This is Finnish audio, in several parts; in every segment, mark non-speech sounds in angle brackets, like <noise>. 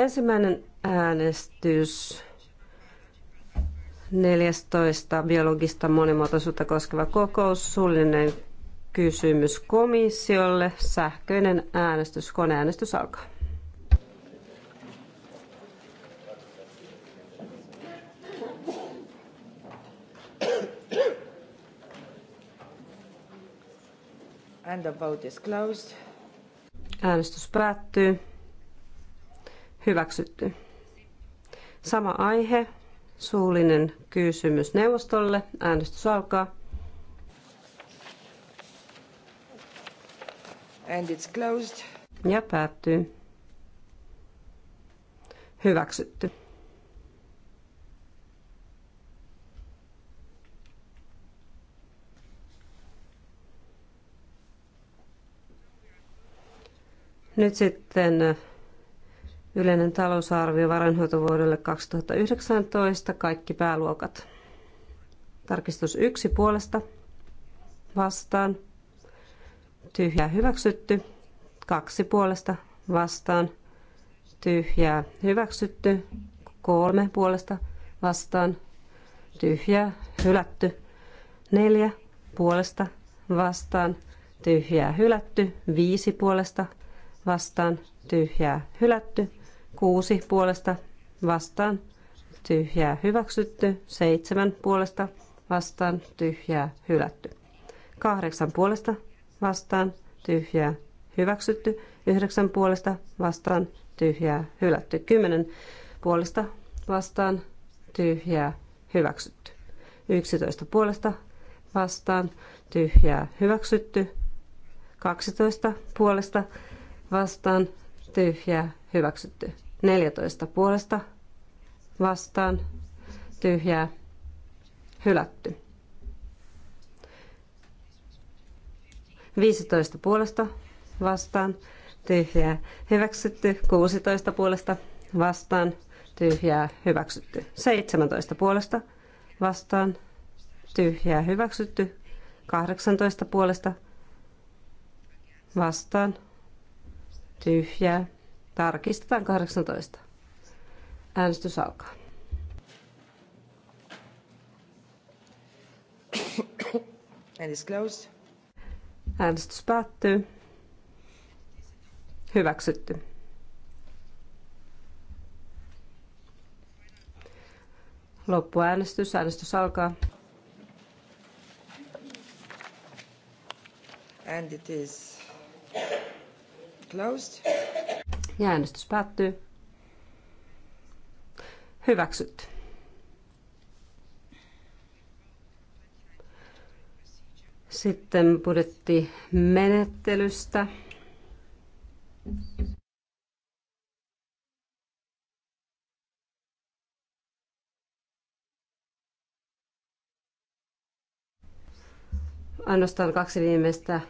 Ensimmäinen äänestys 14. biologista monimuotoisuutta koskeva kokous, suullinen kysymys komissiolle, sähköinen äänestys, koneäänestys alkaa. And the vote is closed. Äänestys päättyy. Hyväksytty. Sama aihe. Suullinen kysymys neuvostolle. Äänestys alkaa. And it's closed. Ja päättyy. Hyväksytty. Nyt sitten Yleinen talousarvio varainhoitovuodelle 2019, kaikki pääluokat. Tarkistus yksi puolesta vastaan. Tyhjää hyväksytty. Kaksi puolesta vastaan. Tyhjää hyväksytty. Kolme puolesta vastaan. Tyhjää hylätty. Neljä puolesta vastaan. Tyhjää hylätty. Viisi puolesta vastaan. Tyhjää hylätty kuusi puolesta vastaan tyhjää hyväksytty, seitsemän puolesta vastaan tyhjää hylätty, kahdeksan puolesta vastaan tyhjää hyväksytty, yhdeksän puolesta vastaan tyhjää hylätty, kymmenen puolesta vastaan tyhjää hyväksytty, yksitoista puolesta vastaan tyhjää hyväksytty, 12 puolesta vastaan tyhjää, hyväksytty. 14 puolesta vastaan, tyhjää, hylätty. 15 puolesta vastaan, tyhjää, hyväksytty. 16 puolesta vastaan, tyhjää, hyväksytty. 17 puolesta vastaan, tyhjää, hyväksytty. 18 puolesta vastaan, tyhjää. Tarkistetaan 18. Äänestys alkaa. And closed. Äänestys päättyy. Hyväksytty. Loppuäänestys. Äänestys alkaa. And it is closed. Ja äänestys päättyy. Hyväksyt. Sitten menettelystä. Ainoastaan kaksi viimeistä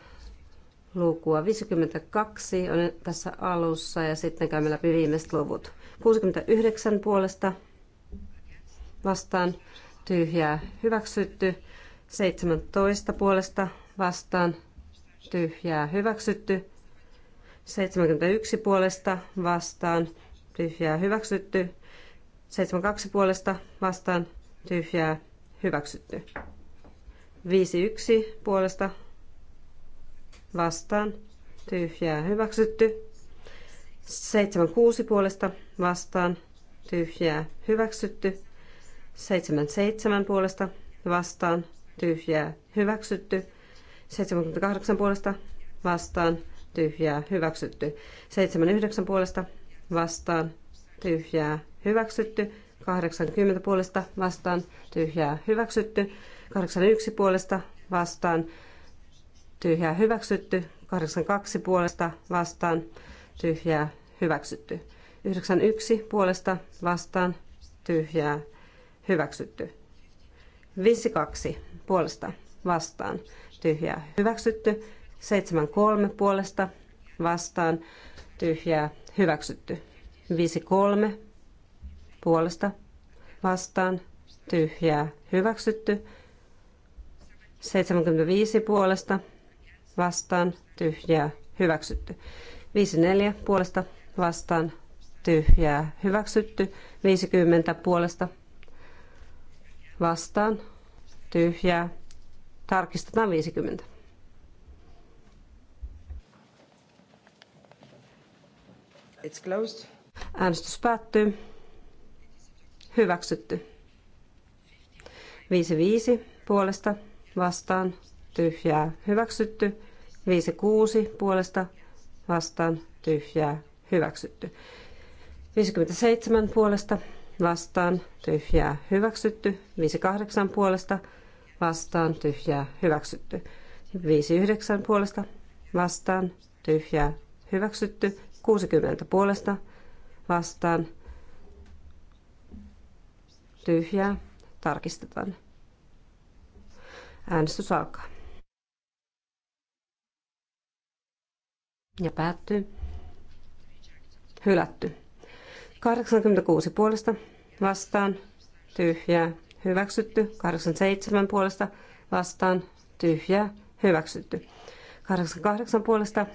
lukua. 52 on tässä alussa ja sitten käymme läpi viimeiset luvut. 69 puolesta vastaan tyhjää hyväksytty. 17 puolesta vastaan tyhjää hyväksytty. 71 puolesta vastaan tyhjää hyväksytty. 72 puolesta vastaan tyhjää hyväksytty. 51 puolesta vastaan, tyhjää hyväksytty. 76 puolesta vastaan, tyhjää hyväksytty. 77 puolesta vastaan, tyhjää hyväksytty. 78 puolesta vastaan, tyhjää hyväksytty. 79 puolesta vastaan, tyhjää hyväksytty. 80 puolesta vastaan, tyhjää hyväksytty. 81 puolesta vastaan, tyhjää hyväksytty. 82 puolesta vastaan tyhjää hyväksytty. 91 puolesta vastaan tyhjää hyväksytty. 52 puolesta vastaan tyhjää hyväksytty. 73 puolesta vastaan tyhjää hyväksytty. 53 puolesta vastaan tyhjää hyväksytty. 75 puolesta vastaan tyhjää hyväksytty. 54 puolesta vastaan tyhjää hyväksytty. 50 puolesta vastaan tyhjää. Tarkistetaan 50. It's closed. Äänestys päättyy. Hyväksytty. 55 puolesta vastaan tyhjää hyväksytty. 56 puolesta vastaan tyhjää hyväksytty. 57 puolesta vastaan tyhjää hyväksytty. 58 puolesta vastaan tyhjää hyväksytty. 59 puolesta vastaan tyhjää hyväksytty. 60 puolesta vastaan tyhjää tarkistetaan. Äänestys alkaa. ja päättyy. Hylätty. 86 puolesta vastaan tyhjää hyväksytty. 87 puolesta vastaan tyhjää hyväksytty. 88 puolesta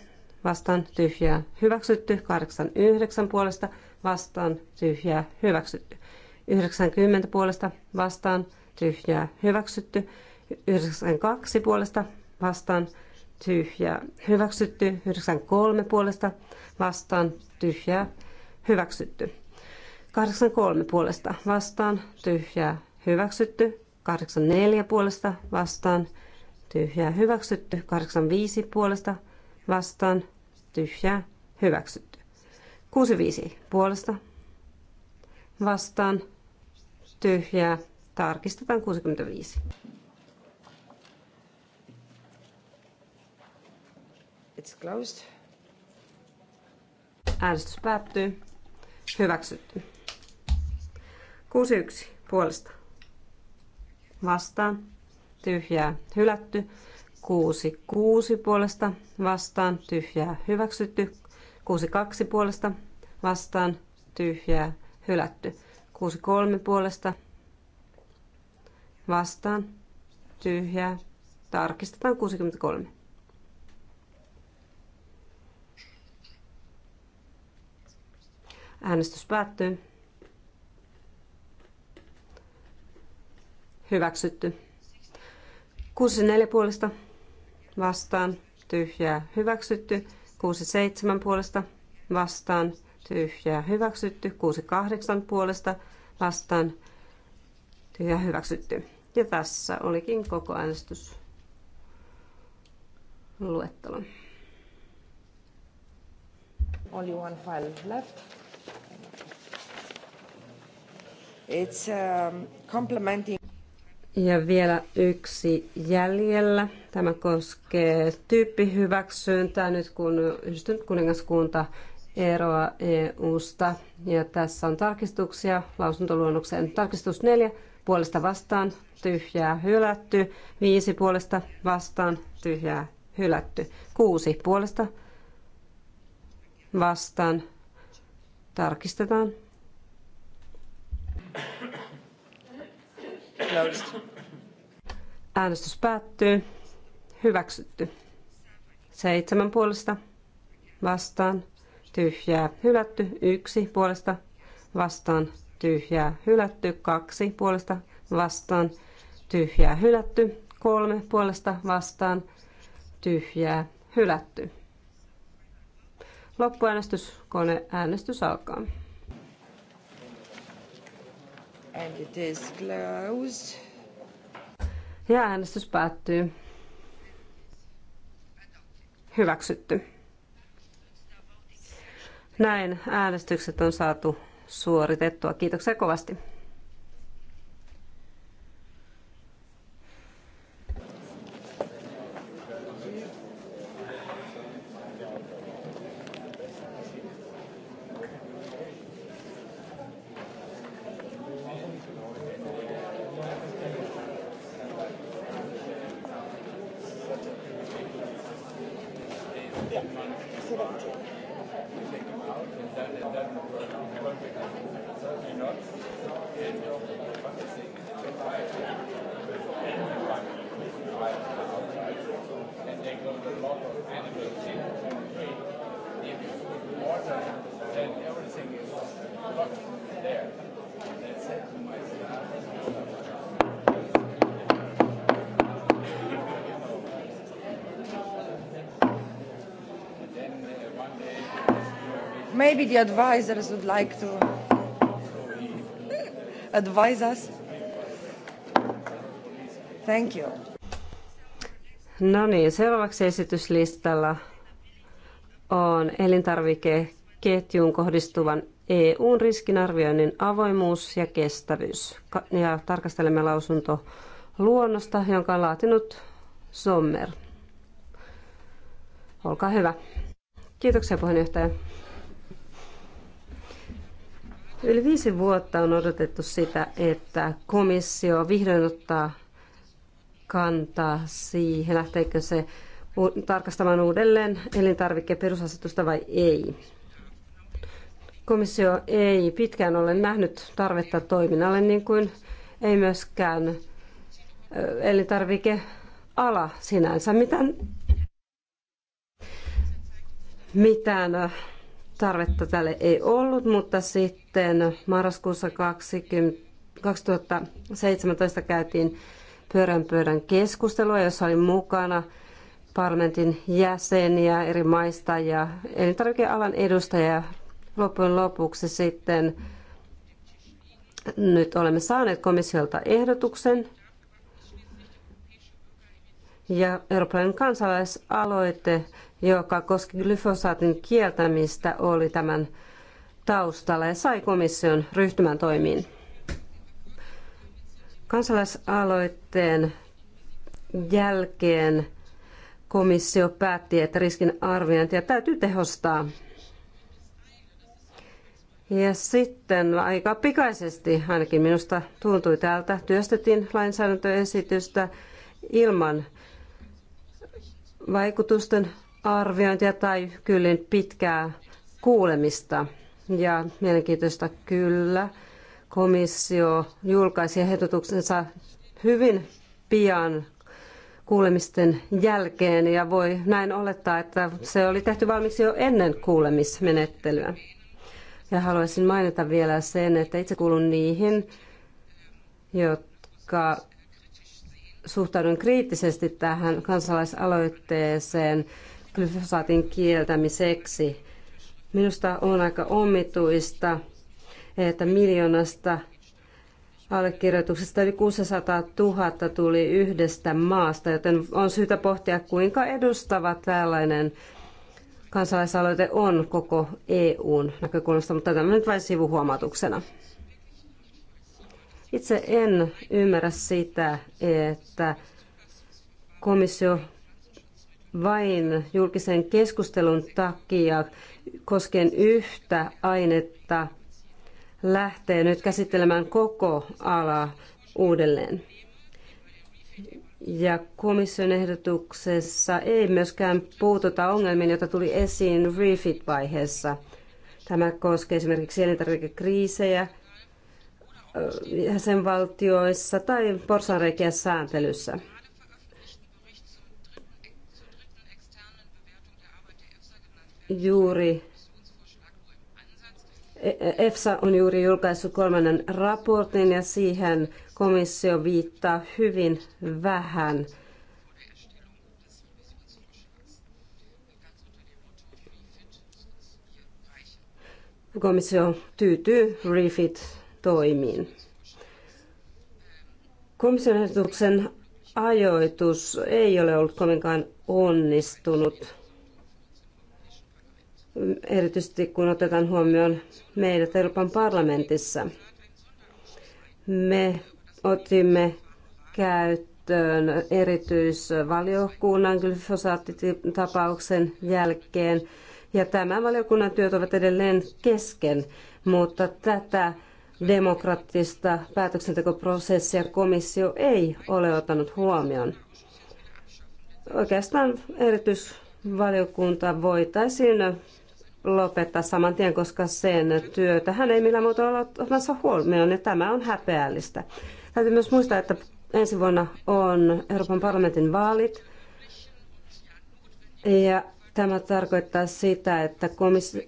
vastaan tyhjää hyväksytty. 89 puolesta vastaan tyhjää hyväksytty. 90 puolesta vastaan tyhjää hyväksytty. 92 puolesta vastaan tyhjää. Hyväksytty 93 puolesta vastaan tyhjää. Hyväksytty. 83 puolesta vastaan tyhjää. Hyväksytty. 84 puolesta vastaan tyhjää. Hyväksytty. 85 puolesta vastaan tyhjää. Hyväksytty. 65 puolesta vastaan tyhjää. Tarkistetaan 65. It's closed. Äänestys päättyy. Hyväksytty. 61 puolesta. Vastaan. Tyhjää. Hylätty. 66 puolesta. Vastaan. Tyhjää. Hyväksytty. 62 puolesta. Vastaan. Tyhjää. Hylätty. 63 puolesta. Vastaan. Tyhjää. Tarkistetaan 63. Äänestys päättyy. Hyväksytty. 64 puolesta vastaan tyhjää hyväksytty. 67 puolesta vastaan tyhjää hyväksytty. 68 puolesta vastaan tyhjää hyväksytty. Ja tässä olikin koko äänestys luettelo. Only one file left. It's, um, complementing... Ja vielä yksi jäljellä. Tämä koskee tyyppihyväksyntää nyt kun yhdistynyt kuningaskunta eroa EU-sta. Ja tässä on tarkistuksia lausuntoluonnokseen. Tarkistus neljä puolesta vastaan, tyhjää hylätty. Viisi puolesta vastaan, tyhjää hylätty. Kuusi puolesta vastaan, tarkistetaan. Äänestys päättyy. Hyväksytty. Seitsemän puolesta vastaan tyhjää hylätty. Yksi puolesta vastaan tyhjää hylätty. Kaksi puolesta vastaan tyhjää hylätty. Kolme puolesta vastaan tyhjää hylätty. Loppuäänestyskone äänestys alkaa. And it is closed. Ja äänestys päättyy. Hyväksytty. Näin äänestykset on saatu suoritettua. Kiitoksia kovasti. the advisors would like to advise us. Thank you. No niin, seuraavaksi esityslistalla on elintarvikeketjuun kohdistuvan EUn riskinarvioinnin avoimuus ja kestävyys. Ja tarkastelemme lausunto luonnosta, jonka on laatinut Sommer. Olkaa hyvä. Kiitoksia puheenjohtaja. Yli viisi vuotta on odotettu sitä, että komissio vihdoin ottaa kantaa siihen, lähteekö se tarkastamaan uudelleen elintarvikkeen perusasetusta vai ei. Komissio ei pitkään ole nähnyt tarvetta toiminnalle, niin kuin ei myöskään elintarvikeala sinänsä mitään, mitään Tarvetta tälle ei ollut, mutta sitten marraskuussa 20, 2017 käytiin pyörän pöydän keskustelua, jossa oli mukana parlamentin jäseniä eri maista ja elintarvikealan edustajia. Loppujen lopuksi sitten nyt olemme saaneet komissiolta ehdotuksen ja Euroopan kansalaisaloite, joka koski glyfosaatin kieltämistä, oli tämän taustalla ja sai komission ryhtymään toimiin. Kansalaisaloitteen jälkeen komissio päätti, että riskin arviointia täytyy tehostaa. Ja sitten aika pikaisesti, ainakin minusta tuntui täältä, työstettiin lainsäädäntöesitystä ilman vaikutusten arviointia tai kyllin pitkää kuulemista. Ja mielenkiintoista kyllä, komissio julkaisi ehdotuksensa hyvin pian kuulemisten jälkeen ja voi näin olettaa, että se oli tehty valmiiksi jo ennen kuulemismenettelyä. Ja haluaisin mainita vielä sen, että itse kuulun niihin, jotka suhtaudun kriittisesti tähän kansalaisaloitteeseen glyfosaatin kieltämiseksi. Minusta on aika omituista, että miljoonasta allekirjoituksesta yli 600 000 tuli yhdestä maasta, joten on syytä pohtia, kuinka edustava tällainen kansalaisaloite on koko EUn näkökulmasta, mutta tämä nyt vain sivuhuomautuksena. Itse en ymmärrä sitä, että komissio vain julkisen keskustelun takia koskien yhtä ainetta lähtee nyt käsittelemään koko alaa uudelleen. Ja komission ehdotuksessa ei myöskään puututa ongelmiin, joita tuli esiin refit-vaiheessa. Tämä koskee esimerkiksi elintarvikekriisejä, kriisejä jäsenvaltioissa tai porsareikien sääntelyssä. Juuri EFSA e-, e on juuri julkaissut kolmannen raportin ja siihen komissio viittaa hyvin vähän. Komissio tyytyy refit toimiin. Komission ehdotuksen ajoitus ei ole ollut kovinkaan onnistunut, erityisesti kun otetaan huomioon meidät Euroopan parlamentissa. Me otimme käyttöön erityisvaliokunnan glyfosaattitapauksen jälkeen, ja tämän valiokunnan työt ovat edelleen kesken, mutta tätä demokraattista päätöksentekoprosessia komissio ei ole ottanut huomioon. Oikeastaan erityisvaliokunta voitaisiin lopettaa saman tien, koska sen työtä hän ei millään muuta ole ottamassa huomioon, ja tämä on häpeällistä. Täytyy myös muistaa, että ensi vuonna on Euroopan parlamentin vaalit, ja tämä tarkoittaa sitä, että komissio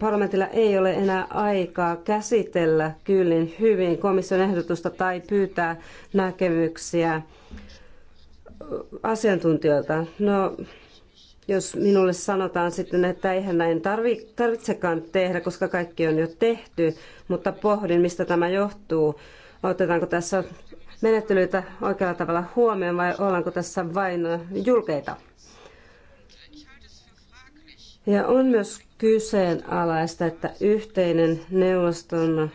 parlamentilla ei ole enää aikaa käsitellä kyllin hyvin komission ehdotusta tai pyytää näkemyksiä asiantuntijoilta. No, jos minulle sanotaan sitten, että eihän näin tarvi, tarvitsekaan tehdä, koska kaikki on jo tehty, mutta pohdin, mistä tämä johtuu. Otetaanko tässä menettelyitä oikealla tavalla huomioon vai ollaanko tässä vain julkeita? Ja on myös kyseenalaista, että yhteinen neuvoston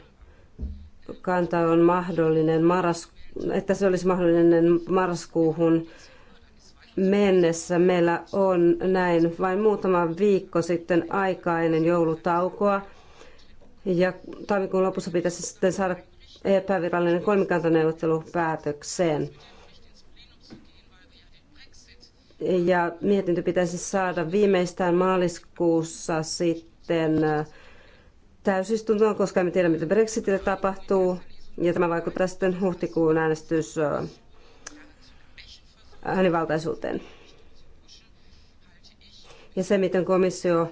kanta on mahdollinen maras, että se olisi mahdollinen marraskuuhun mennessä. Meillä on näin vain muutama viikko sitten aikaa ennen joulutaukoa. Ja tammikuun lopussa pitäisi sitten saada epävirallinen kolmikantaneuvottelu päätökseen ja mietintö pitäisi saada viimeistään maaliskuussa sitten äh, täysistuntoon, koska emme tiedä, mitä Brexitille tapahtuu. Ja tämä vaikuttaa sitten huhtikuun äänestys äh, äänivaltaisuuteen. Ja se, miten komissio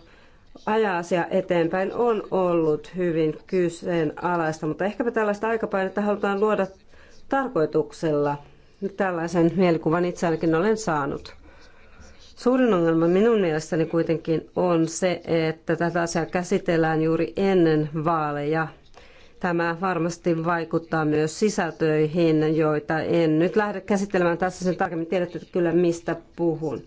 ajaa asia eteenpäin, on ollut hyvin kyseenalaista, mutta ehkäpä tällaista aikapainetta halutaan luoda tarkoituksella. Tällaisen mielikuvan itse olen saanut. Suurin ongelma minun mielestäni kuitenkin on se, että tätä asiaa käsitellään juuri ennen vaaleja. Tämä varmasti vaikuttaa myös sisältöihin, joita en nyt lähde käsittelemään tässä sen tarkemmin. Tiedätte kyllä, mistä puhun.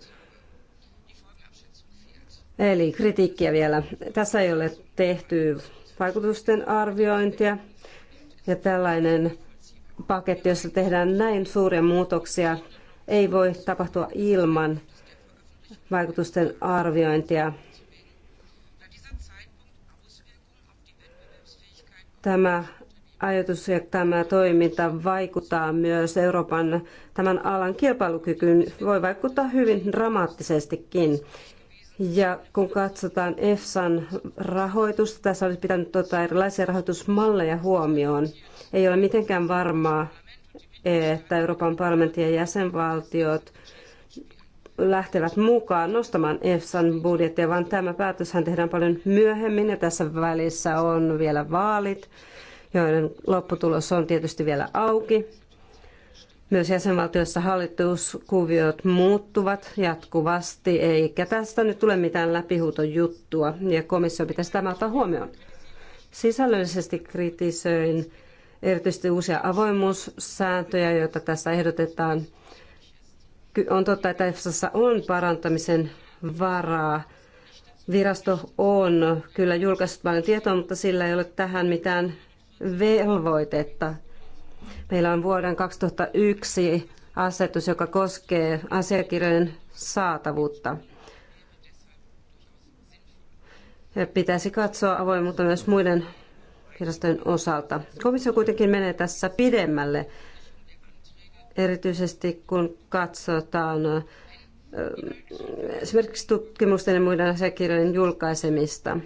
Eli kritiikkiä vielä. Tässä ei ole tehty vaikutusten arviointia. Ja tällainen paketti, jossa tehdään näin suuria muutoksia, ei voi tapahtua ilman, vaikutusten arviointia. Tämä ajatus ja tämä toiminta vaikuttaa myös Euroopan tämän alan kilpailukykyyn, voi vaikuttaa hyvin dramaattisestikin. Ja kun katsotaan EFSAn rahoitusta, tässä olisi pitänyt ottaa erilaisia rahoitusmalleja huomioon. Ei ole mitenkään varmaa, että Euroopan parlamentin ja jäsenvaltiot lähtevät mukaan nostamaan EFSAn budjettia, vaan tämä päätöshän tehdään paljon myöhemmin ja tässä välissä on vielä vaalit, joiden lopputulos on tietysti vielä auki. Myös jäsenvaltioissa hallituskuviot muuttuvat jatkuvasti, eikä tästä nyt tule mitään läpihuutojuttua, ja komissio pitäisi tämä ottaa huomioon. Sisällöllisesti kritisoin erityisesti uusia avoimuussääntöjä, joita tässä ehdotetaan – on totta, että EFSassa on parantamisen varaa. Virasto on kyllä julkaissut paljon tietoa, mutta sillä ei ole tähän mitään velvoitetta. Meillä on vuoden 2001 asetus, joka koskee asiakirjojen saatavuutta. Pitäisi katsoa avoimuutta myös muiden virastojen osalta. Komissio kuitenkin menee tässä pidemmälle erityisesti kun katsotaan esimerkiksi tutkimusten ja muiden asiakirjojen julkaisemista.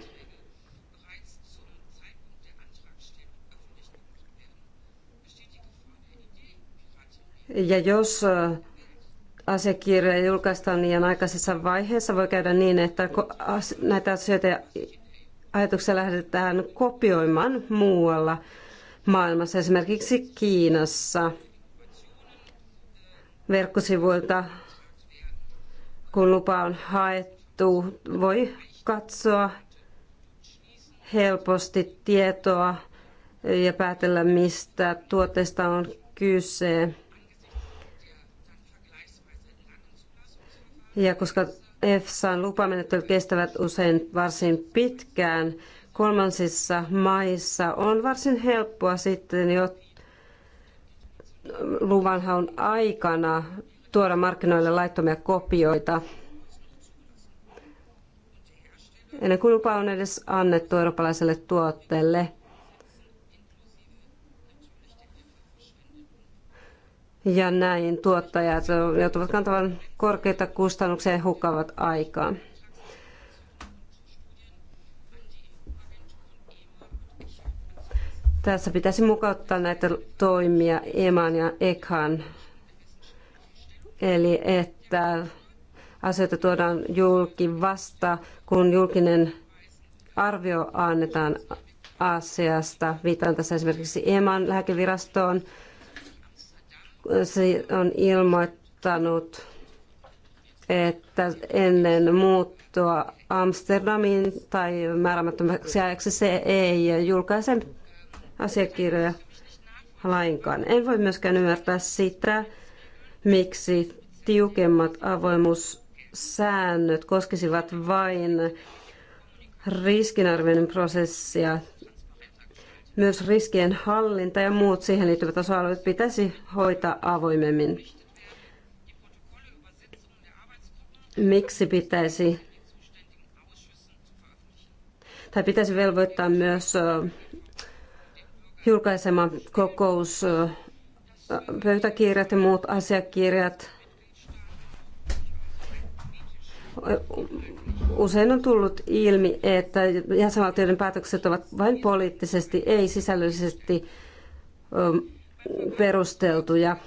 Ja jos asiakirjoja julkaistaan liian aikaisessa vaiheessa, voi käydä niin, että näitä asioita ja ajatuksia lähdetään kopioimaan muualla maailmassa, esimerkiksi Kiinassa – verkkosivuilta, kun lupa on haettu, voi katsoa helposti tietoa ja päätellä, mistä tuotteesta on kyse. Ja koska EFSAn lupamenettelyt kestävät usein varsin pitkään, kolmansissa maissa on varsin helppoa sitten jo luvanhaun aikana tuoda markkinoille laittomia kopioita. Ennen kuin lupa on edes annettu eurooppalaiselle tuotteelle. Ja näin tuottajat joutuvat kantamaan korkeita kustannuksia ja hukkaavat aikaa. Tässä pitäisi mukauttaa näitä toimia EMAN ja EKAN, eli että asioita tuodaan julki vasta, kun julkinen arvio annetaan asiasta. Viitaan tässä esimerkiksi EMAN lääkevirastoon. Se on ilmoittanut, että ennen muuttoa Amsterdamiin tai määrämättömäksi ajaksi se ei julkaise asiakirjoja lainkaan. En voi myöskään ymmärtää sitä, miksi tiukemmat avoimuussäännöt koskisivat vain riskinarvioinnin prosessia. Myös riskien hallinta ja muut siihen liittyvät osa-alueet pitäisi hoitaa avoimemmin. Miksi pitäisi tai pitäisi velvoittaa myös julkaisema kokous, pöytäkirjat ja muut asiakirjat. Usein on tullut ilmi, että jäsenvaltioiden päätökset ovat vain poliittisesti, ei sisällöllisesti perusteltuja.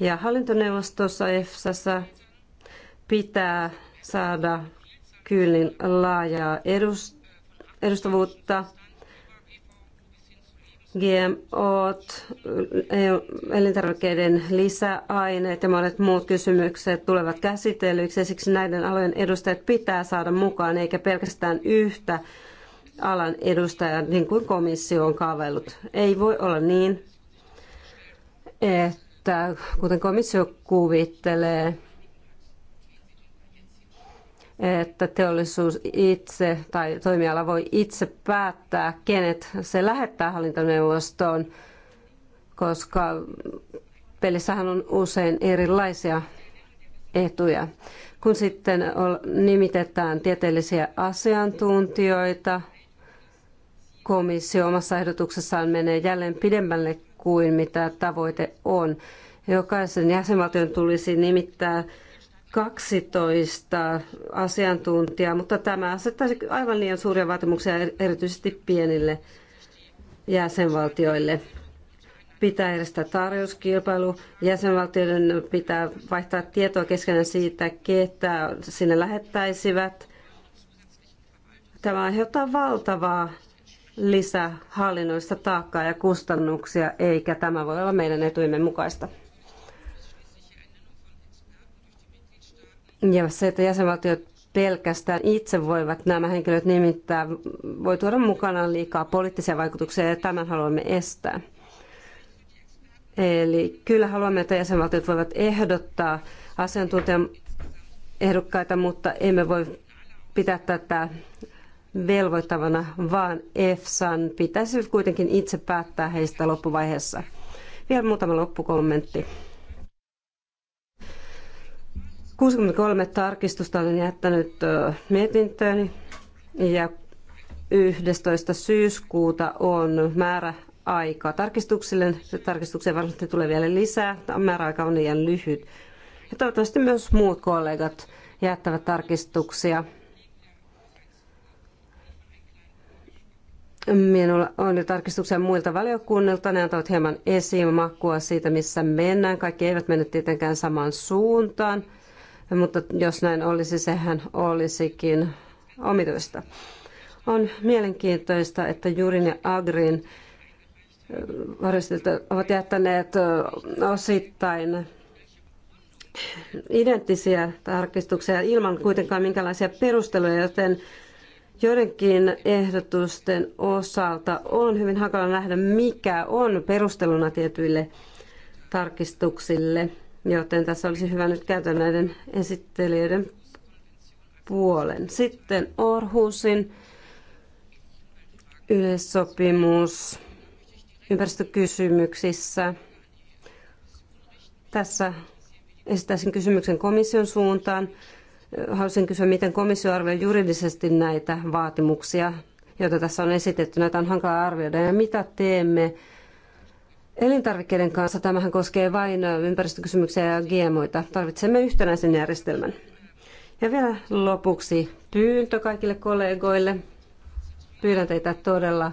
Ja hallintoneuvostossa EFSA pitää saada kyllin laajaa edustavuutta – GMOt, e elintarvikkeiden lisäaineet ja monet muut kysymykset tulevat käsitellyiksi siksi näiden alojen edustajat pitää saada mukaan eikä pelkästään yhtä alan edustajaa, niin kuin komissio on kaavellut. Ei voi olla niin, että kuten komissio kuvittelee, että teollisuus itse tai toimiala voi itse päättää, kenet se lähettää hallintoneuvostoon, koska pelissähän on usein erilaisia etuja. Kun sitten nimitetään tieteellisiä asiantuntijoita, komissio omassa ehdotuksessaan menee jälleen pidemmälle kuin mitä tavoite on. Jokaisen jäsenvaltion tulisi nimittää 12 asiantuntijaa, mutta tämä asettaisi aivan liian suuria vaatimuksia er-, erityisesti pienille jäsenvaltioille. Pitää järjestää tarjouskilpailu, jäsenvaltioiden pitää vaihtaa tietoa keskenään siitä, ketä sinne lähettäisivät. Tämä aiheuttaa valtavaa lisähallinnoista taakkaa ja kustannuksia, eikä tämä voi olla meidän etuimme mukaista. Ja se, että jäsenvaltiot pelkästään itse voivat nämä henkilöt nimittää, voi tuoda mukanaan liikaa poliittisia vaikutuksia ja tämän haluamme estää. Eli kyllä haluamme, että jäsenvaltiot voivat ehdottaa asiantuntijan ehdokkaita, mutta emme voi pitää tätä velvoittavana, vaan EFSAn pitäisi kuitenkin itse päättää heistä loppuvaiheessa. Vielä muutama loppukommentti. 63 tarkistusta olen jättänyt mietintööni ja 11. syyskuuta on määrä aika tarkistuksille. Tarkistuksia varmasti tulee vielä lisää. Määräaika on liian lyhyt. Ja toivottavasti myös muut kollegat jättävät tarkistuksia. Minulla on jo tarkistuksia muilta valiokunnilta. Ne antavat hieman esimakua siitä, missä mennään. Kaikki eivät mene tietenkään samaan suuntaan mutta jos näin olisi, sehän olisikin omituista. On mielenkiintoista, että Jurin ja Agrin eh, varistilta ovat jättäneet eh, osittain identtisiä tarkistuksia ilman kuitenkaan minkälaisia perusteluja, joten joidenkin ehdotusten osalta on hyvin hankala nähdä, mikä on perusteluna tietyille tarkistuksille joten tässä olisi hyvä nyt käyttää näiden esittelijöiden puolen. Sitten Orhusin yleissopimus ympäristökysymyksissä. Tässä esittäisin kysymyksen komission suuntaan. Haluaisin kysyä, miten komissio arvioi juridisesti näitä vaatimuksia, joita tässä on esitetty. Näitä on hankala arvioida. Ja mitä teemme Elintarvikkeiden kanssa tämähän koskee vain ympäristökysymyksiä ja GMOita. Tarvitsemme yhtenäisen järjestelmän. Ja vielä lopuksi pyyntö kaikille kollegoille. Pyydän teitä todella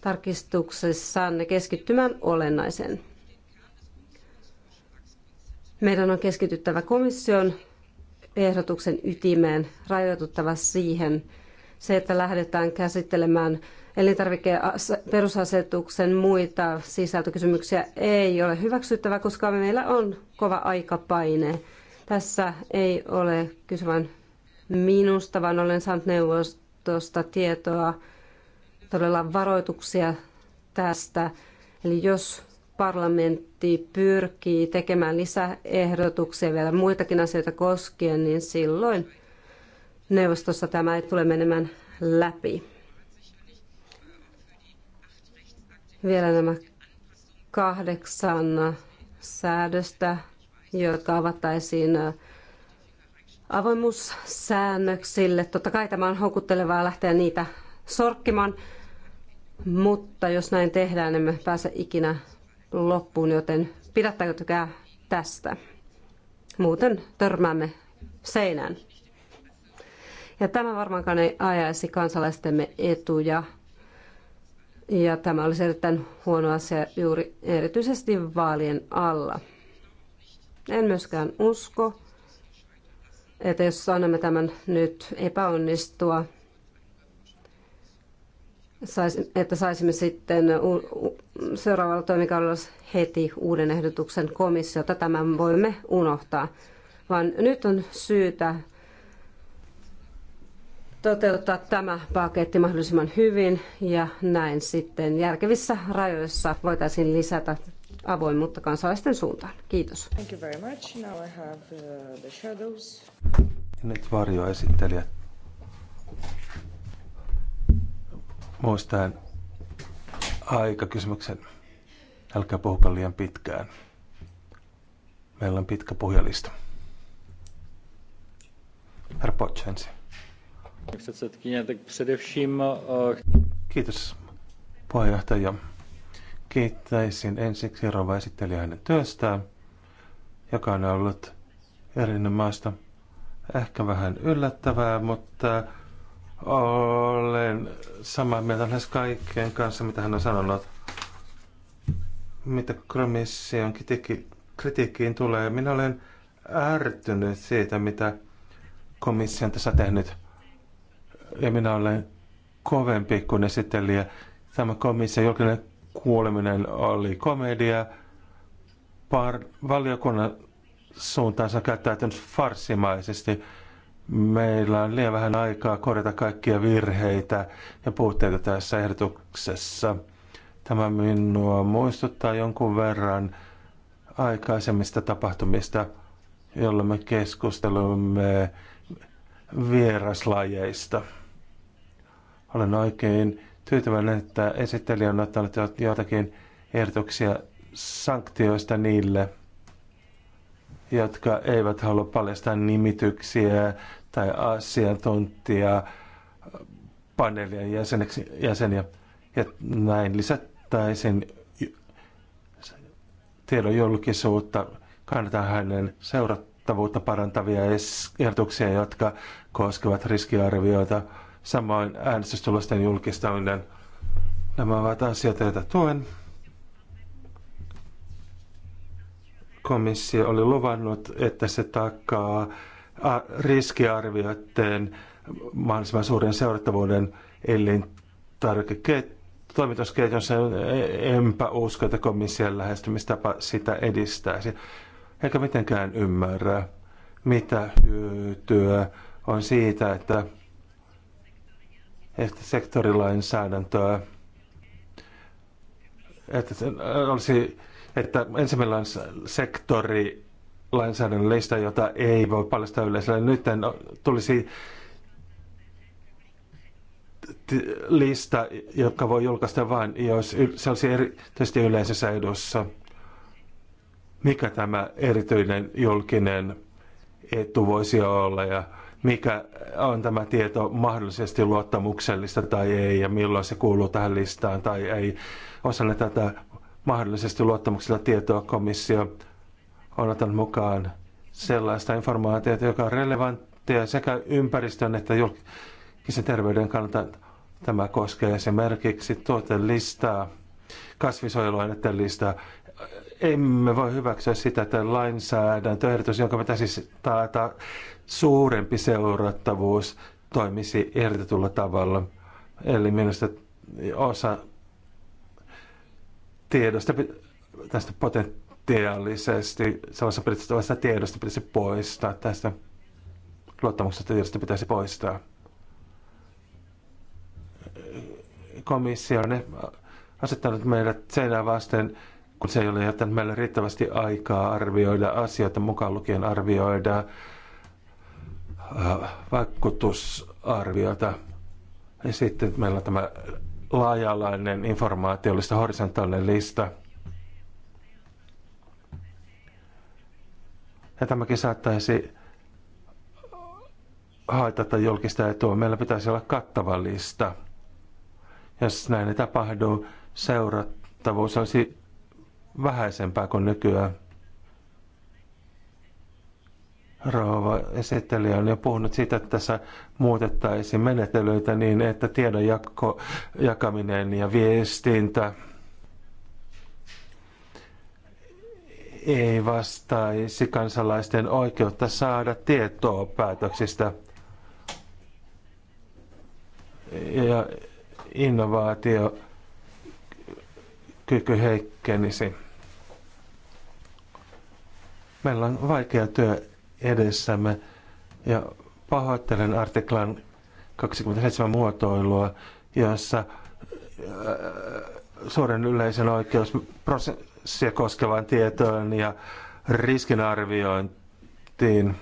tarkistuksessanne keskittymään olennaiseen. Meidän on keskityttävä komission ehdotuksen ytimeen, rajoituttava siihen, se, että lähdetään käsittelemään perusasetuksen muita sisältökysymyksiä ei ole hyväksyttävä, koska meillä on kova aikapaine. Tässä ei ole kyse vain minusta, vaan olen saanut neuvostosta tietoa, todella varoituksia tästä. Eli jos parlamentti pyrkii tekemään lisäehdotuksia vielä muitakin asioita koskien, niin silloin neuvostossa tämä ei tule menemään läpi. vielä nämä kahdeksan säädöstä, jotka avattaisiin avoimuussäännöksille. Totta kai tämä on houkuttelevaa lähteä niitä sorkkimaan, mutta jos näin tehdään, emme pääse ikinä loppuun, joten pidättäytykää tästä. Muuten törmäämme seinään. Ja tämä varmaankaan ei ajaisi kansalaistemme etuja ja tämä olisi erittäin huono asia juuri erityisesti vaalien alla. En myöskään usko, että jos saamme tämän nyt epäonnistua, että saisimme sitten seuraavalla toimikaudella heti uuden ehdotuksen komissiota. Tämän voimme unohtaa, vaan nyt on syytä toteuttaa tämä paketti mahdollisimman hyvin ja näin sitten järkevissä rajoissa voitaisiin lisätä avoimuutta kansalaisten suuntaan. Kiitos. Thank you very much. Now I have uh, the shadows. Ja nyt varjoesittelijät. Muistaen aikakysymyksen. Älkää puhuka liian pitkään. Meillä on pitkä puhujalista. Herra Potsensi. Eh, Kiitos puheenjohtaja. Kiittäisin ensiksi rouva esittelijä hänen työstään, joka on ollut erinomaista. Ehkä vähän yllättävää, mutta olen samaa mieltä lähes kaikkien kanssa, mitä hän on sanonut. Mitä komission kritiikki, kritiikkiin tulee, minä olen ärtynyt siitä, mitä komissio on tässä tehnyt ja minä olen kovempi kuin esittelijä. Tämä komissio julkinen kuuleminen oli komedia. Par, valiokunnan suuntaansa käyttäytynyt farsimaisesti. Meillä on liian vähän aikaa korjata kaikkia virheitä ja puutteita tässä ehdotuksessa. Tämä minua muistuttaa jonkun verran aikaisemmista tapahtumista, jolloin me keskustelumme vieraslajeista. Olen oikein tyytyväinen, että esittelijä on ottanut joitakin ehdotuksia sanktioista niille, jotka eivät halua paljastaa nimityksiä tai asiantuntijaa paneelien jäseneksi, jäseniä. Ja näin lisättäisiin tiedon julkisuutta, kannatan hänen seurattavuutta parantavia ehdotuksia, jotka koskevat riskiarvioita – samoin äänestystulosten julkistaminen. Nämä ovat asioita, joita tuen. Komissio oli luvannut, että se takaa riskiarvioiden mahdollisimman suuren seurattavuuden elintarvikeketjuun enpä usko, että komission lähestymistapa sitä edistäisi. Eikä mitenkään ymmärrä, mitä hyötyä on siitä, että että sektorilainsäädäntöä, että äh, olisi, että ensimmäinen sektori lainsäädännön lista, jota ei voi paljastaa yleisölle. Nyt tulisi lista, joka voi julkaista vain, jos se olisi erityisesti yleisessä edussa. Mikä tämä erityinen julkinen etu voisi olla ja mikä on tämä tieto mahdollisesti luottamuksellista tai ei ja milloin se kuuluu tähän listaan tai ei. Osana tätä mahdollisesti luottamuksella tietoa komissio on ottanut mukaan sellaista informaatiota, joka on relevanttia sekä ympäristön että julkisen terveyden kannalta. Tämä koskee esimerkiksi tuotelistaa, kasvisuojeluaineiden listaa, emme voi hyväksyä sitä, että lainsäädäntöehdotus, jonka me siis taata suurempi seurattavuus, toimisi ehdotetulla tavalla. Eli minusta osa tiedosta, tästä potentiaalisesti sellaisessa pidettävästä tiedosta pitäisi poistaa, tästä luottamuksesta tiedosta pitäisi poistaa. Komissio on asettanut meidät seinää vasten kun se ei ole jättänyt meille riittävästi aikaa arvioida asioita, mukaan lukien arvioida vaikutusarviota. Ja sitten meillä on tämä laajalainen informaatiollista horisontaalinen lista. Ja tämäkin saattaisi haitata julkista etua. Meillä pitäisi olla kattava lista. Jos näin ei tapahdu, seurattavuus olisi vähäisempää kuin nykyään. Rouva esittelijä on jo puhunut siitä, että tässä muutettaisiin menetelyitä niin, että tiedon jakko, jakaminen ja viestintä ei vastaisi kansalaisten oikeutta saada tietoa päätöksistä ja innovaatio kyky heikkenisi. Meillä on vaikea työ edessämme ja pahoittelen artiklan 27 muotoilua, jossa äh, suuren yleisen oikeus prosessia koskevaan tietoon ja riskinarviointiin.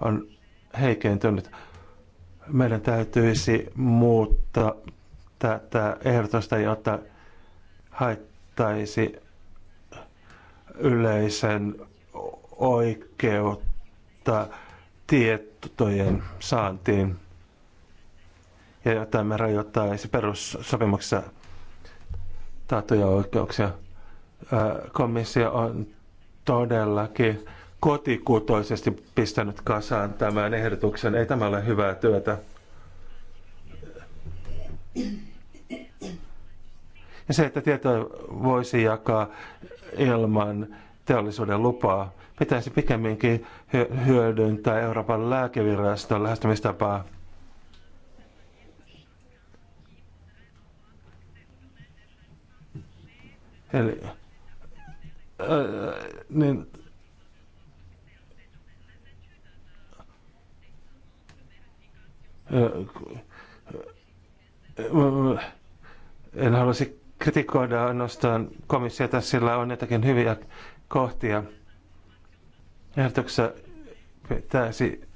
on heikentynyt meidän täytyisi muuttaa tätä ehdotusta, jotta haittaisi yleisen oikeutta tietojen saantiin ja jotta me rajoittaisi perussopimuksessa taattuja oikeuksia. Komissio on todellakin kotikutoisesti pistänyt kasaan tämän ehdotuksen. Ei tämä ole hyvää työtä. Ja se, että tietoa voisi jakaa ilman teollisuuden lupaa, pitäisi pikemminkin hyödyntää Euroopan lääkeviraston lähestymistapaa. Eli, äh, niin en haluaisi kritikoida ainoastaan komissiota, sillä on jotakin hyviä kohtia. Ehdotuksessa pitäisi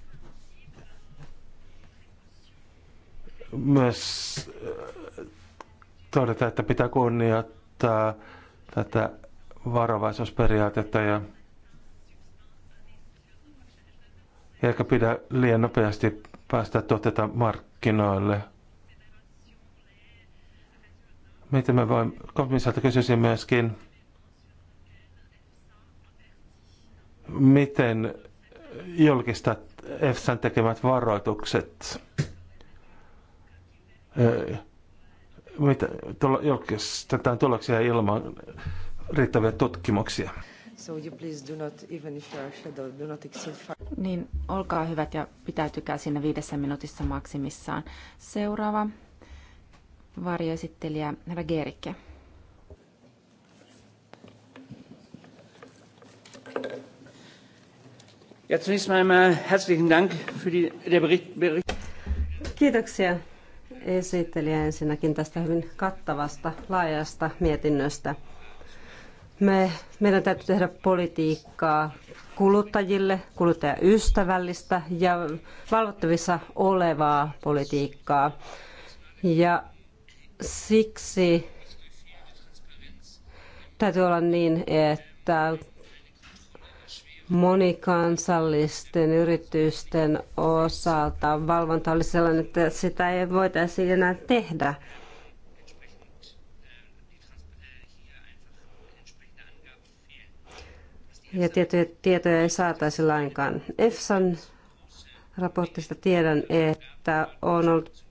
myös todeta, että pitää kunnioittaa tätä varovaisuusperiaatetta ja eikä pidä liian nopeasti päästä tuotteita markkinoille. Miten me voimme, komissiolta kysyisin myöskin, miten julkistat EFSAn tekemät varoitukset, mitä tulo, julkistetaan tuloksia ilman riittäviä tutkimuksia? So you please do not, even if you are shadow, do not exceed five. Niin, olkaa hyvät ja pitäytykää siinä viidessä minuutissa maksimissaan. Seuraava varjoesittelijä herra Geerikke. Ja zunächst mal einmal herzlichen Dank für die, der Bericht, Bericht. Kiitoksia esittelijä ensinnäkin tästä hyvin kattavasta, laajasta mietinnöstä. Me, meidän täytyy tehdä politiikkaa kuluttajille, kuluttajaystävällistä ja valvottavissa olevaa politiikkaa. Ja siksi täytyy olla niin, että monikansallisten yritysten osalta valvonta oli sellainen, että sitä ei voitaisiin enää tehdä ja tietoja, tietoja ei saataisi lainkaan. EFSAn raportista tiedän, että on ollut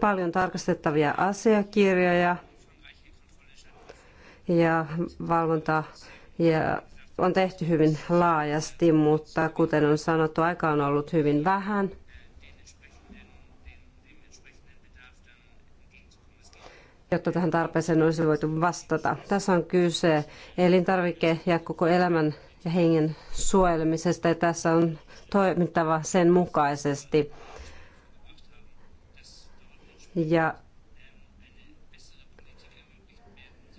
paljon tarkastettavia asiakirjoja ja valvonta ja on tehty hyvin laajasti, mutta kuten on sanottu, aika on ollut hyvin vähän – jotta tähän tarpeeseen olisi voitu vastata. Tässä on kyse elintarvike- ja koko elämän ja hengen suojelemisesta ja tässä on toimittava sen mukaisesti. Ja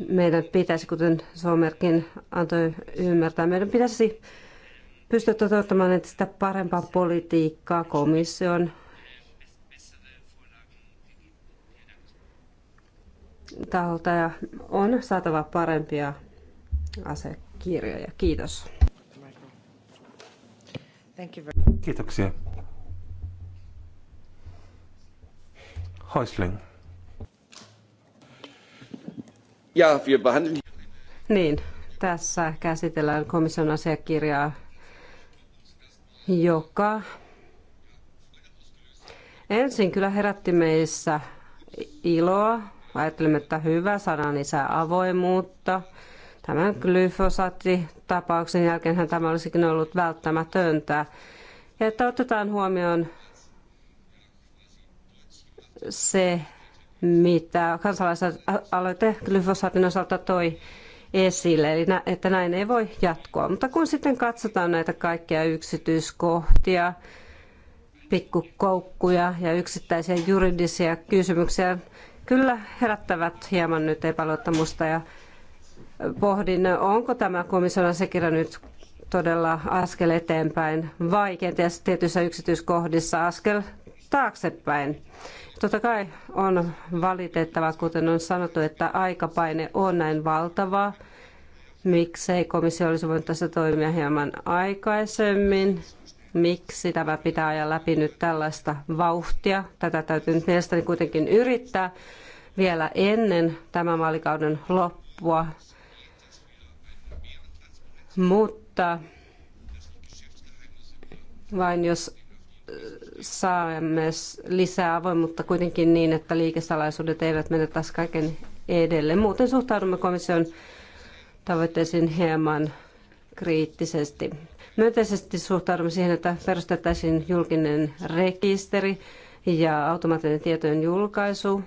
meidän pitäisi, kuten Suomerkin antoi ymmärtää, meidän pitäisi pystyä toteuttamaan entistä parempaa politiikkaa komission taholta ja on saatava parempia asekirjoja. Kiitos. Kiitoksia. Häusling. Ja, wir behandeln... Niin, tässä käsitellään komission asiakirjaa, joka ensin kyllä herätti meissä iloa Ajattelemme, että hyvä, sana lisää avoimuutta. Tämän glyfosaattitapauksen tapauksen jälkeenhän tämä olisikin ollut välttämätöntä. Ja että otetaan huomioon se, mitä kansalaisaloite glyfosaatin osalta toi esille, eli että näin ei voi jatkoa. Mutta kun sitten katsotaan näitä kaikkia yksityiskohtia, pikkukoukkuja ja yksittäisiä juridisia kysymyksiä, kyllä herättävät hieman nyt epäluottamusta ja pohdin, onko tämä komission asiakirja nyt todella askel eteenpäin vai kenties tietyissä yksityiskohdissa askel taaksepäin. Totta kai on valitettavaa, kuten on sanottu, että aikapaine on näin valtava. Miksei komissio olisi voinut tässä toimia hieman aikaisemmin? miksi tämä pitää ajaa läpi nyt tällaista vauhtia. Tätä täytyy nyt mielestäni kuitenkin yrittää vielä ennen tämän maalikauden loppua. Mutta vain jos saamme lisää avoimuutta kuitenkin niin, että liikesalaisuudet eivät mene taas kaiken edelle. Muuten suhtaudumme komission tavoitteisiin hieman kriittisesti. Myönteisesti suhtaudumme siihen, että perustettaisiin julkinen rekisteri ja automaattinen tietojen julkaisu.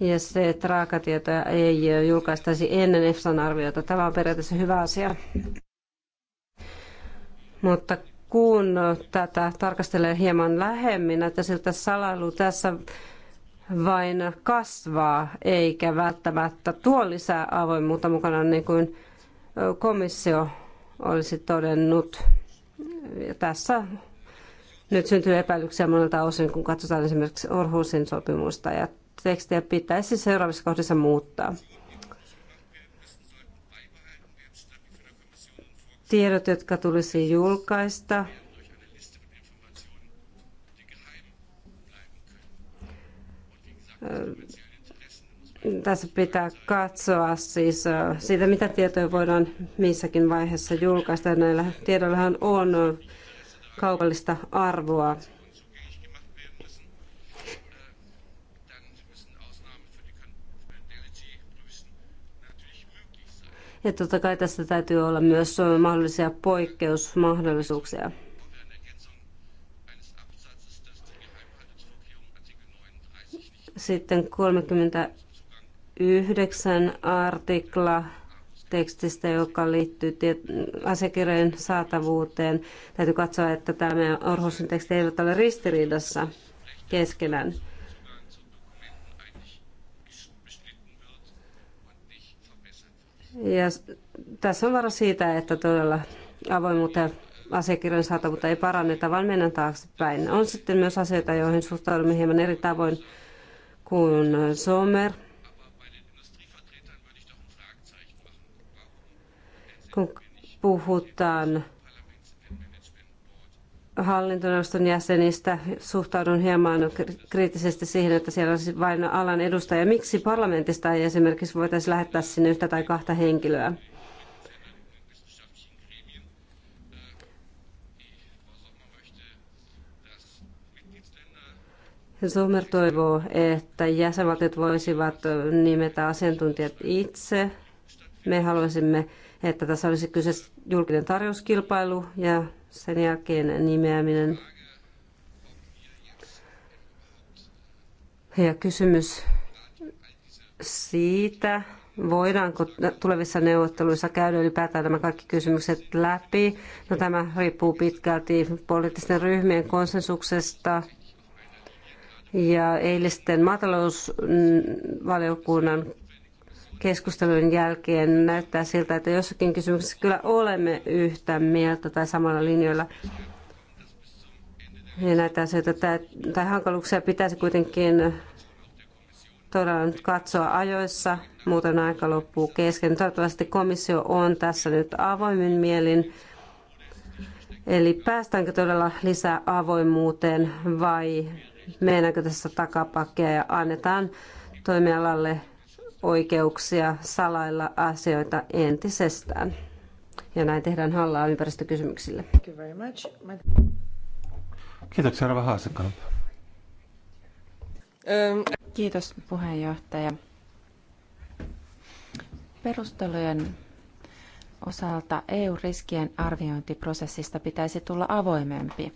Ja se, että raakatietoja ei julkaistaisi ennen EFSAn arviota. Tämä on periaatteessa hyvä asia. Mutta kun tätä tarkastelee hieman lähemmin, että siltä salailu tässä vain kasvaa, eikä välttämättä tuo lisää avoimuutta mukana, niin kuin komissio olisi todennut. Ja tässä nyt syntyy epäilyksiä monelta osin, kun katsotaan esimerkiksi Orhusin sopimusta, ja tekstiä pitäisi seuraavissa kohdissa muuttaa. Tiedot, jotka tulisi julkaista, tässä pitää katsoa siis siitä, mitä tietoja voidaan missäkin vaiheessa julkaista. Näillä tiedoillahan on kaupallista arvoa. Ja totta kai tässä täytyy olla myös mahdollisia poikkeusmahdollisuuksia. Sitten 39 artikla tekstistä, joka liittyy asiakirjojen saatavuuteen. Täytyy katsoa, että tämä meidän orhosin teksti ei ole ristiriidassa keskenään. Ja tässä on varo siitä, että todella avoimuutta ja asiakirjojen saatavuutta ei paranneta, vaan mennään taaksepäin. On sitten myös asioita, joihin suhtaudumme hieman eri tavoin kuin Sommer. Kun puhutaan hallintoneuvoston jäsenistä, suhtaudun hieman kriittisesti siihen, että siellä on vain alan edustaja. Miksi parlamentista ei esimerkiksi voitaisiin lähettää sinne yhtä tai kahta henkilöä? Zomer toivoo, että jäsenvaltiot voisivat nimetä asiantuntijat itse. Me haluaisimme, että tässä olisi kyse julkinen tarjouskilpailu ja sen jälkeen nimeäminen. Ja kysymys siitä, voidaanko tulevissa neuvotteluissa käydä ylipäätään nämä kaikki kysymykset läpi. No, tämä riippuu pitkälti poliittisten ryhmien konsensuksesta – ja eilisten maatalousvaliokunnan keskustelujen jälkeen näyttää siltä, että jossakin kysymyksessä kyllä olemme yhtä mieltä tai samalla linjoilla. Ja näitä asioita tai hankaluuksia pitäisi kuitenkin todella nyt katsoa ajoissa, muuten aika loppuu kesken. Toivottavasti komissio on tässä nyt avoimin mielin. Eli päästäänkö todella lisää avoimuuteen vai mennäänkö tässä takapakkeja ja annetaan toimialalle oikeuksia salailla asioita entisestään. Ja näin tehdään hallaa ympäristökysymyksille. Kiitoksia, Rava Haasekamp. Ähm. Kiitos puheenjohtaja. Perustelujen osalta EU-riskien arviointiprosessista pitäisi tulla avoimempi.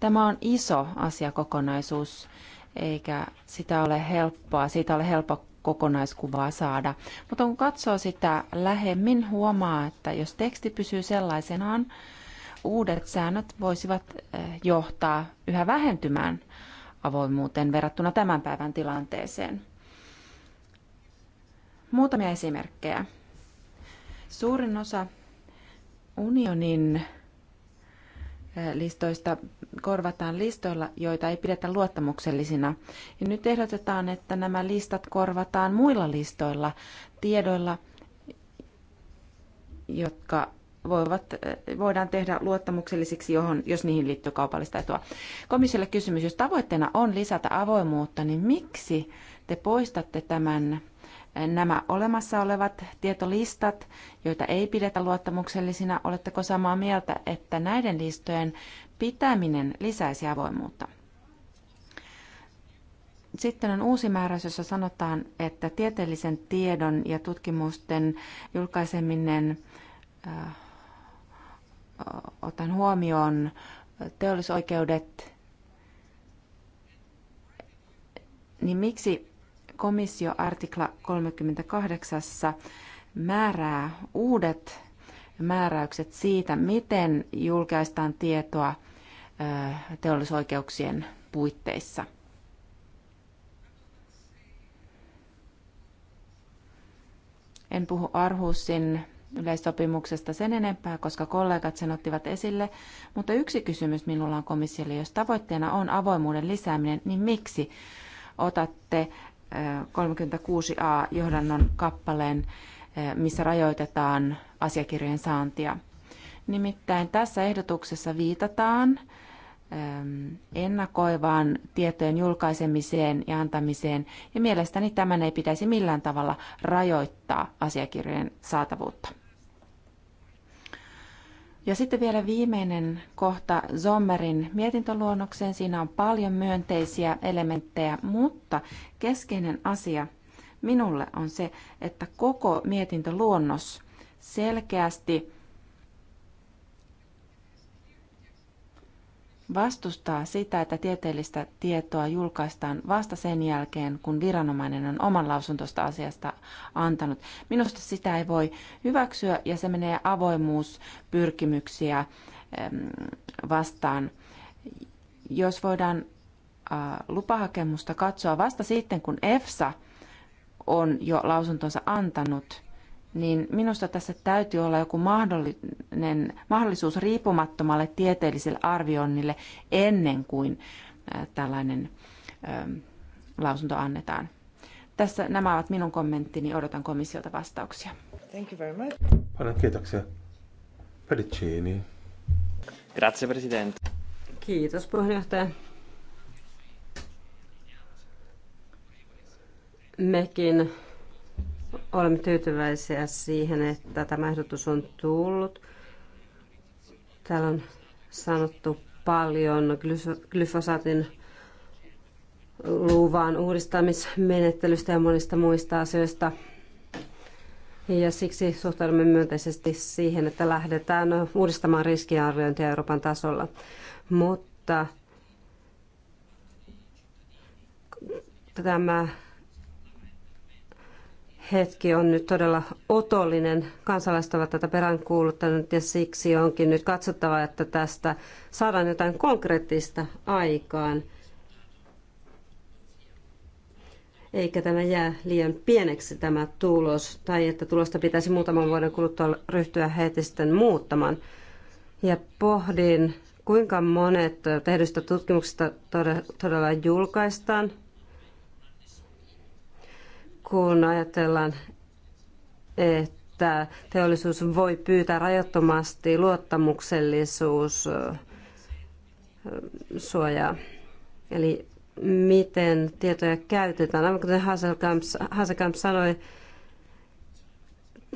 Tämä on iso asiakokonaisuus, eikä sitä ole helppoa, siitä ole helppo kokonaiskuvaa saada. Mutta kun katsoo sitä lähemmin, huomaa, että jos teksti pysyy sellaisenaan, uudet säännöt voisivat eh, johtaa yhä vähentymään avoimuuteen verrattuna tämän päivän tilanteeseen. Muutamia esimerkkejä. Suurin osa unionin listoista korvataan listoilla, joita ei pidetä luottamuksellisina. Ja nyt ehdotetaan, että nämä listat korvataan muilla listoilla, tiedoilla, jotka voivat, voidaan tehdä luottamuksellisiksi, johon, jos niihin liittyy kaupallista etua. Komissiolle kysymys, jos tavoitteena on lisätä avoimuutta, niin miksi te poistatte tämän nämä olemassa olevat tietolistat, joita ei pidetä luottamuksellisina, oletteko samaa mieltä, että näiden listojen pitäminen lisäisi avoimuutta? Sitten on uusi määräys, jossa sanotaan, että tieteellisen tiedon ja tutkimusten julkaiseminen äh, otan huomioon teollisoikeudet, niin miksi komissio artikla 38 määrää uudet määräykset siitä, miten julkaistaan tietoa teollisoikeuksien puitteissa. En puhu Arhusin yleissopimuksesta sen enempää, koska kollegat sen ottivat esille, mutta yksi kysymys minulla on komissiolle, jos tavoitteena on avoimuuden lisääminen, niin miksi otatte 36a johdannon kappaleen, eh, missä rajoitetaan asiakirjojen saantia. Nimittäin tässä ehdotuksessa viitataan eh, ennakoivaan tietojen julkaisemiseen ja antamiseen, ja mielestäni tämän ei pitäisi millään tavalla rajoittaa asiakirjojen saatavuutta. Ja sitten vielä viimeinen kohta Sommerin mietintöluonnokseen. Siinä on paljon myönteisiä elementtejä, mutta keskeinen asia minulle on se, että koko mietintöluonnos selkeästi vastustaa sitä, että tieteellistä tietoa julkaistaan vasta sen jälkeen, kun viranomainen on oman lausuntosta asiasta antanut. Minusta sitä ei voi hyväksyä ja se menee avoimuuspyrkimyksiä vastaan. Jos voidaan lupahakemusta katsoa vasta sitten, kun EFSA on jo lausuntonsa antanut, niin minusta tässä täytyy olla joku mahdollinen, mahdollisuus riippumattomalle tieteelliselle arvioinnille ennen kuin tällainen ö, lausunto annetaan. Tässä nämä ovat minun kommenttini. Odotan komissiolta vastauksia. Thank you very much. Paljon kiitoksia. Pericini. Grazie, Presidente. Kiitos, puheenjohtaja. Mekin Olemme tyytyväisiä siihen, että tämä ehdotus on tullut. Täällä on sanottu paljon glyfosaatin luvan uudistamismenettelystä ja monista muista asioista. Ja siksi suhtaudumme myönteisesti siihen, että lähdetään uudistamaan riskiarviointia Euroopan tasolla. Mutta tämä hetki on nyt todella otollinen. Kansalaiset ovat tätä peräänkuuluttaneet ja siksi onkin nyt katsottava, että tästä saadaan jotain konkreettista aikaan. Eikä tämä jää liian pieneksi tämä tulos, tai että tulosta pitäisi muutaman vuoden kuluttua ryhtyä heti sitten muuttamaan. Ja pohdin, kuinka monet tehdyistä tutkimuksista todella julkaistaan kun ajatellaan, että teollisuus voi pyytää rajattomasti luottamuksellisuus suojaa. Eli miten tietoja käytetään. Aivan kuten Hasekamp sanoi,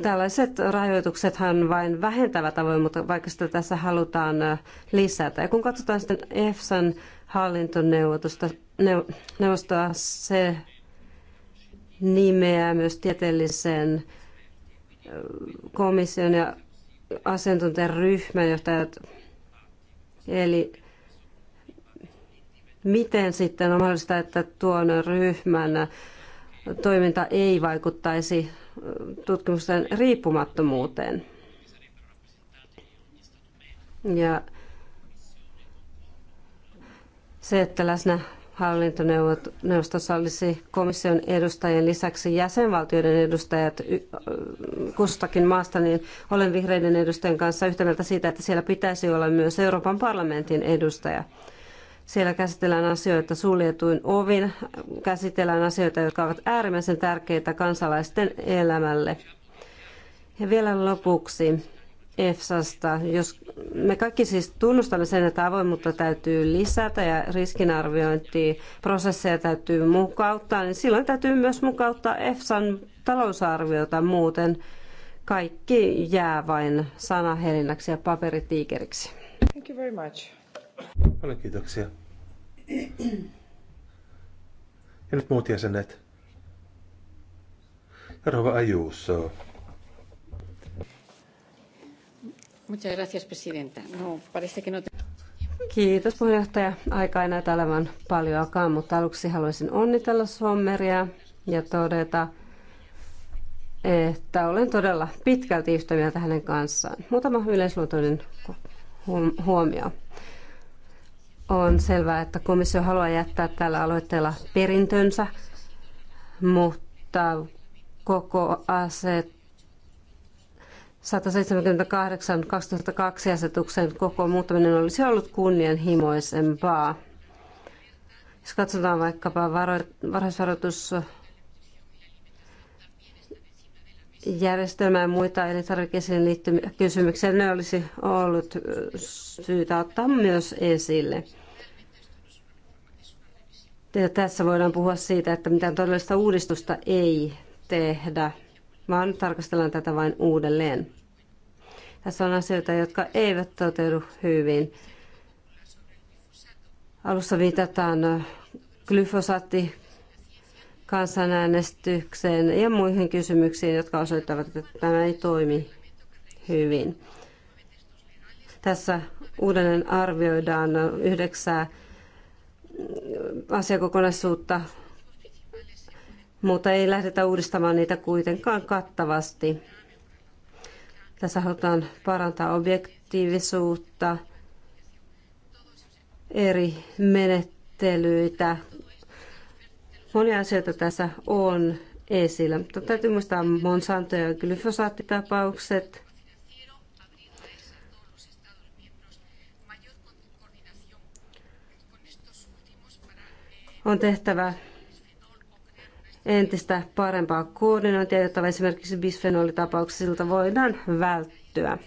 tällaiset rajoituksethan vain vähentävät avoimuutta, vaikka sitä tässä halutaan lisätä. Ja kun katsotaan sitten EFSAn hallintoneuvostoa, se nimeää myös tieteellisen komission ja asiantuntijaryhmän johtajat. Eli miten sitten on mahdollista, että tuon ryhmän toiminta ei vaikuttaisi tutkimusten riippumattomuuteen. Ja se, että läsnä hallintoneuvostossa olisi komission edustajien lisäksi jäsenvaltioiden edustajat kustakin maasta, niin olen vihreiden edustajien kanssa yhtä mieltä siitä, että siellä pitäisi olla myös Euroopan parlamentin edustaja. Siellä käsitellään asioita suljetuin ovin, käsitellään asioita, jotka ovat äärimmäisen tärkeitä kansalaisten elämälle. Ja vielä lopuksi EFSAsta. Jos me kaikki siis tunnustamme sen, että avoimuutta täytyy lisätä ja riskinarviointiprosesseja täytyy mukauttaa, niin silloin täytyy myös mukauttaa EFSAn talousarviota muuten. Kaikki jää vain sanahelinäksi ja paperitiikeriksi. Thank you very much. Paljon kiitoksia. Ja nyt muut jäsenet. Rova Ajuuso. Muchas gracias, presidenta. No, parece que no te... Kiitos puheenjohtaja. aika ei näytä olevan paljoakaan, mutta aluksi haluaisin onnitella Sommeria ja todeta, että olen todella pitkälti yhtä mieltä hänen kanssaan. Muutama yleisluontoinen huomio. On selvää, että komissio haluaa jättää tällä aloitteella perintönsä, mutta koko aset 178-2002 asetuksen koko muuttaminen olisi ollut kunnianhimoisempaa. Jos katsotaan vaikkapa varo- varhaisvaroitusjärjestelmää ja muita elintarvikkeisiin liittyviä kysymyksiä, ne olisi ollut syytä ottaa myös esille. Ja tässä voidaan puhua siitä, että mitään todellista uudistusta ei tehdä vaan tarkastellaan tätä vain uudelleen. Tässä on asioita, jotka eivät toteudu hyvin. Alussa viitataan glyfosaatti kansanäänestykseen ja muihin kysymyksiin, jotka osoittavat, että tämä ei toimi hyvin. Tässä uudelleen arvioidaan yhdeksää asiakokonaisuutta mutta ei lähdetä uudistamaan niitä kuitenkaan kattavasti. Tässä halutaan parantaa objektiivisuutta, eri menettelyitä. Monia asioita tässä on esillä. Mutta täytyy muistaa Monsanto- ja glyfosaattitapaukset. On tehtävä entistä parempaa koordinointia, jotta esimerkiksi bisfenolitapauksilta voidaan välttyä.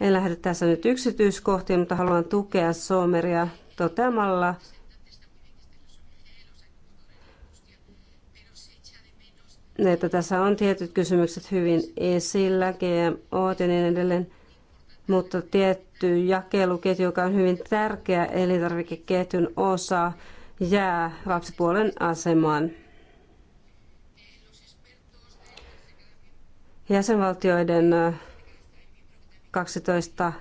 En lähde tässä nyt yksityiskohtiin, mutta haluan tukea Someria toteamalla, että tässä on tietyt kysymykset hyvin esillä, GMO ja niin edelleen, mutta tietty jakeluketju, joka on hyvin tärkeä elintarvikeketjun osa, jää lapsipuolen asemaan. jäsenvaltioiden 12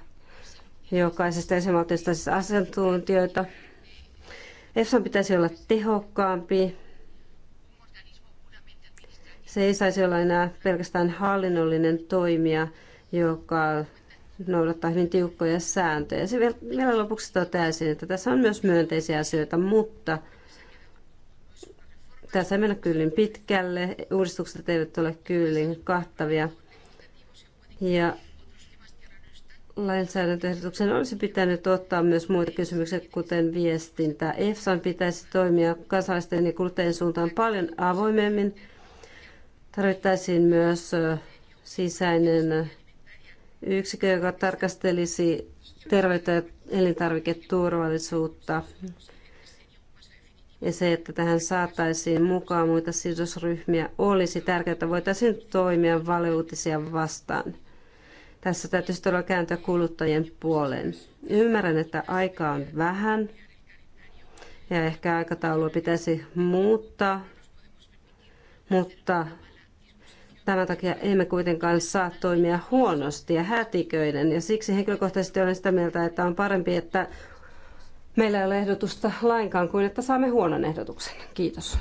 jokaisesta jäsenvaltiosta siis asiantuntijoita. EFSA pitäisi olla tehokkaampi. Se ei saisi olla enää pelkästään hallinnollinen toimija, joka noudattaa hyvin tiukkoja sääntöjä. Se vielä lopuksi toteaisin, että tässä on myös myönteisiä asioita, mutta – tässä ei mennä kyllin pitkälle, uudistukset eivät ole kyllin kattavia. Ja lainsäädäntöehdotuksen olisi pitänyt ottaa myös muita kysymyksiä, kuten viestintä. EFSAn pitäisi toimia kansalaisten ja kuluttajien suuntaan paljon avoimemmin. Tarvittaisiin myös sisäinen yksikkö, joka tarkastelisi terveyttä ja elintarviketurvallisuutta ja se, että tähän saataisiin mukaan muita sidosryhmiä, olisi tärkeää, että voitaisiin toimia valeuutisia vastaan. Tässä täytyisi todella kääntyä kuluttajien puoleen. Ymmärrän, että aikaa on vähän ja ehkä aikataulua pitäisi muuttaa, mutta tämän takia emme kuitenkaan saa toimia huonosti ja hätiköiden. Ja siksi henkilökohtaisesti olen sitä mieltä, että on parempi, että meillä ei ole ehdotusta lainkaan kuin, että saamme huonon ehdotuksen. Kiitos.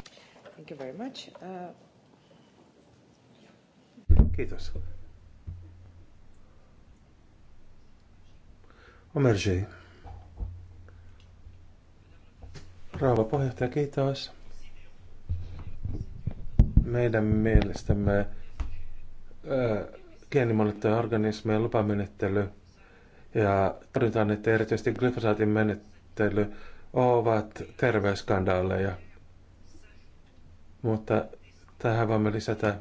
Thank you very much. Uh... Kiitos. J. Rauha puheenjohtaja, kiitos. Meidän mielestämme geenimuunnettujen organismien lupamenettely ja torjunta että erityisesti glyfosaatin menettely käsittely ovat terveysskandaaleja. Mutta tähän voimme lisätä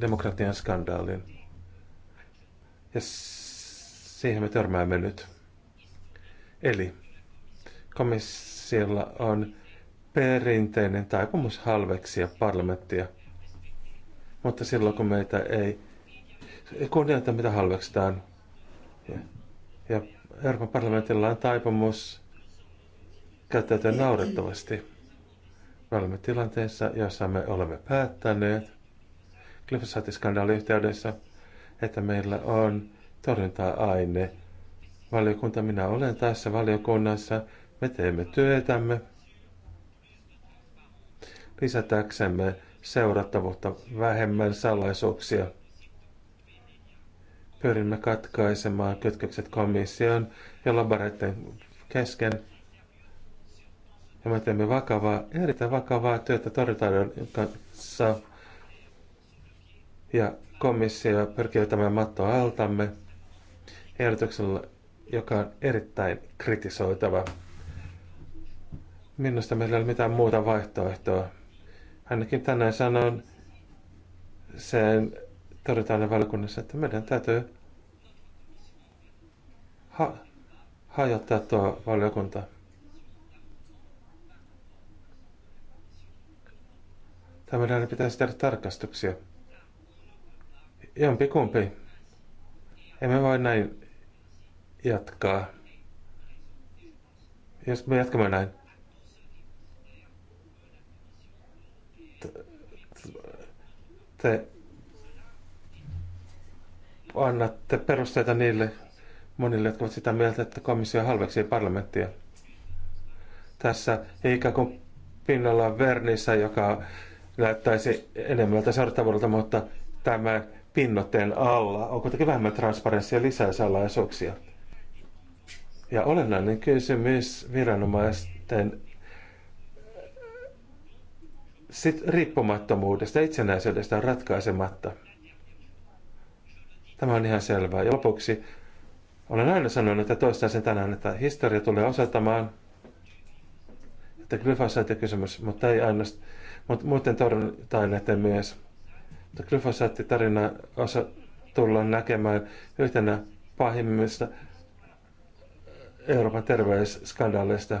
demokratian skandaalin. Ja siihen me törmäämme nyt. Eli komissiolla on perinteinen taipumus halveksia parlamenttia. Mutta silloin kun meitä ei, ei kunnioita, mitä halveksitaan. Ja, ja Euroopan parlamentilla on taipumus käyttäytyä naurettavasti. Me olemme tilanteessa, jossa me olemme päättäneet glyfosaattiskandaalin yhteydessä, että meillä on torjunta-aine. Valiokunta, minä olen tässä valiokunnassa, me teemme työtämme lisätäksemme seurattavuutta, vähemmän salaisuuksia – pyrimme katkaisemaan kytkökset komission ja laboreiden kesken. Ja me teemme vakavaa, erittäin vakavaa työtä torjuntaiden kanssa. Ja komissio pyrkii tämän matto altamme ehdotuksella, joka on erittäin kritisoitava. Minusta meillä ei ole mitään muuta vaihtoehtoa. Ainakin tänään sanon sen todeta täällä valkunnassa, että meidän täytyy ha- hajottaa tuo valiokunta. Tai meidän pitäisi tehdä tarkastuksia. Jompi kumpi. Emme voi näin jatkaa. Jos me jatkamme näin, te annatte perusteita niille monille, jotka ovat sitä mieltä, että komissio halveksii parlamenttia. Tässä ei ikään kuin pinnalla vernissä, joka näyttäisi enemmältä sortavuudelta, mutta tämä pinnoteen alla on kuitenkin vähemmän transparenssia lisää salaisuuksia. Ja olennainen kysymys viranomaisten sit riippumattomuudesta ja itsenäisyydestä on ratkaisematta. Tämä on ihan selvää. Ja lopuksi olen aina sanonut että toistan sen tänään, että historia tulee osoittamaan, että kysymys, mutta ei ainoastaan, mutta muuten torjuntain eteen myös. Mutta glyfosaattitarina osa tullaan näkemään yhtenä pahimmista Euroopan terveysskandaaleista.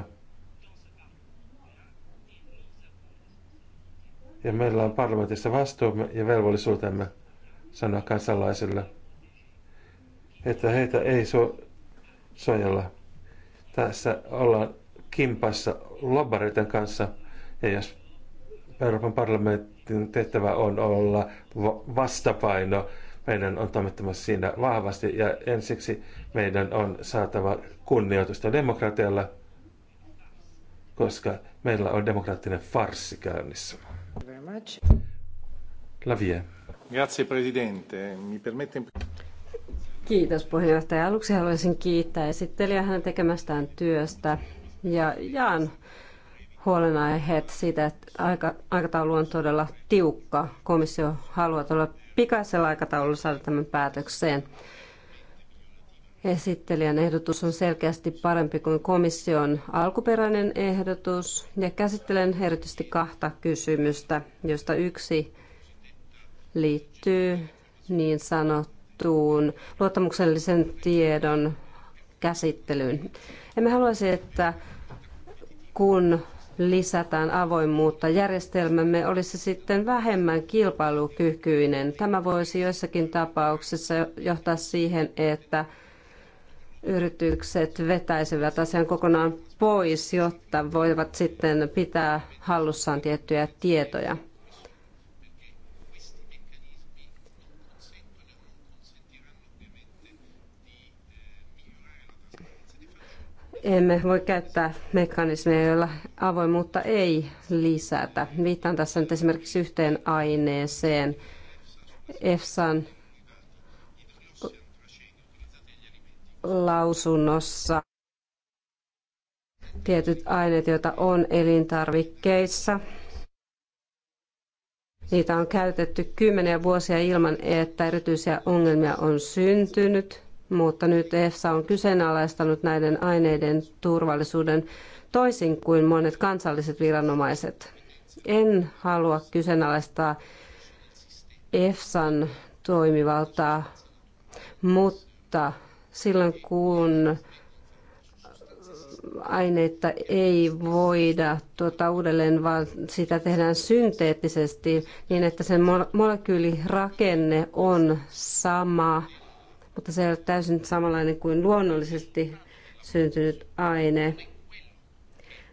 Ja meillä on parlamentissa vastuumme ja velvollisuutemme sanoa kansalaisille – että heitä ei so, sojella. Tässä ollaan kimpassa lobbareiden kanssa, ja jos Euroopan parlamentin tehtävä on olla vastapaino, meidän on toimittava siinä vahvasti, ja ensiksi meidän on saatava kunnioitusta demokratialla, koska meillä on demokraattinen farsi käynnissä. Grazie Presidente. Mi permette... Kiitos puheenjohtaja. Aluksi haluaisin kiittää esittelijää hänen tekemästään työstä ja jaan huolenaiheet siitä, että aika, aikataulu on todella tiukka. Komissio haluaa olla pikaisella aikataululla saada tämän päätökseen. Esittelijän ehdotus on selkeästi parempi kuin komission alkuperäinen ehdotus ja käsittelen erityisesti kahta kysymystä, joista yksi liittyy niin sanottu tutkittuun luottamuksellisen tiedon käsittelyyn. Emme haluaisi, että kun lisätään avoimuutta, järjestelmämme olisi sitten vähemmän kilpailukykyinen. Tämä voisi joissakin tapauksissa johtaa siihen, että yritykset vetäisivät asian kokonaan pois, jotta voivat sitten pitää hallussaan tiettyjä tietoja. emme voi käyttää mekanismeja, joilla avoimuutta ei lisätä. Viittaan tässä nyt esimerkiksi yhteen aineeseen, EFSAn lausunnossa. Tietyt aineet, joita on elintarvikkeissa, niitä on käytetty kymmeniä vuosia ilman, että erityisiä ongelmia on syntynyt – mutta nyt EFSA on kyseenalaistanut näiden aineiden turvallisuuden toisin kuin monet kansalliset viranomaiset. En halua kyseenalaistaa EFSAn toimivaltaa, mutta silloin kun aineita ei voida tuota uudelleen, vaan sitä tehdään synteettisesti niin, että sen molekyylirakenne on sama – mutta se ei ole täysin samanlainen kuin luonnollisesti syntynyt aine,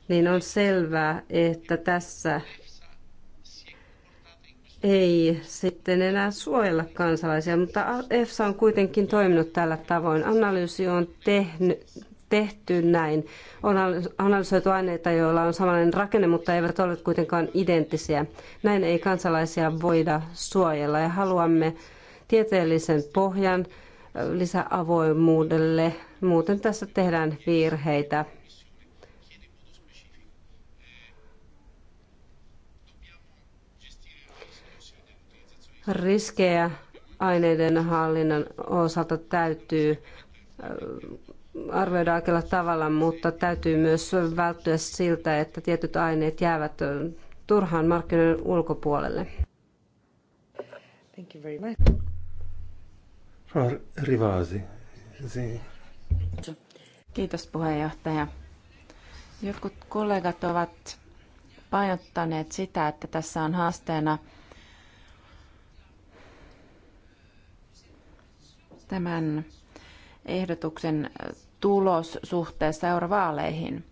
niin on selvää, että tässä ei sitten enää suojella kansalaisia, mutta EFSA on kuitenkin toiminut tällä tavoin. Analyysi on tehnyt, tehty näin. On analysoitu aineita, joilla on samanlainen rakenne, mutta eivät ole kuitenkaan identtisiä. Näin ei kansalaisia voida suojella ja haluamme tieteellisen pohjan lisäavoimuudelle. Muuten tässä tehdään virheitä. Riskejä aineiden hallinnan osalta täytyy äh, arvioida oikealla tavalla, mutta täytyy myös välttyä siltä, että tietyt aineet jäävät äh, turhaan markkinoiden ulkopuolelle. Thank you very much. Rivaasi. Kiitos puheenjohtaja. Jotkut kollegat ovat painottaneet sitä, että tässä on haasteena tämän ehdotuksen tulos suhteessa eurovaaleihin.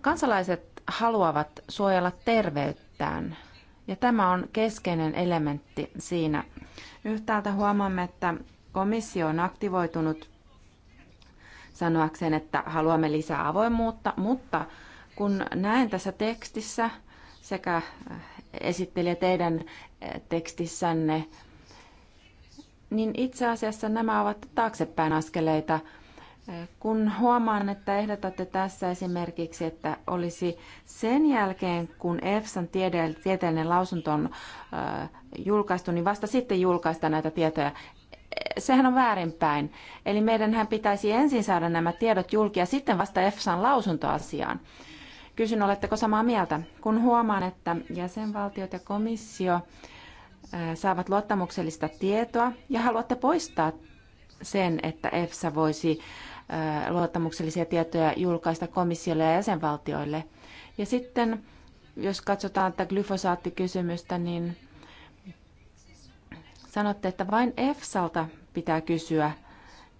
Kansalaiset haluavat suojella terveyttään. Ja tämä on keskeinen elementti siinä. Yhtäältä huomaamme, että komissio on aktivoitunut sanoakseen, että haluamme lisää avoimuutta, mutta kun näen tässä tekstissä sekä äh, esittelijä teidän äh, tekstissänne, niin itse asiassa nämä ovat taaksepäin askeleita kun huomaan, että ehdotatte tässä esimerkiksi, että olisi sen jälkeen, kun EFSAn tieteellinen lausunto on julkaistu, niin vasta sitten julkaista näitä tietoja. Sehän on väärinpäin. Eli meidänhän pitäisi ensin saada nämä tiedot julki ja sitten vasta EFSAn lausuntoasiaan. Kysyn, oletteko samaa mieltä? Kun huomaan, että jäsenvaltiot ja komissio saavat luottamuksellista tietoa ja haluatte poistaa sen, että EFSA voisi luottamuksellisia tietoja julkaista komissiolle ja jäsenvaltioille. Ja sitten, jos katsotaan tätä glyfosaattikysymystä, niin sanotte, että vain EFSAlta pitää kysyä.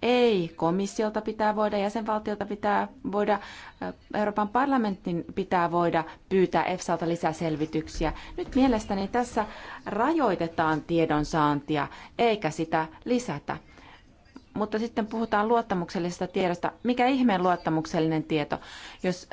Ei, komissiolta pitää voida, jäsenvaltiolta pitää voida, Euroopan parlamentin pitää voida pyytää EFSAlta lisää selvityksiä. Nyt mielestäni tässä rajoitetaan tiedonsaantia eikä sitä lisätä mutta sitten puhutaan luottamuksellisesta tiedosta. Mikä ihmeen luottamuksellinen tieto, jos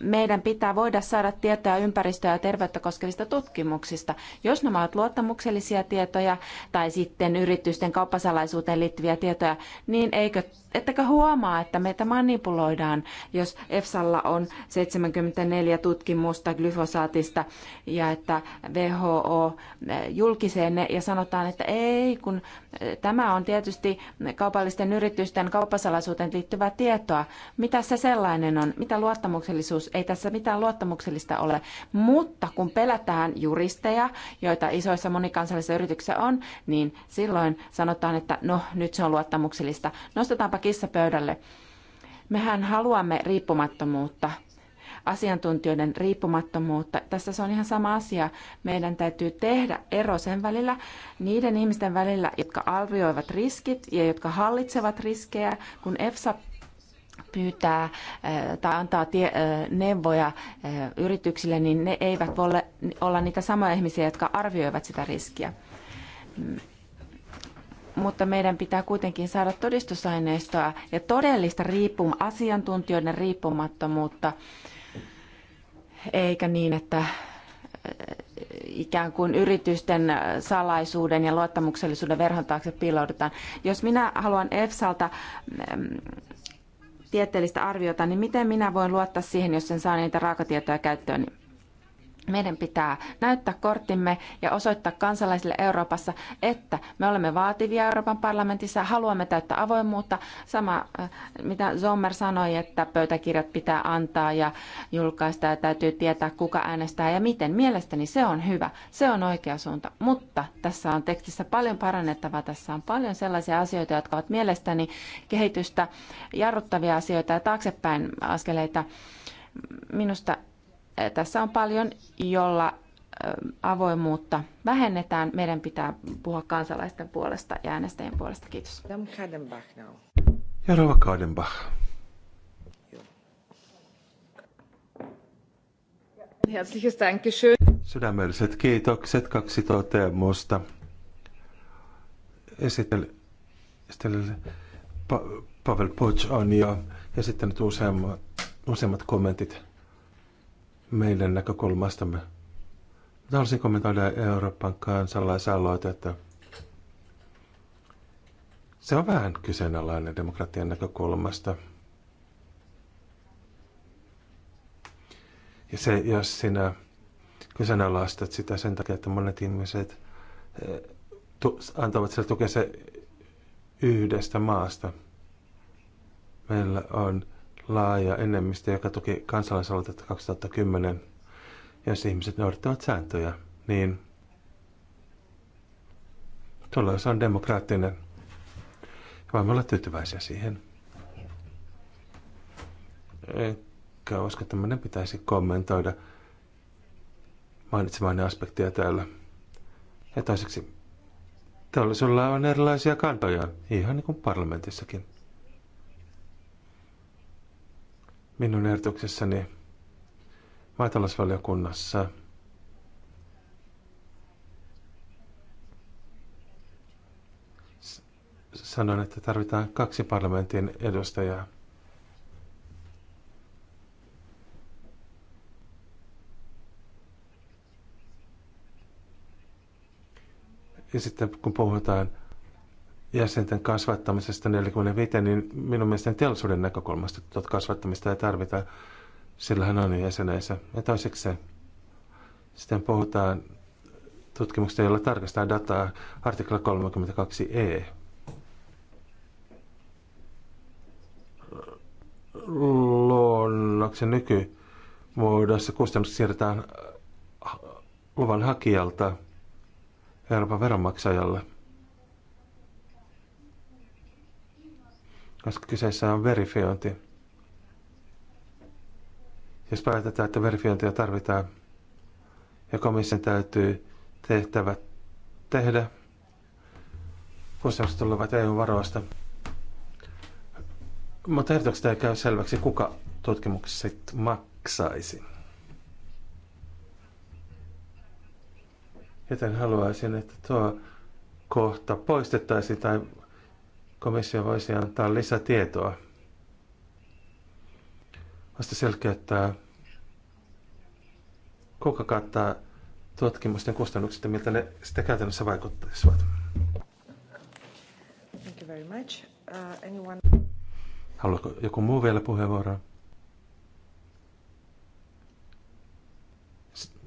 meidän pitää voida saada tietoa ympäristöä ja terveyttä koskevista tutkimuksista. Jos nämä ovat luottamuksellisia tietoja tai sitten yritysten kauppasalaisuuteen liittyviä tietoja, niin eikö ettekö huomaa, että meitä manipuloidaan, jos EFSAlla on 74 tutkimusta glyfosaatista ja että WHO eh, julkisee ne ja sanotaan, että ei, kun eh, tämä on tietysti kaupallisten yritysten kauppasalaisuuteen liittyvää tietoa. Mitä se sellainen on? Mitä luottamuksellisuus? Ei tässä mitään luottamuksellista ole, mutta kun pelätään juristeja, joita isoissa monikansallisissa yrityksissä on, niin silloin sanotaan, että no nyt se on luottamuksellista. Nostetaanpa kissa pöydälle. Mehän haluamme riippumattomuutta, asiantuntijoiden riippumattomuutta. Tässä se on ihan sama asia. Meidän täytyy tehdä ero sen välillä, niiden ihmisten välillä, jotka arvioivat riskit ja jotka hallitsevat riskejä, kun EFSA pyytää eh, tai antaa tie, eh, neuvoja eh, yrityksille, niin ne eivät voi olla niitä samoja ihmisiä, jotka arvioivat sitä riskiä mutta meidän pitää kuitenkin saada todistusaineistoa ja todellista riippum- asiantuntijoiden riippumattomuutta, eikä niin, että äh, ikään kuin yritysten äh, salaisuuden ja luottamuksellisuuden verhon taakse piiloudutaan. Jos minä haluan EFSAlta mm, tieteellistä arviota, niin miten minä voin luottaa siihen, jos sen saa niitä raakatietoja käyttöön? Meidän pitää näyttää korttimme ja osoittaa kansalaisille Euroopassa, että me olemme vaativia Euroopan parlamentissa, haluamme täyttää avoimuutta. Sama, äh, mitä Sommer sanoi, että pöytäkirjat pitää antaa ja julkaista ja täytyy tietää, kuka äänestää ja miten. Mielestäni se on hyvä, se on oikea suunta, mutta tässä on tekstissä paljon parannettavaa. Tässä on paljon sellaisia asioita, jotka ovat mielestäni kehitystä jarruttavia asioita ja taaksepäin askeleita minusta tässä on paljon, jolla avoimuutta vähennetään. Meidän pitää puhua kansalaisten puolesta ja äänestäjien puolesta. Kiitos. Jarova Rova Kadenbach. Herzliches Dankeschön. Sydämelliset kiitokset. Kaksi toteamusta. Esittely, pa, Pavel Poch on jo esittänyt useammat, useammat kommentit meidän näkökulmastamme. Mutta haluaisin kommentoida Euroopan kansalaisaloitetta. Se on vähän kyseenalainen demokratian näkökulmasta. Ja se, jos sinä kyseenalaistat sitä sen takia, että monet ihmiset eh, antavat sille tukea se yhdestä maasta. Meillä on laaja enemmistö, joka tuki kansalaisaloitetta 2010. Jos ihmiset noudattavat sääntöjä, niin tuolla se on demokraattinen. Ja voimme olla tyytyväisiä siihen. Enkä usko, että meidän pitäisi kommentoida mainitsemani aspektia täällä. Ja toiseksi, teollisuudella on erilaisia kantoja, ihan niin kuin parlamentissakin. minun ehdotuksessani maatalousvaliokunnassa sanoin, että tarvitaan kaksi parlamentin edustajaa. Ja sitten kun puhutaan jäsenten kasvattamisesta 45, niin minun mielestäni teollisuuden näkökulmasta tuota kasvattamista ei tarvita, sillä hän on jäsenensä. Ja toiseksi sitten puhutaan tutkimuksesta, jolla tarkastaa dataa, artikla 32e. Luonnoksen nykymuodossa kustannus siirretään luvan hakijalta Euroopan veronmaksajalle. koska kyseessä on verifiointi. Jos päätetään, että verifiointia tarvitaan ja komission täytyy tehtävät tehdä, kustannukset tulevat EU-varoista. Mutta ehdotuksesta ei käy selväksi, kuka tutkimukset maksaisi. Joten haluaisin, että tuo kohta poistettaisiin tai komissio voisi antaa lisätietoa. Vasta selkeyttää, kuka kattaa tutkimusten kustannukset ja miltä ne sitä käytännössä vaikuttaisivat. Thank you very much. Uh, anyone... Haluatko joku muu vielä puheenvuoroa?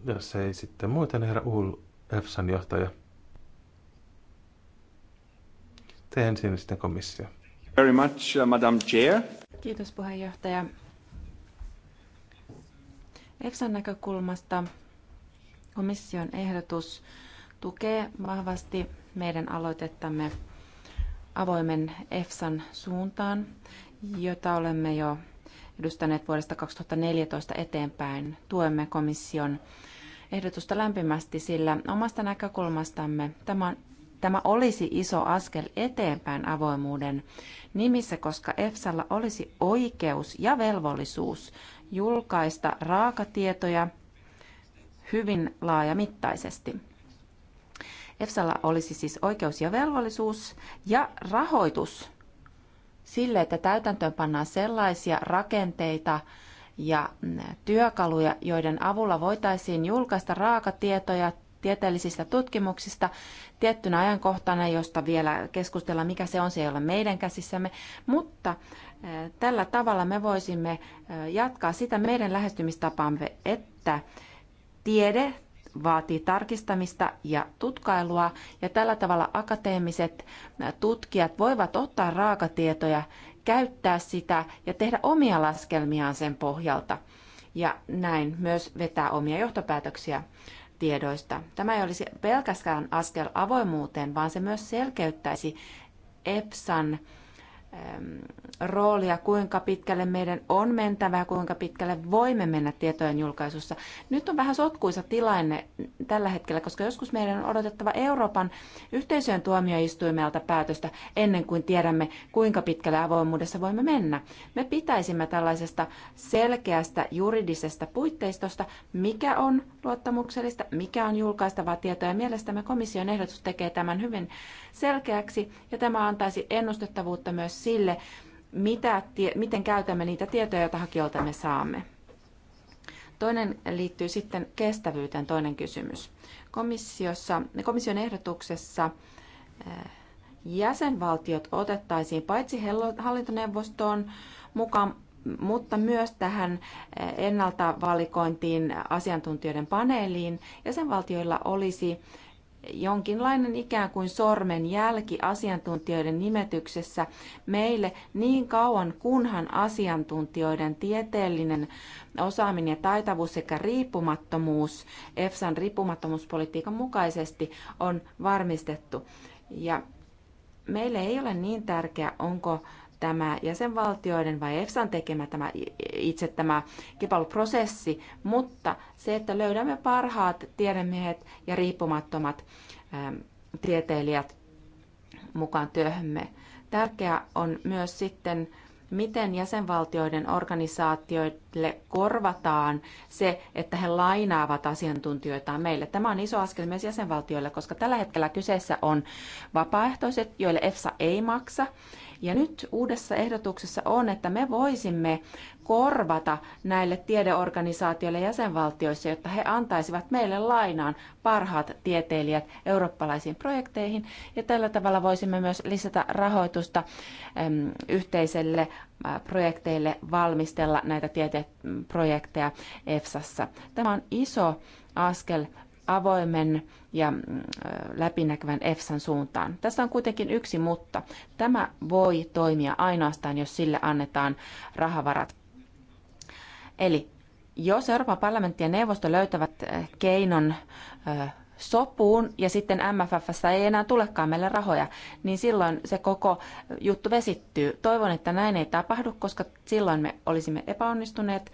Jos ei sitten muuten, herra Uhl, EFSAn johtaja. te ensin sitten komissio. Very much, uh, Madam Chair. Kiitos puheenjohtaja. EFSAn näkökulmasta komission ehdotus tukee vahvasti meidän aloitettamme avoimen EFSAn suuntaan, jota olemme jo edustaneet vuodesta 2014 eteenpäin. Tuemme komission ehdotusta lämpimästi, sillä omasta näkökulmastamme tämä on Tämä olisi iso askel eteenpäin avoimuuden nimissä, koska EFSAlla olisi oikeus ja velvollisuus julkaista raakatietoja hyvin laajamittaisesti. EFSAlla olisi siis oikeus ja velvollisuus ja rahoitus sille, että täytäntöön pannaan sellaisia rakenteita ja työkaluja, joiden avulla voitaisiin julkaista raakatietoja tieteellisistä tutkimuksista tiettynä ajankohtana, josta vielä keskustellaan, mikä se on, se ei ole meidän käsissämme, mutta eh, tällä tavalla me voisimme eh, jatkaa sitä meidän lähestymistapaamme, että tiede vaatii tarkistamista ja tutkailua, ja tällä tavalla akateemiset eh, tutkijat voivat ottaa raakatietoja, käyttää sitä ja tehdä omia laskelmiaan sen pohjalta ja näin myös vetää omia johtopäätöksiä tiedoista. Tämä ei olisi pelkästään askel avoimuuteen, vaan se myös selkeyttäisi EPSAn roolia, kuinka pitkälle meidän on mentävä ja kuinka pitkälle voimme mennä tietojen julkaisussa. Nyt on vähän sotkuisa tilanne tällä hetkellä, koska joskus meidän on odotettava Euroopan yhteisöjen tuomioistuimelta päätöstä ennen kuin tiedämme, kuinka pitkälle avoimuudessa voimme mennä. Me pitäisimme tällaisesta selkeästä juridisesta puitteistosta, mikä on luottamuksellista, mikä on julkaistavaa tietoa ja mielestämme komission ehdotus tekee tämän hyvin selkeäksi ja tämä antaisi ennustettavuutta myös sille, mitä, miten käytämme niitä tietoja, joita hakijoilta me saamme. Toinen liittyy sitten kestävyyteen, toinen kysymys. Komissiossa, komission ehdotuksessa eh, jäsenvaltiot otettaisiin paitsi hallintoneuvostoon mukaan, mutta myös tähän eh, ennalta valikointiin asiantuntijoiden paneeliin. Jäsenvaltioilla olisi jonkinlainen ikään kuin sormen jälki asiantuntijoiden nimetyksessä meille niin kauan, kunhan asiantuntijoiden tieteellinen osaaminen ja taitavuus sekä riippumattomuus EFSAn riippumattomuuspolitiikan mukaisesti on varmistettu. Ja meille ei ole niin tärkeää, onko tämä jäsenvaltioiden vai EFSAn tekemä tämä, itse tämä kilpailuprosessi, mutta se, että löydämme parhaat tiedemiehet ja riippumattomat ä, ähm, tieteilijät mukaan työhömme. Tärkeää on myös sitten, miten jäsenvaltioiden organisaatioille korvataan se, että he lainaavat asiantuntijoitaan meille. Tämä on iso askel myös jäsenvaltioille, koska tällä hetkellä kyseessä on vapaaehtoiset, joille EFSA ei maksa, ja nyt uudessa ehdotuksessa on, että me voisimme korvata näille tiedeorganisaatioille jäsenvaltioissa, jotta he antaisivat meille lainaan parhaat tieteilijät eurooppalaisiin projekteihin. Ja tällä tavalla voisimme myös lisätä rahoitusta yhteiselle projekteille valmistella näitä tieteprojekteja EFSassa. Tämä on iso askel avoimen ja mm, läpinäkyvän EFSAn suuntaan. Tässä on kuitenkin yksi mutta. Tämä voi toimia ainoastaan, jos sille annetaan rahavarat. Eli jos Euroopan parlamentti ja neuvosto löytävät keinon sopuun ja sitten MFFssä ei enää tulekaan meille rahoja, niin silloin se koko juttu vesittyy. Toivon, että näin ei tapahdu, koska silloin me olisimme epäonnistuneet.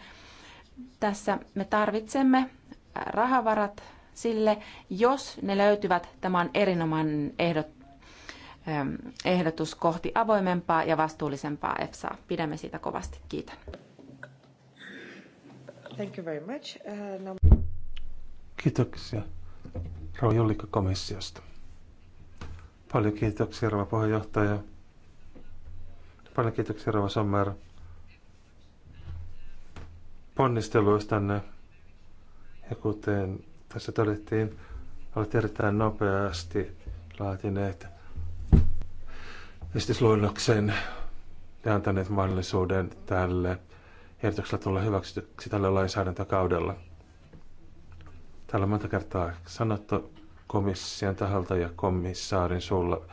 Tässä me tarvitsemme rahavarat sille. Jos ne löytyvät, tämän erinomainen ehdot, ähm, ehdotus kohti avoimempaa ja vastuullisempaa EFSAa. Pidämme siitä kovasti. Kiitän. Thank you very much. Uh, no... Kiitoksia Rauha komissiosta Paljon kiitoksia, rouva puheenjohtaja. Paljon kiitoksia, rouva Sommer, ponnisteluistanne. Ja kuten tässä todettiin, olet erittäin nopeasti laatineet esitysluonnoksen ja antaneet mahdollisuuden tälle ehdotuksella tulla hyväksytyksi tällä lainsäädäntökaudella. Täällä on monta kertaa sanottu komission taholta ja komissaarin suulla,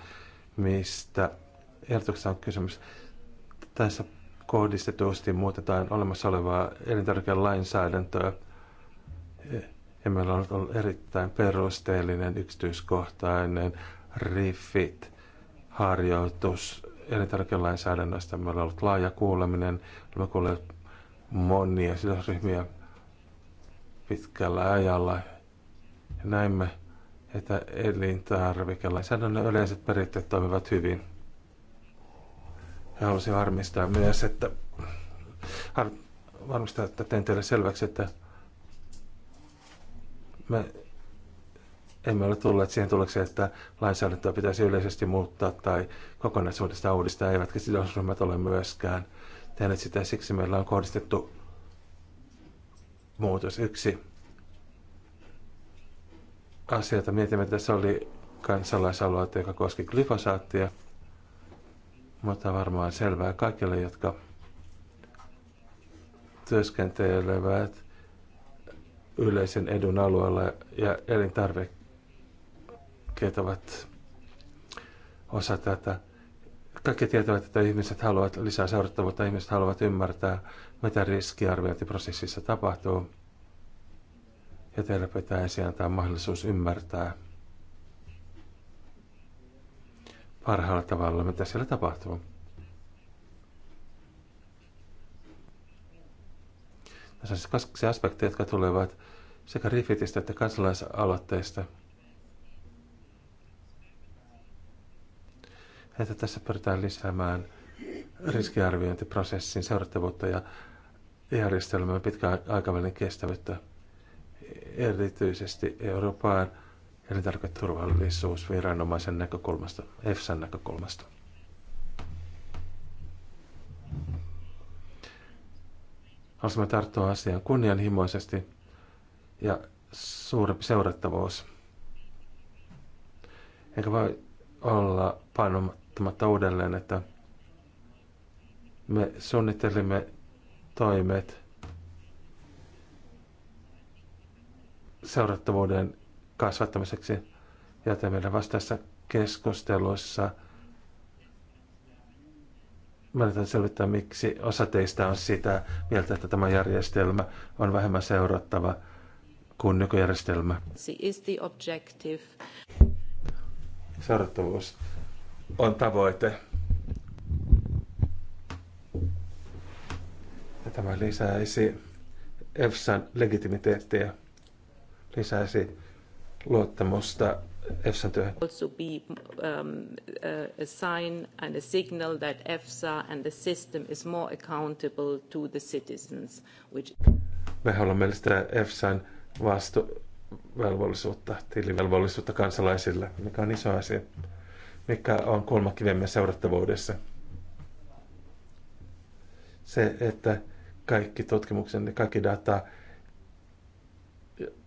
mistä ehdotuksessa on kysymys. Tässä kohdistetusti muutetaan olemassa olevaa elintärkeää lainsäädäntöä ja meillä on ollut erittäin perusteellinen, yksityiskohtainen riffit harjoitus elintarvikelainsäädännöstä. Meillä on ollut laaja kuuleminen. Olemme kuulleet monia sidosryhmiä pitkällä ajalla. Ja näimme, että elintarvikelainsäädännön yleiset periaatteet toimivat hyvin. Ja halusin varmistaa myös, että varmistaa, että teen teille selväksi, että me emme ole tulleet siihen tulokseen, että lainsäädäntöä pitäisi yleisesti muuttaa tai kokonaisuudesta uudistaa, eivätkä sidosryhmät ole myöskään tehneet sitä. Siksi meillä on kohdistettu muutos. Yksi asia, jota mietimme tässä, oli kansalaisaloite, joka koski glyfosaattia, mutta varmaan selvää kaikille, jotka työskentelevät yleisen edun alueella ja elintarvikkeet ovat osa tätä. Kaikki tietävät, että ihmiset haluavat lisää seurattavuutta, ihmiset haluavat ymmärtää, mitä riskiarviointiprosessissa tapahtuu. Ja teillä pitäisi antaa mahdollisuus ymmärtää parhaalla tavalla, mitä siellä tapahtuu. Tässä on siis kaksi aspektia, jotka tulevat sekä Rifitistä että kansalaisaloitteista. Että tässä pyritään lisäämään riskiarviointiprosessin seurattavuutta ja järjestelmän pitkän aikavälin kestävyyttä, erityisesti Euroopan elintarviketurvallisuusviranomaisen näkökulmasta, EFSAn näkökulmasta. Halusimme tarttua asiaan kunnianhimoisesti ja suurempi seurattavuus. enkä voi olla painomattomatta uudelleen, että me suunnittelimme toimet seurattavuuden kasvattamiseksi, joten meidän vastaessa keskustelussa – Mä yritän selvittää, miksi osa teistä on sitä mieltä, että tämä järjestelmä on vähemmän seurattava kuin nykyjärjestelmä. Is the objective. Seurattavuus on tavoite. Ja tämä lisäisi EFSAn legitimiteettiä, lisäisi luottamusta työhön. Also be um, uh, a sign and a signal that EFSA and the system is more accountable to the citizens, which... Me haluamme lisätä EFSAn vastu velvollisuutta, tilivelvollisuutta kansalaisille, mikä on iso asia, mikä on kulmakivemme seurattavuudessa. Se, että kaikki tutkimuksen, kaikki data,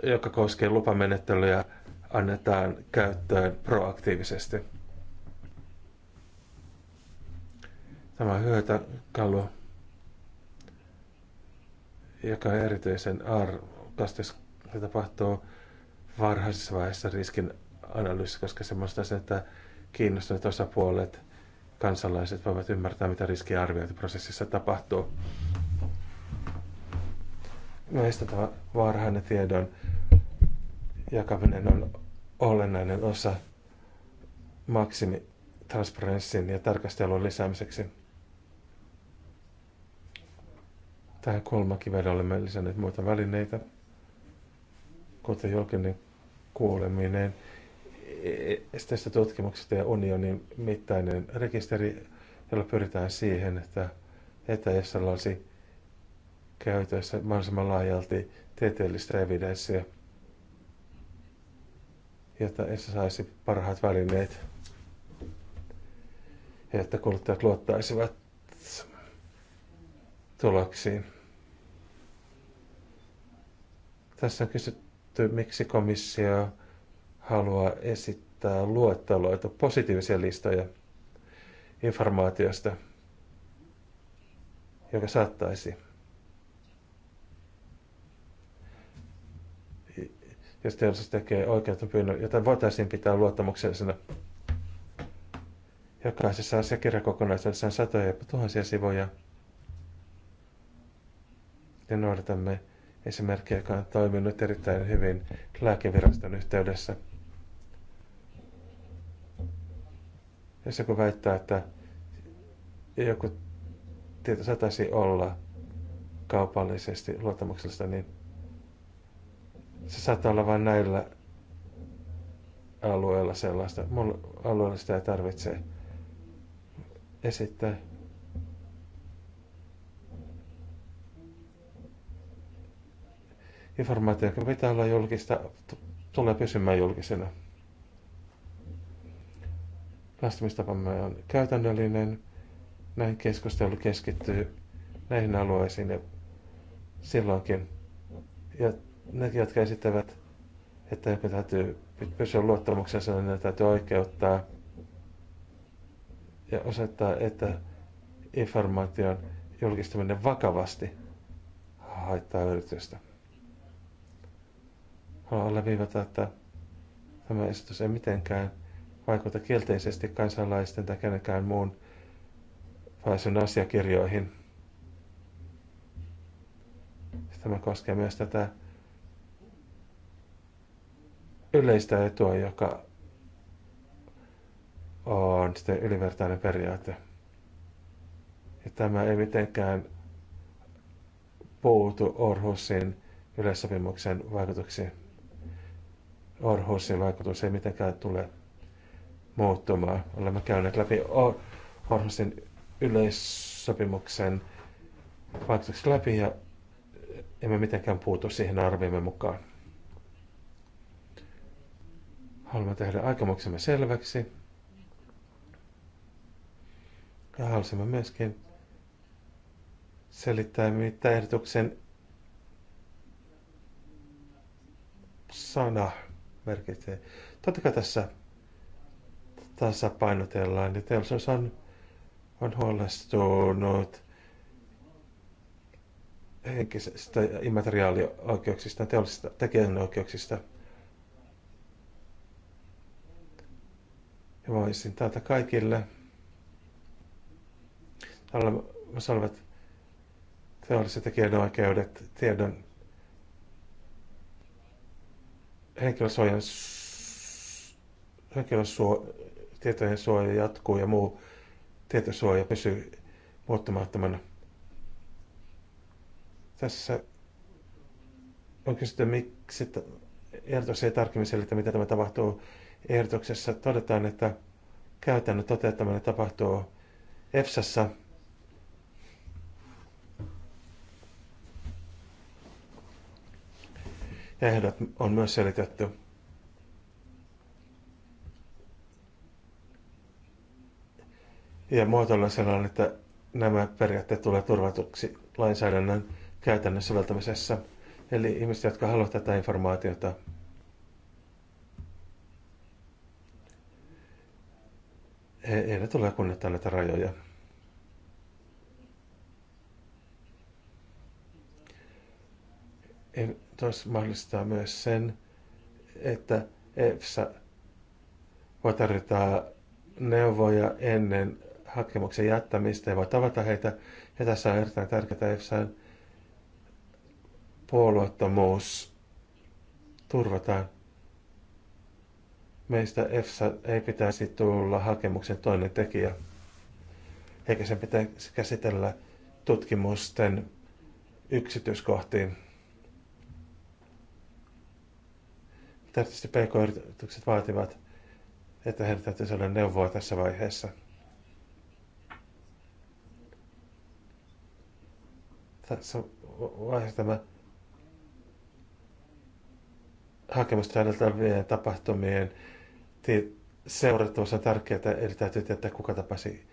joka koskee lupamenettelyä, annetaan käyttöön proaktiivisesti. Tämä hyötäkalu, joka on erityisen arvokasta, jos se tapahtuu varhaisessa vaiheessa riskin analyysissä, koska muistaa sen, että kiinnostuneet osapuolet, kansalaiset voivat ymmärtää, mitä riskiarviointiprosessissa tapahtuu. Meistä tämä varhainen tiedon jakaminen on olennainen osa maksimitransparenssin ja tarkastelun lisäämiseksi. Tähän kulmakiveen olemme lisänneet muita välineitä, kuten julkinen kuuleminen, esteistä tutkimuksista ja unionin mittainen rekisteri, jolla pyritään siihen, että etäjässä olisi käytössä mahdollisimman laajalti tieteellistä evidenssiä – jotta se saisi parhaat välineet ja että kuluttajat luottaisivat tuloksiin. Tässä on kysytty, miksi komissio haluaa esittää luetteloita, positiivisia listoja informaatiosta, joka saattaisi jos teollisuus tekee oikeutta pyynnön, jota voitaisiin pitää luottamuksellisena. Jokaisessa asiakirjakokonaisuudessa on satoja ja tuhansia sivuja. Ja noudatamme esimerkkiä, joka on toiminut erittäin hyvin lääkeviraston yhteydessä. Jos joku väittää, että joku tieto saataisiin olla kaupallisesti luottamuksellista, niin se saattaa olla vain näillä alueilla sellaista. Mulla alueella sitä ei tarvitse esittää. Informaatio, joka pitää olla julkista, tulee pysymään julkisena. Lähestymistapamme on käytännöllinen. Näin keskustelu keskittyy näihin alueisiin ja silloinkin. Ja ne, jotka esittävät, että joku täytyy pysyä luottamuksensa, niin ne täytyy oikeuttaa ja osoittaa, että informaation julkistaminen vakavasti haittaa yritystä. Haluan alleviivata, että tämä esitys ei mitenkään vaikuta kielteisesti kansalaisten tai kenenkään muun pääsyn asiakirjoihin. Tämä koskee myös tätä yleistä etua, joka on sitten ylivertainen periaate. Ja tämä ei mitenkään puutu Orhusin yleissopimuksen vaikutuksiin. Orhusin vaikutus ei mitenkään tule muuttumaan. Olemme käyneet läpi Or- Orhusin yleissopimuksen vaikutukset läpi ja emme mitenkään puutu siihen arviomme mukaan. Haluamme tehdä aikomuksemme selväksi. Ja halusimme myöskin selittää, mitä ehdotuksen sana merkitsee. Totta kai tässä tasapainotellaan ja teollisuus on, on huolestunut henkisestä ja immateriaalioikeuksista, teollisista tekijänoikeuksista – Ja voisin täältä kaikille olemassa olevat teolliset tekijänoikeudet, tiedon henkilösuojan henkilösuo, tietojen suoja jatkuu ja muu tietosuoja pysyy muuttumattomana. Tässä on kysytty, miksi ehdotus ei tarkemmin selitä, mitä tämä tapahtuu ehdotuksessa todetaan, että käytännön toteuttaminen tapahtuu EFSassa ehdot on myös selitetty. Ja muotoilla sanon, että nämä periaatteet tulee turvatuksi lainsäädännön käytännön soveltamisessa. Eli ihmiset, jotka haluavat tätä informaatiota, eivät ole kunnioittaa näitä rajoja. Ehdotus mahdollistaa myös sen, että EFSA voi tarjota neuvoja ennen hakemuksen jättämistä ja voi tavata heitä. Ja tässä on erittäin tärkeää EFSAn puolueettomuus turvataan Meistä EFSA ei pitäisi tulla hakemuksen toinen tekijä, eikä sen pitäisi käsitellä tutkimusten yksityiskohtiin. Tietysti pk-yritykset vaativat, että heidän täytyy saada neuvoa tässä vaiheessa. Tässä vaiheessa tämä hakemusta edeltävien tapahtumien seurattavassa on tärkeää, eli täytyy tietää, kuka tapasi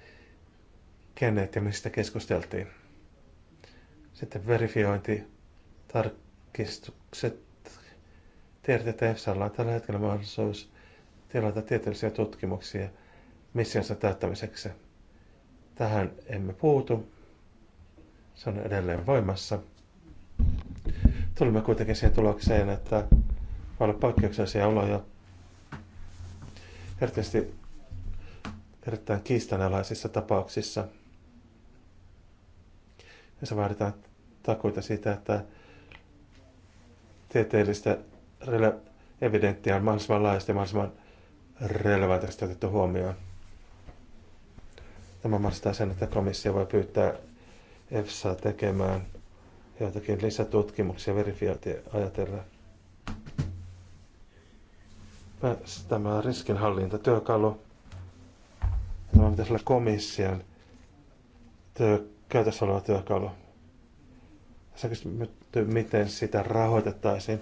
kenet ja mistä keskusteltiin. Sitten verifiointi, tarkistukset. Tiedät, että EFSAlla on tällä hetkellä mahdollisuus tilata tieteellisiä tutkimuksia missiansa täyttämiseksi. Tähän emme puutu. Se on edelleen voimassa. Tulimme kuitenkin siihen tulokseen, että voi olla poikkeuksellisia oloja, erityisesti erittäin kiistanalaisissa tapauksissa. se vaaditaan takuita siitä, että tieteellistä rele- evidenttiä on mahdollisimman laajasti ja mahdollisimman relevantisti otettu huomioon. Tämä mahdollistaa sen, että komissio voi pyytää EFSA tekemään joitakin lisätutkimuksia verifiointia ajatellen. Tämä riskinhallintatyökalu. Tämä pitäisi olla komission työ, käytössä oleva työkalu. Tässä kysytty, miten sitä rahoitettaisiin.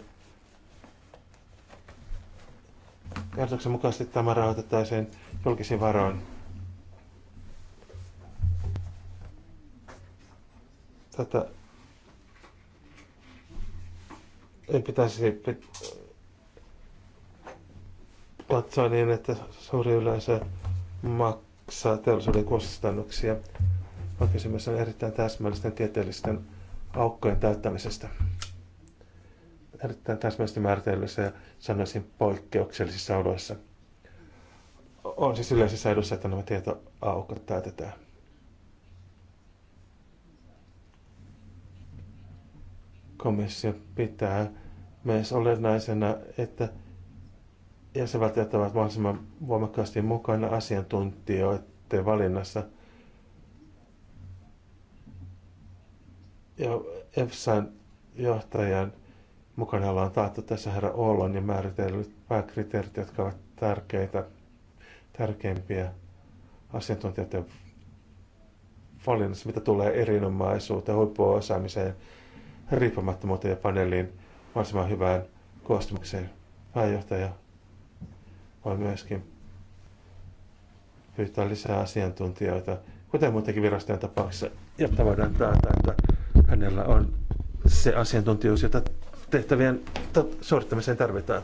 Kertoksen mukaisesti tämä rahoitettaisiin julkisin varoin. Tätä ei pitäisi katsoa niin, että suuri yleisö maksaa teollisuuden kustannuksia, On kysymys on erittäin täsmällisten tieteellisten aukkojen täyttämisestä. Erittäin täsmällisesti määritellyissä ja sanoisin poikkeuksellisissa oloissa. On siis yleisessä edussa, että nämä tietoaukot täytetään. Komissio pitää myös olennaisena, että jäsenvaltiot ovat mahdollisimman voimakkaasti mukana asiantuntijoiden valinnassa. Ja EFSAn johtajan mukana ollaan taattu tässä herra Ollon ja määritellyt pääkriteerit, jotka ovat tärkeitä, tärkeimpiä asiantuntijoiden valinnassa, mitä tulee erinomaisuuteen, huippuosaamiseen, riippumattomuuteen ja paneeliin mahdollisimman hyvään koostumukseen. Pääjohtaja voi myöskin pyytää lisää asiantuntijoita, kuten muutenkin virastojen tapauksessa, jotta voidaan taata, että hänellä on se asiantuntijuus, jota tehtävien suorittamiseen tarvitaan.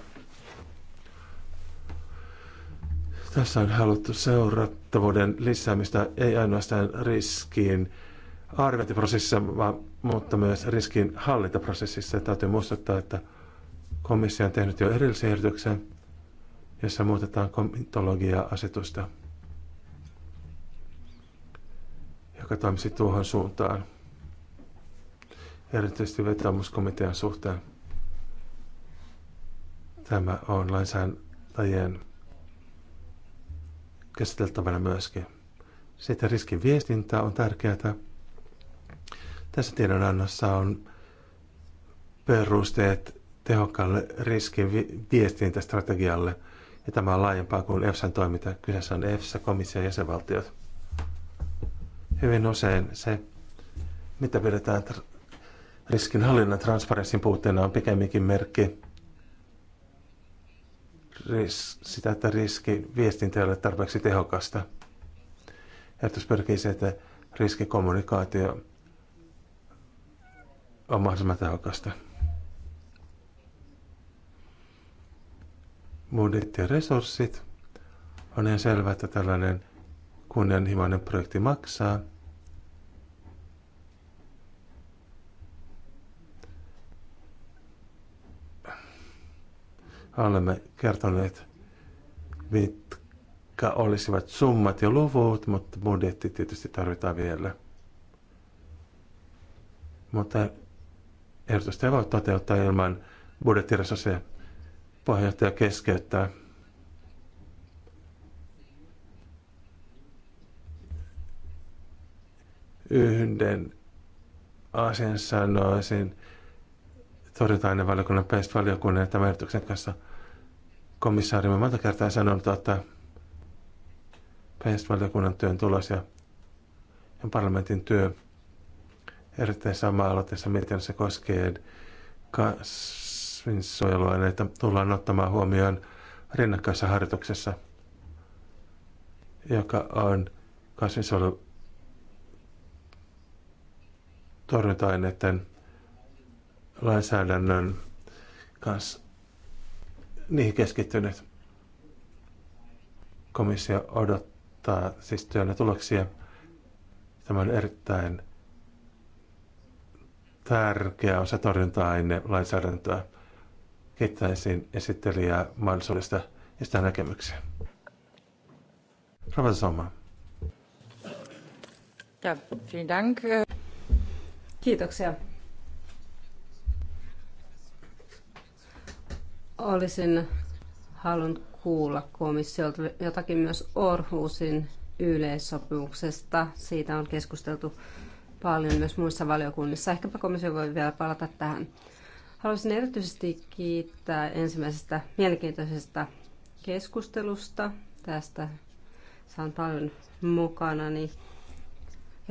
Tässä on haluttu seurattavuuden lisäämistä ei ainoastaan riskiin arviointiprosessissa, vaan, mutta myös riskin hallintaprosessissa. Täytyy muistuttaa, että komissio on tehnyt jo erillisen ehdotuksen jossa muutetaan komitologia-asetusta, joka toimisi tuohon suuntaan, erityisesti vetomuskomitean suhteen. Tämä on lainsäätäjien käsiteltävänä myöskin. Sitten riskin viestintä on tärkeää. Tässä tiedonannossa on perusteet tehokkaalle riskin viestintästrategialle – ja tämä on laajempaa kuin EFSAn toiminta. Kyseessä on EFSA, komissio ja jäsenvaltiot. Hyvin usein se, mitä pidetään tr- riskinhallinnan transparenssin puutteena, on pikemminkin merkki ris- sitä, että riski viestintä ei ole tarpeeksi tehokasta. Ehdotus pyrkii se, että riskikommunikaatio on mahdollisimman tehokasta. budjettiresurssit. On ihan selvää, että tällainen kunnianhimoinen projekti maksaa. Olemme kertoneet, mitkä olisivat summat ja luvut, mutta budjetti tietysti tarvitaan vielä. Mutta ehdotusta ei voi toteuttaa ilman budjettiresursseja. Puheenjohtaja keskeyttää. Yhden asian sanoisin torjunta valiokunnan päästä valiokunnan ja tämän kanssa. kanssa komissaarimme monta kertaa sanonut, että päästä valiokunnan työn tulos ja parlamentin työ erittäin sama aloitteessa mietinnössä koskee kas kasvinsuojeluaineita tullaan ottamaan huomioon rinnakkaisessa harjoituksessa, joka on kasvinsuojelu torjunta-aineiden lainsäädännön kanssa niihin keskittynyt. Komissio odottaa siis työnne tuloksia. Tämä on erittäin tärkeä osa torjunta-aine lainsäädäntöä. Kiittäisin esittelijää mahdollisuudesta esittää näkemyksiä. Ravata Soma. Ja, vielen dank. Kiitoksia. Olisin halunnut kuulla komissiolta jotakin myös Orhusin yleissopimuksesta. Siitä on keskusteltu paljon myös muissa valiokunnissa. Ehkäpä komissio voi vielä palata tähän. Haluaisin erityisesti kiittää ensimmäisestä mielenkiintoisesta keskustelusta. Tästä saan paljon mukana, niin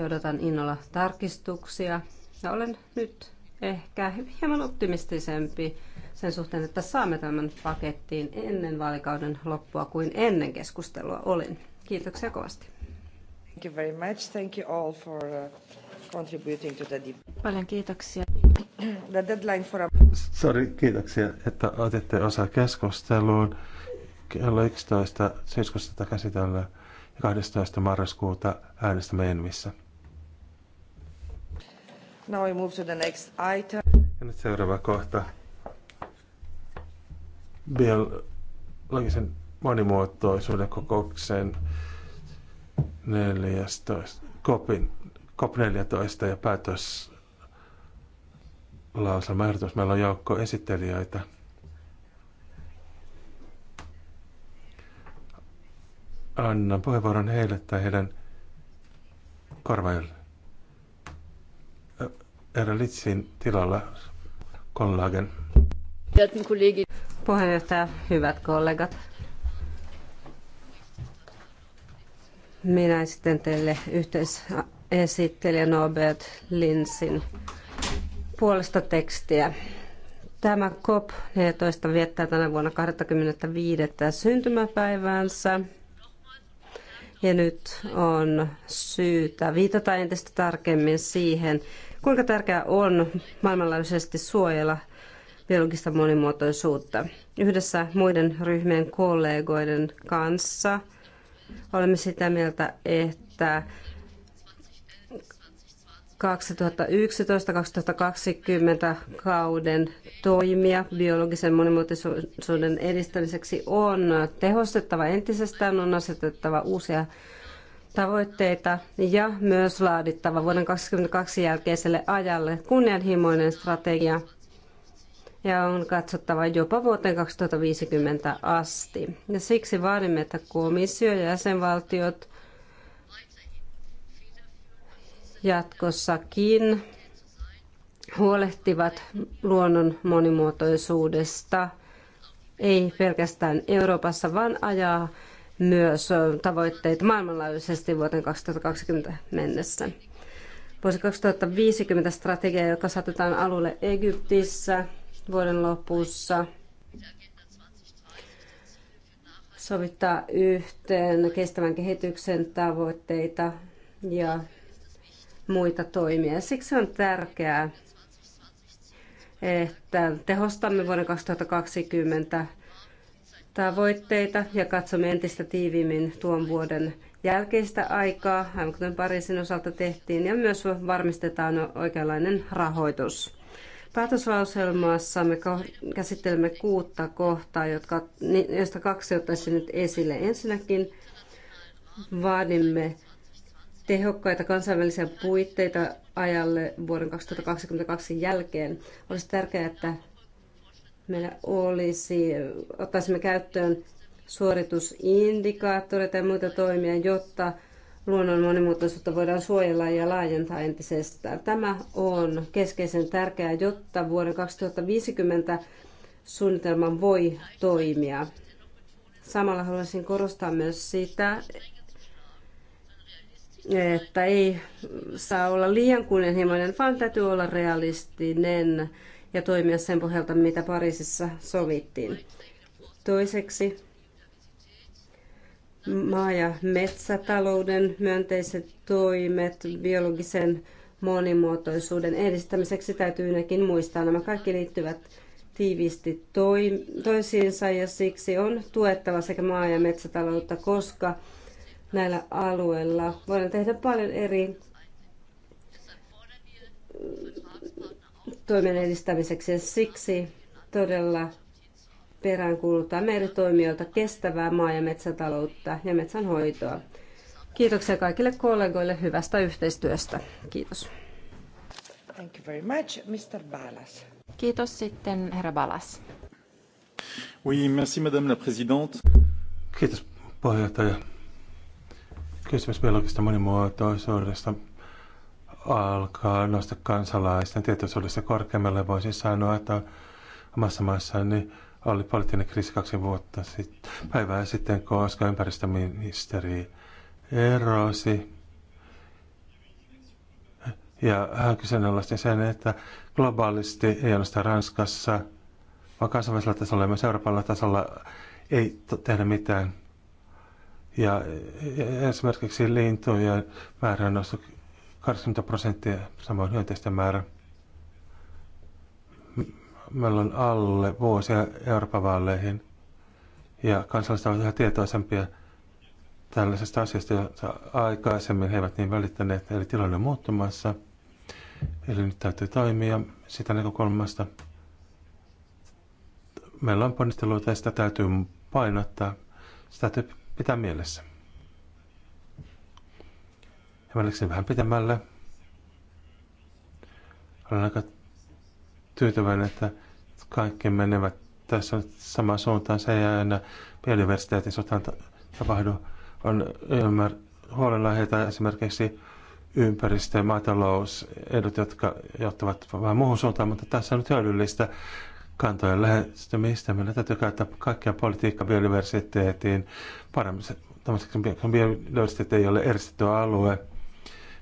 odotan innolla tarkistuksia. Ja olen nyt ehkä hieman optimistisempi sen suhteen, että saamme tämän pakettiin ennen vaalikauden loppua kuin ennen keskustelua olin. Kiitoksia kovasti. Thank you very much. Thank you all for uh, contributing to the Paljon kiitoksia <clears throat> The deadline for a... Sorry, kiitoksia, että otitte osaa keskusteluun. Kello 11 syyskuusta käsitellään ja 12. marraskuuta äänestämme Envissä. Now we move to the next item. Ja nyt seuraava kohta. Biologisen monimuotoisuuden kokouksen 14, COP14 ja päätös lauselmaehdotus. Meillä on joukko esittelijöitä. Annan puheenvuoron heille tai heidän korvaajille. Erä Litsin tilalla kollagen. Puheenjohtaja, hyvät kollegat. Minä sitten teille yhteisesittelijä Norbert Linsin puolesta tekstiä. Tämä COP14 viettää tänä vuonna 25. syntymäpäiväänsä. Ja nyt on syytä viitata entistä tarkemmin siihen, kuinka tärkeää on maailmanlaajuisesti suojella biologista monimuotoisuutta. Yhdessä muiden ryhmien kollegoiden kanssa olemme sitä mieltä, että 2011-2020 kauden toimia biologisen monimuotoisuuden edistämiseksi on tehostettava entisestään, on asetettava uusia tavoitteita ja myös laadittava vuoden 2022 jälkeiselle ajalle kunnianhimoinen strategia ja on katsottava jopa vuoteen 2050 asti. Ja siksi vaadimme, että komissio ja jäsenvaltiot – jatkossakin huolehtivat luonnon monimuotoisuudesta, ei pelkästään Euroopassa, vaan ajaa myös tavoitteita maailmanlaajuisesti vuoteen 2020 mennessä. Vuosi 2050 strategia, joka saatetaan alulle Egyptissä vuoden lopussa, sovittaa yhteen kestävän kehityksen tavoitteita ja muita toimia. Siksi on tärkeää, että tehostamme vuoden 2020 tavoitteita ja katsomme entistä tiiviimmin tuon vuoden jälkeistä aikaa, aivan kuten Pariisin osalta tehtiin, ja myös varmistetaan oikeanlainen rahoitus. me käsittelemme kuutta kohtaa, jotka, joista kaksi ottaisin nyt esille. Ensinnäkin vaadimme tehokkaita kansainvälisiä puitteita ajalle vuoden 2022 jälkeen. Olisi tärkeää, että meillä olisi, ottaisimme käyttöön suoritusindikaattoreita ja muita toimia, jotta luonnon monimuotoisuutta voidaan suojella ja laajentaa entisestään. Tämä on keskeisen tärkeää, jotta vuoden 2050 suunnitelman voi toimia. Samalla haluaisin korostaa myös sitä, että ei saa olla liian kunnianhimoinen, vaan täytyy olla realistinen ja toimia sen pohjalta, mitä Pariisissa sovittiin. Toiseksi maa- ja metsätalouden myönteiset toimet biologisen monimuotoisuuden edistämiseksi täytyy nekin muistaa. Nämä kaikki liittyvät tiiviisti toisiinsa ja siksi on tuettava sekä maa- ja metsätaloutta, koska näillä alueilla. Voidaan tehdä paljon eri toimen edistämiseksi ja siksi todella peräänkuulutamme meritoimijoilta toimijoilta kestävää maa- ja metsätaloutta ja metsänhoitoa. Kiitoksia kaikille kollegoille hyvästä yhteistyöstä. Kiitos. Thank you very much, Mr. Balas. Kiitos sitten, herra Balas. Oui, merci, madame la présidente. Kiitos, puheenjohtaja kysymys biologisesta monimuotoisuudesta alkaa nostaa kansalaisten tietoisuudessa korkeammalle. Voisin sanoa, että omassa maassani oli poliittinen kriisi kaksi vuotta sitten, päivää sitten, koska ympäristöministeri erosi. Ja hän kyseenalaisti sen, että globaalisti ei ainoastaan Ranskassa, vaan kansainvälisellä tasolla ja myös Euroopan tasolla ei tehdä mitään ja esimerkiksi lintujen määrä on noussut 20 prosenttia, samoin hyönteisten määrä. Meillä on alle vuosia Euroopan vaaleihin ja kansalaiset ovat yhä tietoisempia tällaisesta asiasta, jota aikaisemmin he eivät niin välittäneet, eli tilanne on muuttumassa. Eli nyt täytyy toimia sitä näkökulmasta. Meillä on ponnisteluita ja sitä täytyy painottaa. Sitä täytyy pitää mielessä. Ja mennäkseni vähän pitämällä. Olen aika tyytyväinen, että kaikki menevät tässä on samaan suuntaan. Se ei aina biodiversiteetin sotaan tapahdu. On ymmär, huolenaiheita esimerkiksi ympäristö- ja maatalousedut, jotka johtavat vähän muuhun suuntaan, mutta tässä on nyt hyödyllistä kantojen lähestymistä. Meillä täytyy käyttää kaikkia politiikka biodiversiteetin paremmin. Biodiversiteetti ei ole eristetty alue.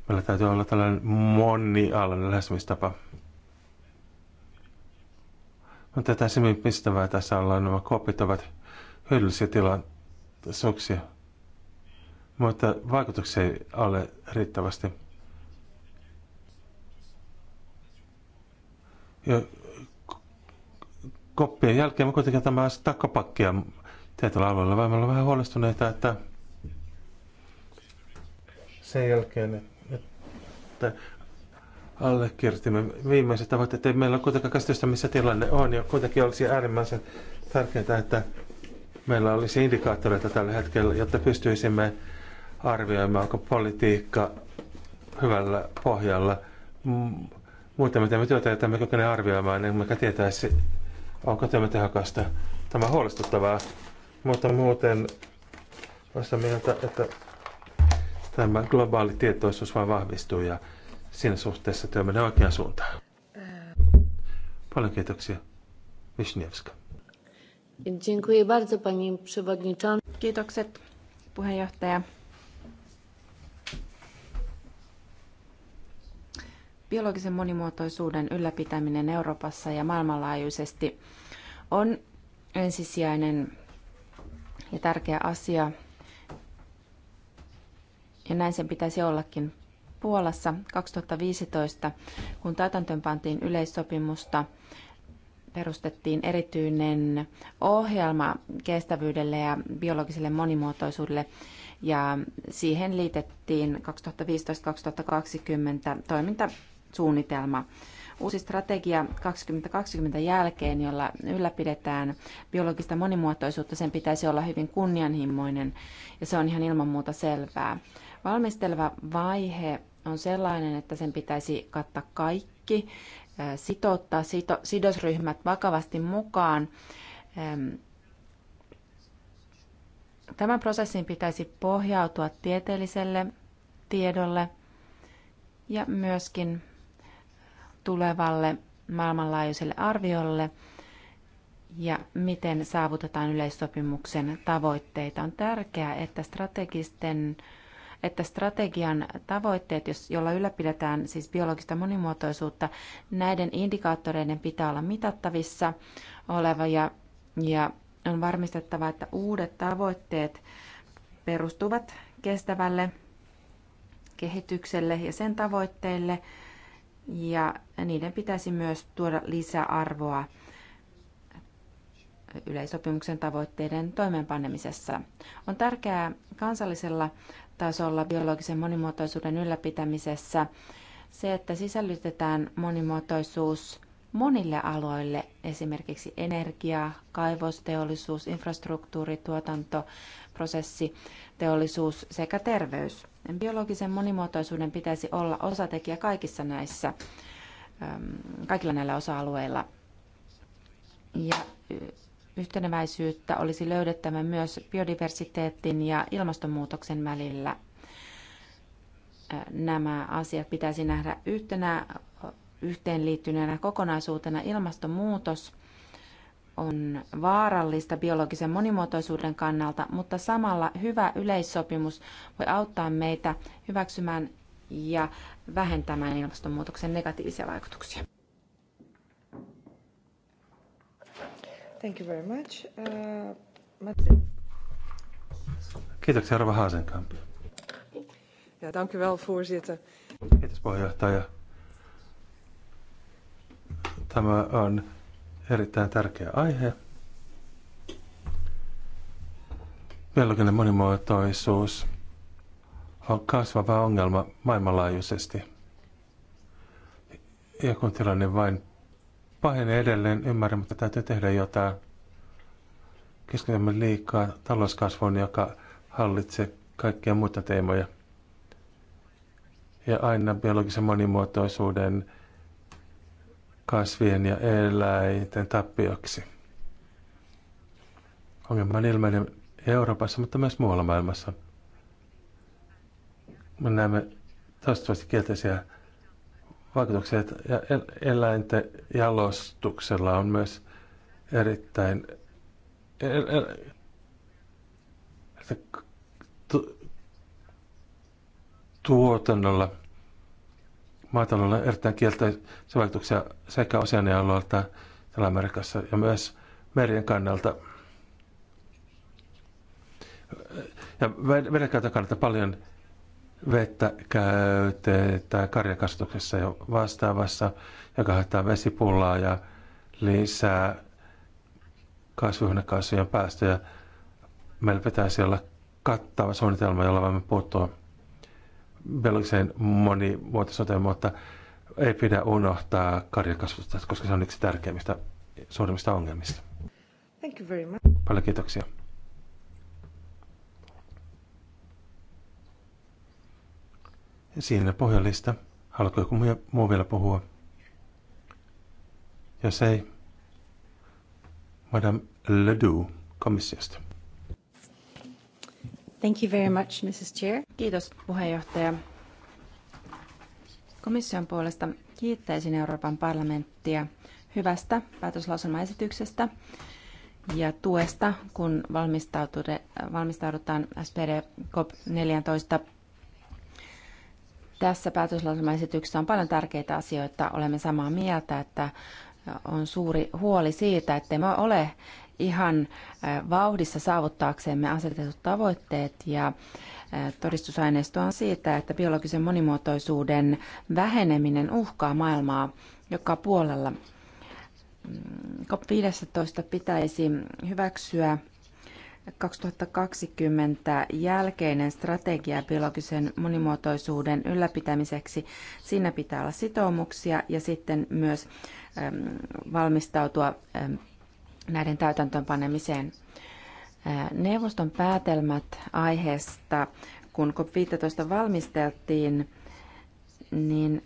Meillä täytyy olla tällainen monialainen lähestymistapa. No, tätä pistävää tässä ollaan. Nämä kopit ovat hyödyllisiä tilaisuuksia, mutta vaikutuksia ei ole riittävästi. Ja koppien jälkeen me kuitenkin tämä takkapakkia tietyllä alueella, vaan me ollaan vähän huolestuneita, että sen jälkeen, että allekirjoitimme viimeiset tavoitteet, että meillä ole kuitenkaan käsitystä, missä tilanne on, ja kuitenkin olisi äärimmäisen tärkeää, että meillä olisi indikaattoreita tällä hetkellä, jotta pystyisimme arvioimaan, onko politiikka hyvällä pohjalla. Muuten me teemme työtä, että me kykenemme arvioimaan, me tietäisi Onko tämä tehokasta? Tämä on huolestuttavaa, mutta muuten vasta mieltä, että tämä globaali tietoisuus vain vahvistuu ja siinä suhteessa työ menee oikeaan suuntaan. Paljon kiitoksia. Vishnevska. Kiitokset, puheenjohtaja. Biologisen monimuotoisuuden ylläpitäminen Euroopassa ja maailmanlaajuisesti on ensisijainen ja tärkeä asia. Ja näin sen pitäisi ollakin. Puolassa 2015, kun pantiin yleissopimusta, perustettiin erityinen ohjelma kestävyydelle ja biologiselle monimuotoisuudelle ja siihen liitettiin 2015-2020 toiminta suunnitelma. Uusi strategia 2020 jälkeen, jolla ylläpidetään biologista monimuotoisuutta, sen pitäisi olla hyvin kunnianhimoinen ja se on ihan ilman muuta selvää. Valmisteleva vaihe on sellainen, että sen pitäisi kattaa kaikki, sitouttaa sito, sidosryhmät vakavasti mukaan. Tämän prosessin pitäisi pohjautua tieteelliselle tiedolle ja myöskin tulevalle maailmanlaajuiselle arviolle ja miten saavutetaan yleissopimuksen tavoitteita. On tärkeää, että strategisten että strategian tavoitteet, jos, jolla ylläpidetään siis biologista monimuotoisuutta, näiden indikaattoreiden pitää olla mitattavissa oleva ja, ja on varmistettava, että uudet tavoitteet perustuvat kestävälle kehitykselle ja sen tavoitteille – ja niiden pitäisi myös tuoda lisäarvoa yleisopimuksen tavoitteiden toimeenpanemisessa. On tärkeää kansallisella tasolla biologisen monimuotoisuuden ylläpitämisessä se, että sisällytetään monimuotoisuus monille aloille, esimerkiksi energia, kaivosteollisuus, infrastruktuuri, tuotanto, prosessi, teollisuus sekä terveys. Biologisen monimuotoisuuden pitäisi olla osatekijä kaikissa näissä, kaikilla näillä osa-alueilla. Ja yhteneväisyyttä olisi löydettävä myös biodiversiteetin ja ilmastonmuutoksen välillä. Nämä asiat pitäisi nähdä yhtenä yhteenliittyneenä kokonaisuutena. Ilmastonmuutos – on vaarallista biologisen monimuotoisuuden kannalta, mutta samalla hyvä yleissopimus voi auttaa meitä hyväksymään ja vähentämään ilmastonmuutoksen negatiivisia vaikutuksia. Thank you very much. Uh, Kiitoksia, Haasenkamp. Ja, dank u wel, voorzitter. Kiitos, puheenjohtaja. Tämä on erittäin tärkeä aihe. Biologinen monimuotoisuus on kasvava ongelma maailmanlaajuisesti. Ja kun tilanne vain pahenee edelleen, ymmärrän, mutta täytyy tehdä jotain. Keskitymme liikaa talouskasvuun, joka hallitsee kaikkia muita teemoja. Ja aina biologisen monimuotoisuuden kasvien ja eläinten tappioksi. Ongelma on ilmeinen Euroopassa, mutta myös muualla maailmassa. Me näemme toistuvasti kielteisiä vaikutuksia, ja eläinten jalostuksella on myös erittäin el, el, tuotannolla maataloudella erittäin kielteisiä vaikutuksia sekä Oseanian alueelta Etelä-Amerikassa ja myös merien kannalta. Ja käytön kannalta paljon vettä käytetään karjakasvatuksessa ja vastaavassa, joka haittaa vesipullaa ja lisää kasvihuonekaasujen päästöjä. Meillä pitäisi olla kattava suunnitelma, jolla voimme puuttua biologiseen monimuotoisuuteen, mutta ei pidä unohtaa karjakasvusta, koska se on yksi tärkeimmistä suurimmista ongelmista. Thank you very much. Paljon kiitoksia. Ja siinä pohjallista. Haluatko joku muu vielä puhua? Jos ei, Madame Ledoux komissiosta. Thank you very much, Mrs. Chair. Kiitos puheenjohtaja. Komission puolesta kiittäisin Euroopan parlamenttia hyvästä päätöslauselmaesityksestä ja tuesta, kun valmistaudutaan SPD COP14. Tässä päätöslauselmaesityksessä on paljon tärkeitä asioita. Olemme samaa mieltä, että on suuri huoli siitä, että me ole ihan vauhdissa saavuttaaksemme asetetut tavoitteet ja todistusaineistoa on siitä, että biologisen monimuotoisuuden väheneminen uhkaa maailmaa joka puolella. Mm, COP15 pitäisi hyväksyä 2020 jälkeinen strategia biologisen monimuotoisuuden ylläpitämiseksi. Siinä pitää olla sitoumuksia ja sitten myös valmistautua näiden täytäntöönpanemiseen. Neuvoston päätelmät aiheesta, kun COP15 valmisteltiin, niin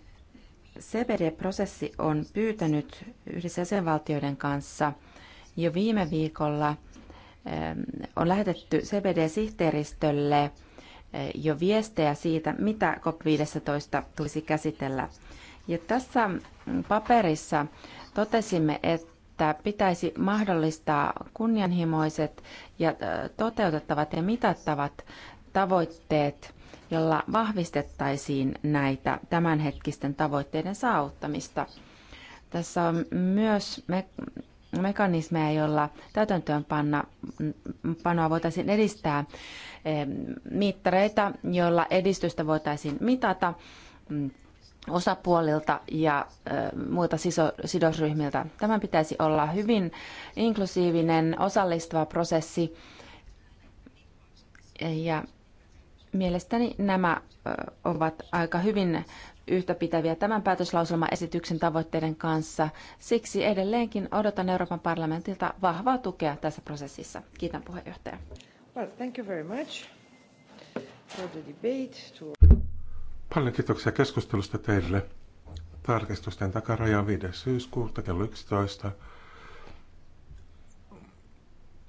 CBD-prosessi on pyytänyt yhdessä jäsenvaltioiden kanssa jo viime viikolla on lähetetty CBD-sihteeristölle jo viestejä siitä, mitä COP15 tulisi käsitellä. Ja tässä paperissa totesimme, että että pitäisi mahdollistaa kunnianhimoiset ja toteutettavat ja mitattavat tavoitteet, jolla vahvistettaisiin näitä tämänhetkisten tavoitteiden saavuttamista. Tässä on myös me- mekanismeja, joilla täytäntöönpanoa voitaisiin edistää mittareita, joilla edistystä voitaisiin mitata osapuolilta ja muilta sidosryhmiltä. Tämän pitäisi olla hyvin inklusiivinen, osallistava prosessi. Ja mielestäni nämä ovat aika hyvin yhtäpitäviä tämän päätöslauselmaesityksen tavoitteiden kanssa. Siksi edelleenkin odotan Euroopan parlamentilta vahvaa tukea tässä prosessissa. Kiitän puheenjohtaja. Well, thank you very much for the debate. To... Paljon kiitoksia keskustelusta teille. Tarkistusten takaraja on 5. syyskuuta kello 11.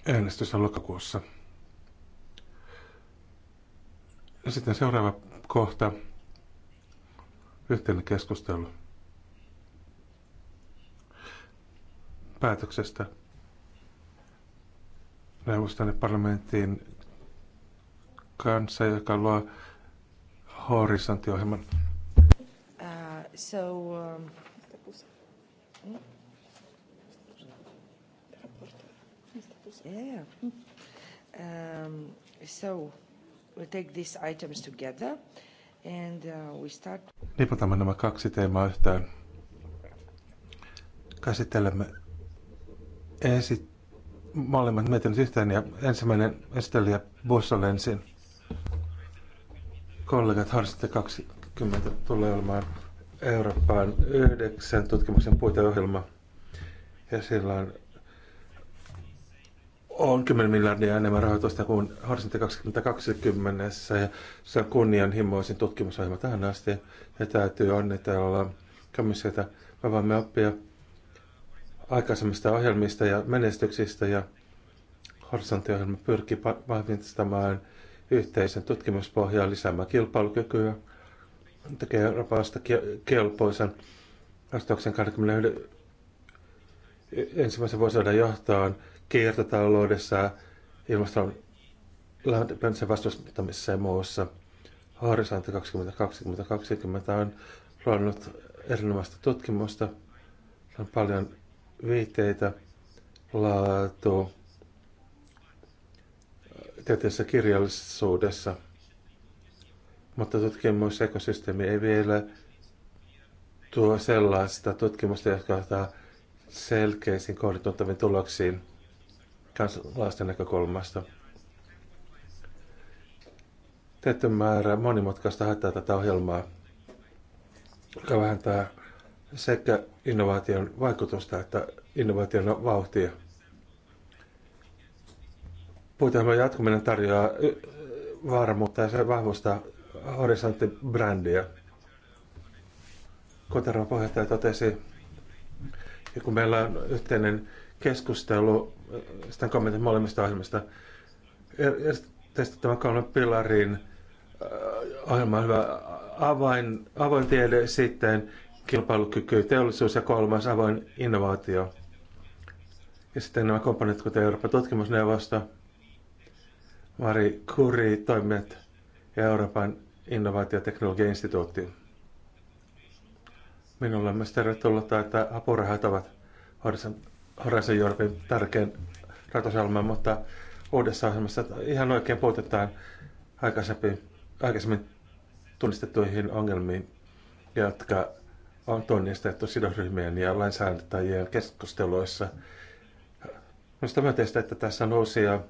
Äänestys on lokakuussa. Ja sitten seuraava kohta. Yhteinen keskustelu. Päätöksestä neuvoston ja parlamentin kanssa, joka luo horisonttiohjelman? Uh, so, um, yeah. um, so, take these items together and uh, we start... nämä kaksi teemaa yhteen. Käsittelemme esit- molemmat mietinnöt yhteen ja ensimmäinen esittelijä Bussolensin kollegat, Horisontti 20 tulee olemaan Eurooppaan yhdeksän tutkimuksen puiteohjelma. Ja sillä on, on 10 miljardia enemmän rahoitusta kuin Horisontti 2020. Ja se on kunnianhimoisin tutkimusohjelma tähän asti. Ja täytyy onnitella komissiota. Me voimme oppia aikaisemmista ohjelmista ja menestyksistä. Ja horisonttiohjelma pyrkii vahvistamaan pa- yhteisen tutkimuspohjaa lisäämään kilpailukykyä, tekee Euroopasta kelpoisen vastauksen 21. ensimmäisen vuosisadan johtoon kiertotaloudessa, ilmaston lämpenemisen vastustamisessa ja muussa. Horisontti 2020, 2020 on luonut erinomaista tutkimusta. On paljon viitteitä, laatu, tieteessä kirjallisuudessa, mutta tutkimusekosysteemi ei vielä tuo sellaista tutkimusta, joka ottaa selkeisiin kohdentuttaviin tuloksiin kansalaisten näkökulmasta. Tietty määrä monimutkaista haittaa tätä ohjelmaa, joka vähentää sekä innovaation vaikutusta että innovaation vauhtia. Puiteohjelman jatkuminen tarjoaa varmuutta ja se vahvistaa horisontti-brändiä. Koteron totesi, ja kun meillä on yhteinen keskustelu, sitten kommentin molemmista ohjelmista, erityisesti tämän kolmen pilarin äh, ohjelma on hyvä avain, avoin tiede, sitten kilpailukyky, teollisuus ja kolmas avoin innovaatio. Ja sitten nämä komponentit, kuten Euroopan tutkimusneuvosto, Mari Kuri toimet Euroopan innovaatioteknologiainstituuttiin. Minulla on myös tervetullut, että apurahat ovat Horizon Europein tärkein ratosalma, mutta uudessa ohjelmassa ihan oikein puutetaan aikaisemmin, aikaisemmin tunnistettuihin ongelmiin, jotka on tunnistettu sidosryhmien ja lainsäädäntäjien keskusteluissa. Minusta myönteistä, että tässä on uusia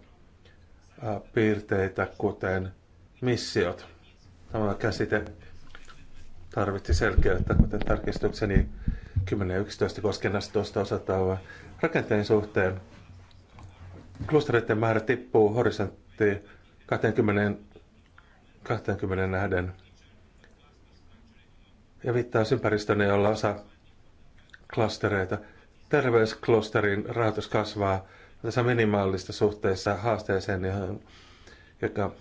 piirteitä, kuten missiot. Tämä käsite tarvitsi selkeyttä, kuten tarkistukseni 10 ja 11 koskennastosta osataan rakenteen suhteen. Klustereiden määrä tippuu horisonttiin 20, 20 nähden ja viittaa ympäristön, jolla osa klastereita. Terveysklusterin rahoitus kasvaa tässä minimaalista suhteessa haasteeseen, joka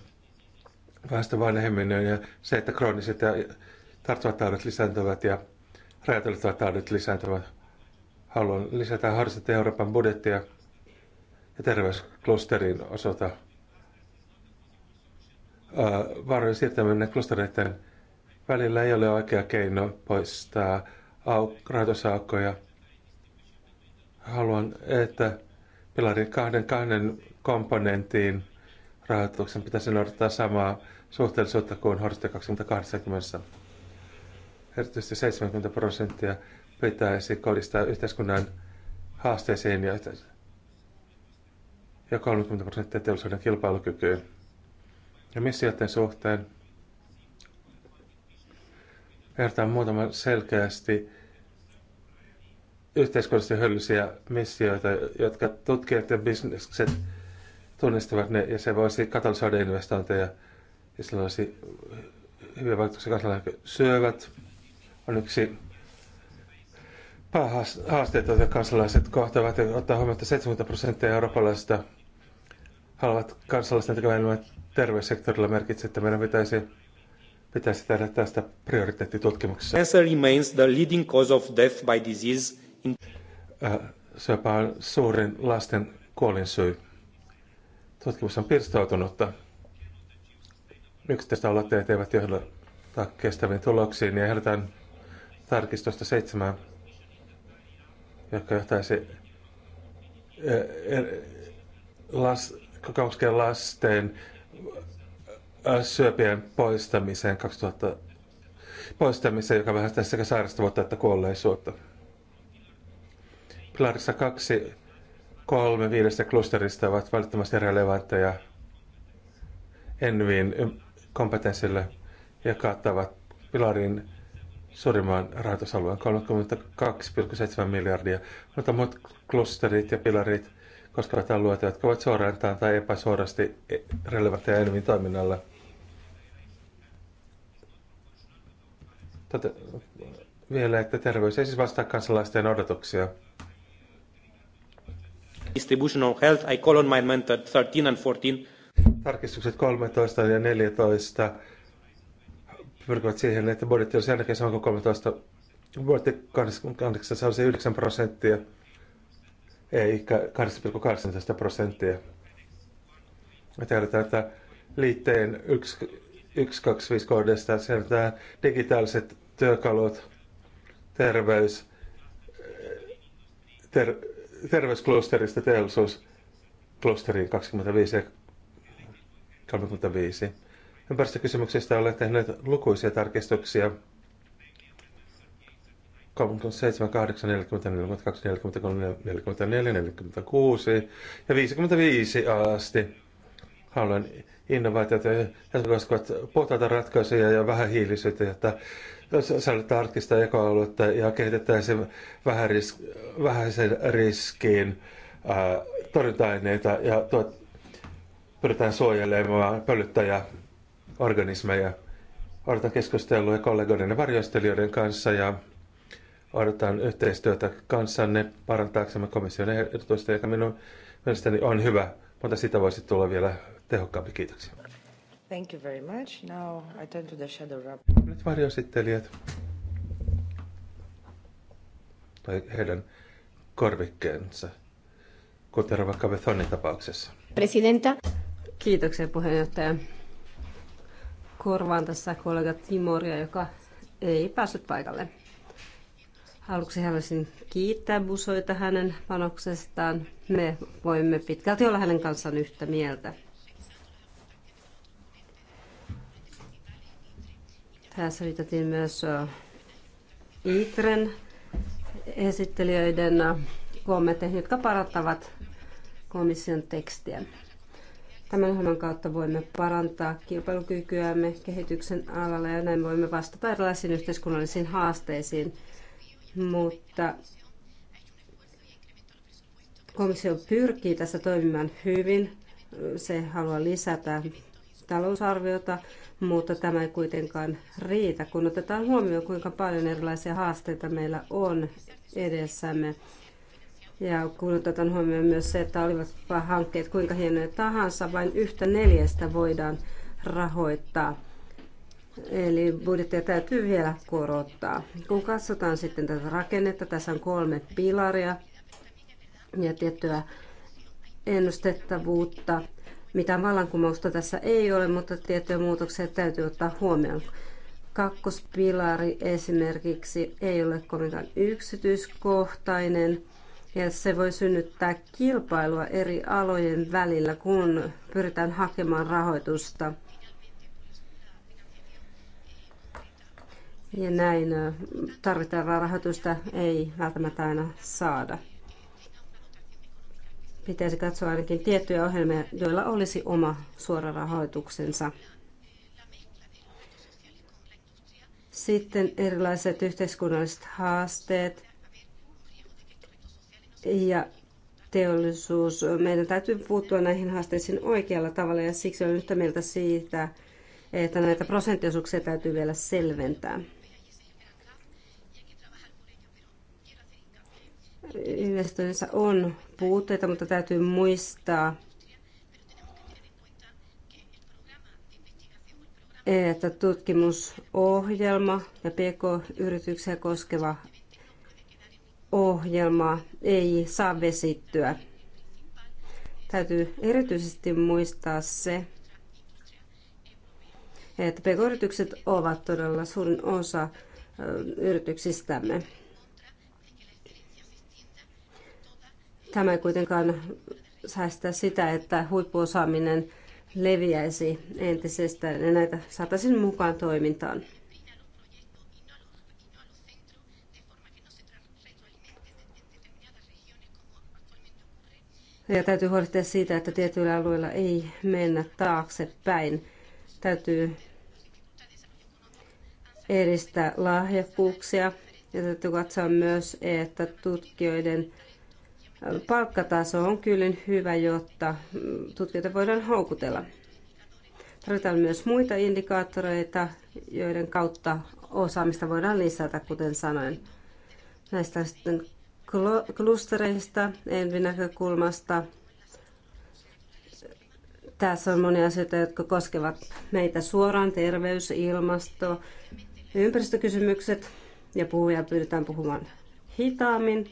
väestön vanhemminen ja se, että krooniset ja tarttuvat taudit lisääntyvät ja räätälöitävät taudit lisääntyvät. Haluan lisätä harrastetta Euroopan budjettia ja terveysklusterin osalta varojen siirtäminen klustereiden välillä ei ole oikea keino poistaa rahoitusaukkoja. Haluan, että pilarin kahden kahden komponentin rahoituksen pitäisi noudattaa samaa suhteellisuutta kuin Horisontti 2020. Erityisesti 70 prosenttia pitäisi kohdistaa yhteiskunnan haasteisiin ja, ja 30 prosenttia teollisuuden kilpailukykyyn. Ja missioiden suhteen ehdotan muutama selkeästi yhteiskunnallisesti hyödyllisiä missioita, jotka tutkijat ja bisnekset tunnistavat ne, ja se voisi katalysoida investointeja, ja sillä olisi hyviä vaikutuksia kansalaisille. Syövät on yksi päähaasteet, joita kansalaiset kohtavat, ja ottaa huomioon, että 70 prosenttia eurooppalaisista haluavat kansalaisten tekemään terveyssektorilla merkitsee, että meidän pitäisi pitäisi tehdä tästä prioriteettitutkimuksessa. Cancer remains the leading cause of death by disease Äh, Syöpä on suurin lasten syy. Tutkimus on pirstoutunutta. Yksittäiset aloitteet eivät johda kestäviin tuloksiin ja ehdotan tarkistusta seitsemään, joka johtaisi äh, er, las, kokouksien lasten äh, syöpien poistamiseen 2000 poistamiseen, joka vähäistää sekä sairastavuutta että kuolleisuutta. Pilarissa kaksi, kolme viidestä klusterista ovat välttämättä relevantteja Envin kompetenssille ja kattavat Pilarin suurimman rahoitusalueen 32,7 miljardia, mutta muut klusterit ja pilarit koskevat alueita, jotka ovat suoraan tai epäsuorasti relevantteja Envin toiminnalle. Tätä, tota, vielä, että terveys ei siis vastaa kansalaisten odotuksia. Distribution of health, I call on my mentor 13 and 14. Tarkistukset 13 ja 14 pyrkivät siihen, että budjetti olisi ainakin sama kuin 13. Budjetti 8,9 prosenttia, ei 8,18 prosenttia. Me tiedetään, että liitteen 125 kohdasta sieltään digitaaliset työkalut, terveys, ter, terveysklusterista teollisuusklusteriin 25 ja 35. Ympäristökysymyksistä olen tehnyt lukuisia tarkistuksia 37, 8, 40, 42, 43, 44, 46 ja 55 asti. Haluan innovaatioita, ja koskevat puhtaita ratkaisuja ja hiilisyyttä, jotta saada arkista jakoaluetta ja se vähän risk, vähäisen riskiin äh, torjunta-aineita ja tuot, pyritään suojelemaan pölyttäjäorganismeja. Odotan keskustelua kollegoiden ja varjostelijoiden kanssa ja odotan yhteistyötä kanssanne parantaaksemme komission ehdotusta, joka minun mielestäni on hyvä, mutta sitä voisi tulla vielä tehokkaampi. Kiitoksia. Thank you very much. Now I turn to the shadow rapporteur. Nyt varjoesittelijät. Tai heidän korvikkeensa. Kuten vaikka Bethonin tapauksessa. Presidenta. Kiitoksia puheenjohtaja. Korvaan tässä kollega Timoria, joka ei päässyt paikalle. Aluksi haluaisin kiittää Busoita hänen panoksestaan. Me voimme pitkälti olla hänen kanssaan yhtä mieltä. Tässä viitattiin myös ITREN esittelijöiden kommentteihin, jotka parantavat komission tekstiä. Tämän ohjelman kautta voimme parantaa kilpailukykyämme kehityksen alalla ja näin voimme vastata erilaisiin yhteiskunnallisiin haasteisiin. Mutta komissio pyrkii tässä toimimaan hyvin. Se haluaa lisätä talousarviota, mutta tämä ei kuitenkaan riitä, kun otetaan huomioon, kuinka paljon erilaisia haasteita meillä on edessämme. Ja kun otetaan huomioon myös se, että olivat hankkeet kuinka hienoja tahansa, vain yhtä neljästä voidaan rahoittaa. Eli budjettia täytyy vielä korottaa. Kun katsotaan sitten tätä rakennetta, tässä on kolme pilaria ja tiettyä ennustettavuutta mitään vallankumousta tässä ei ole, mutta tiettyjä muutoksia täytyy ottaa huomioon. Kakkospilari esimerkiksi ei ole kovinkaan yksityiskohtainen ja se voi synnyttää kilpailua eri alojen välillä, kun pyritään hakemaan rahoitusta. Ja näin tarvittavaa rahoitusta ei välttämättä aina saada pitäisi katsoa ainakin tiettyjä ohjelmia, joilla olisi oma suora rahoituksensa. Sitten erilaiset yhteiskunnalliset haasteet ja teollisuus. Meidän täytyy puuttua näihin haasteisiin oikealla tavalla ja siksi olen yhtä mieltä siitä, että näitä prosenttiosuuksia täytyy vielä selventää. Investoinnissa on puutteita, mutta täytyy muistaa, että tutkimusohjelma ja PK-yrityksiä koskeva ohjelma ei saa vesittyä. Täytyy erityisesti muistaa se, että pk-yritykset ovat todella suurin osa yrityksistämme. Tämä ei kuitenkaan säästä sitä, että huippuosaaminen leviäisi entisestään ja näitä saataisiin mukaan toimintaan. Ja täytyy huolehtia siitä, että tietyillä alueilla ei mennä taaksepäin. Täytyy edistää lahjakkuuksia ja täytyy katsoa myös, että tutkijoiden palkkataso on kyllä hyvä, jotta tutkijoita voidaan houkutella. Tarvitaan myös muita indikaattoreita, joiden kautta osaamista voidaan lisätä, kuten sanoin. Näistä sitten klustereista, envinäkökulmasta. Tässä on monia asioita, jotka koskevat meitä suoraan, terveys, ilmasto, ympäristökysymykset. Ja puhuja pyydetään puhumaan hitaammin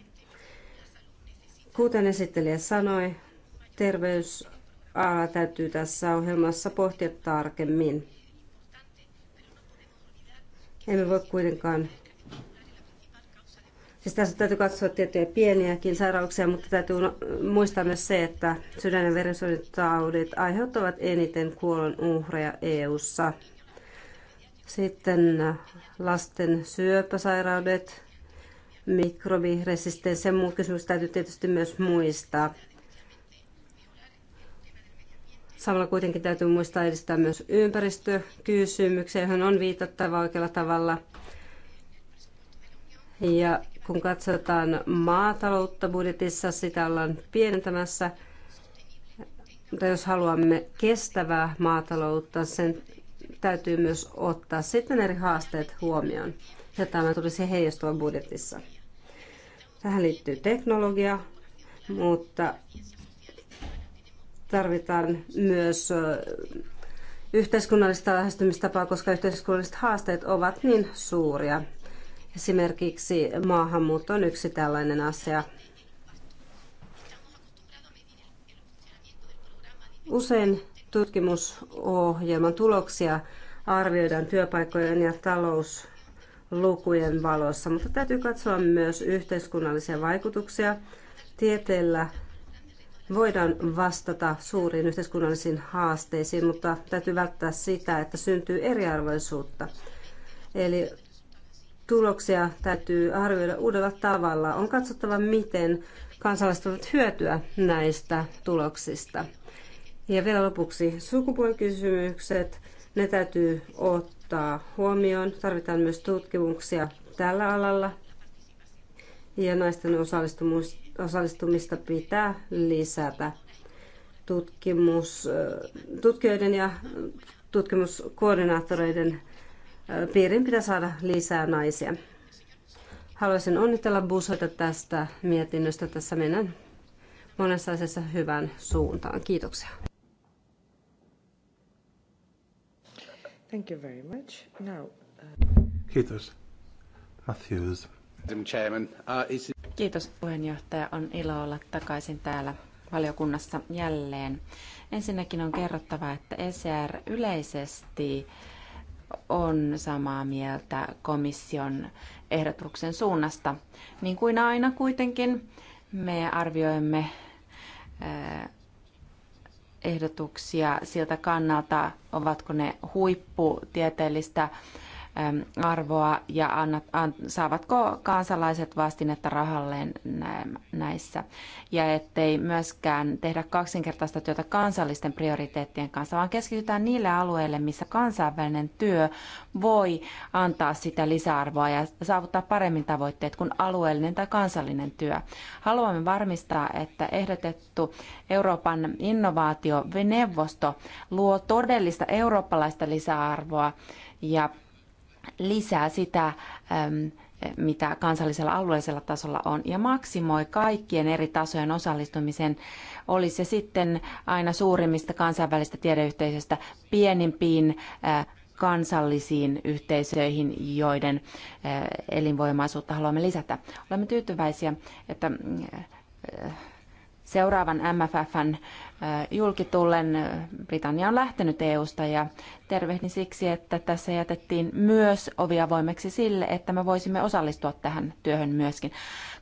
Kuten esittelijä sanoi, terveysala täytyy tässä ohjelmassa pohtia tarkemmin. Emme voi kuitenkaan Siis tässä täytyy katsoa tiettyjä pieniäkin sairauksia, mutta täytyy muistaa myös se, että sydän- ja verisuonitaudit aiheuttavat eniten kuolon uhreja EU-ssa. Sitten lasten syöpäsairaudet, mikrobiresistenssi ja muut kysymykset täytyy tietysti myös muistaa. Samalla kuitenkin täytyy muistaa edistää myös ympäristökysymyksiä, johon on viitattava oikealla tavalla. Ja kun katsotaan maataloutta budjetissa, sitä ollaan pienentämässä. Mutta jos haluamme kestävää maataloutta, sen täytyy myös ottaa sitten eri haasteet huomioon. Ja tämä tulisi heijastua budjetissa. Tähän liittyy teknologia, mutta tarvitaan myös yhteiskunnallista lähestymistapaa, koska yhteiskunnalliset haasteet ovat niin suuria. Esimerkiksi maahanmuutto on yksi tällainen asia. Usein tutkimusohjelman tuloksia arvioidaan työpaikkojen ja talous lukujen valossa, mutta täytyy katsoa myös yhteiskunnallisia vaikutuksia. Tieteellä voidaan vastata suuriin yhteiskunnallisiin haasteisiin, mutta täytyy välttää sitä, että syntyy eriarvoisuutta. Eli tuloksia täytyy arvioida uudella tavalla. On katsottava, miten kansalaiset voivat hyötyä näistä tuloksista. Ja vielä lopuksi sukupuolikysymykset. Ne täytyy ottaa ottaa huomioon. Tarvitaan myös tutkimuksia tällä alalla ja naisten osallistumista pitää lisätä. Tutkimus, tutkijoiden ja tutkimuskoordinaattoreiden piiriin pitää saada lisää naisia. Haluaisin onnitella Busoita tästä mietinnöstä. Tässä mennään monessa asiassa hyvään suuntaan. Kiitoksia. Thank you very much. Now, uh, Kiitos. Matthews. Uh, Kiitos puheenjohtaja. On ilo olla takaisin täällä valiokunnassa jälleen. Ensinnäkin on kerrottava, että ECR yleisesti on samaa mieltä komission ehdotuksen suunnasta. Niin kuin aina kuitenkin me arvioimme ehdotuksia siltä kannalta, ovatko ne huipputieteellistä arvoa ja annat, an, saavatko kansalaiset vastinetta rahalleen näissä. Ja ettei myöskään tehdä kaksinkertaista työtä kansallisten prioriteettien kanssa, vaan keskitytään niille alueille, missä kansainvälinen työ voi antaa sitä lisäarvoa ja saavuttaa paremmin tavoitteet kuin alueellinen tai kansallinen työ. Haluamme varmistaa, että ehdotettu Euroopan innovaationeuvosto luo todellista eurooppalaista lisäarvoa ja lisää sitä, mitä kansallisella alueellisella tasolla on, ja maksimoi kaikkien eri tasojen osallistumisen, oli se sitten aina suurimmista kansainvälistä tiedeyhteisöstä pienimpiin kansallisiin yhteisöihin, joiden elinvoimaisuutta haluamme lisätä. Olemme tyytyväisiä, että seuraavan MFFn julkitullen Britannia on lähtenyt EUsta ja tervehdin siksi, että tässä jätettiin myös ovi avoimeksi sille, että me voisimme osallistua tähän työhön myöskin.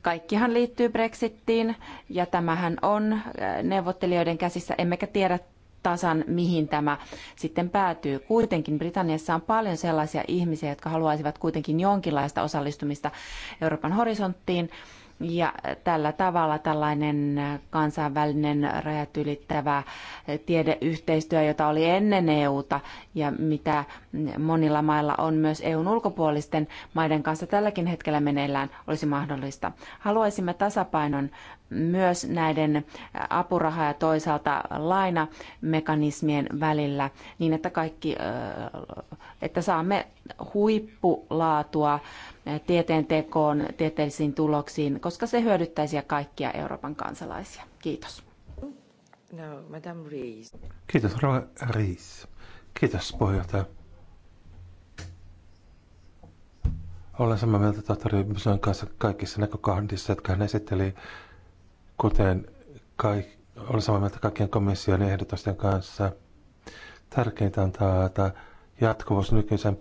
Kaikkihan liittyy Brexittiin ja tämähän on neuvottelijoiden käsissä, emmekä tiedä tasan, mihin tämä sitten päätyy. Kuitenkin Britanniassa on paljon sellaisia ihmisiä, jotka haluaisivat kuitenkin jonkinlaista osallistumista Euroopan horisonttiin ja tällä tavalla tällainen kansainvälinen rajat ylittävä tiedeyhteistyö, jota oli ennen EUta ja mitä monilla mailla on myös EUn ulkopuolisten maiden kanssa tälläkin hetkellä meneillään, olisi mahdollista. Haluaisimme tasapainon myös näiden apuraha- ja toisaalta lainamekanismien välillä niin, että kaikki, että saamme huippulaatua eh, tieteentekoon, tieteellisiin tuloksiin, koska se hyödyttäisi kaikkia Euroopan kansalaisia. Kiitos. No, Madame Rees. Kiitos, Rova Rees. Kiitos, puheenjohtaja. Olen samaa mieltä tohtori Byson kanssa kaikissa näkökohdissa, jotka hän esitteli, kuten kaik- olen samaa mieltä kaikkien komission ehdotusten kanssa. Tärkeintä on taata jatkuvuus nykyisen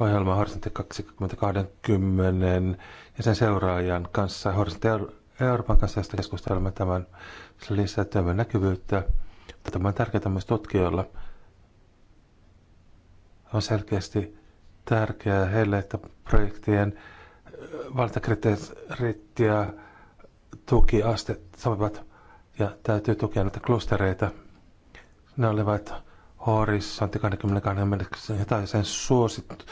ohjelma Horisontti 2020 ja sen seuraajan kanssa, Horisontti Euroopan kanssa, josta keskustelemme tämän lisää työmme näkyvyyttä. Mutta tämä on tärkeää myös tutkijoilla. On selkeästi tärkeää heille, että projektien valintakriteerit ja tukiasteet sopivat ja täytyy tukea näitä klustereita. Ne olivat horisontti 22 mennessä tai sen suosit,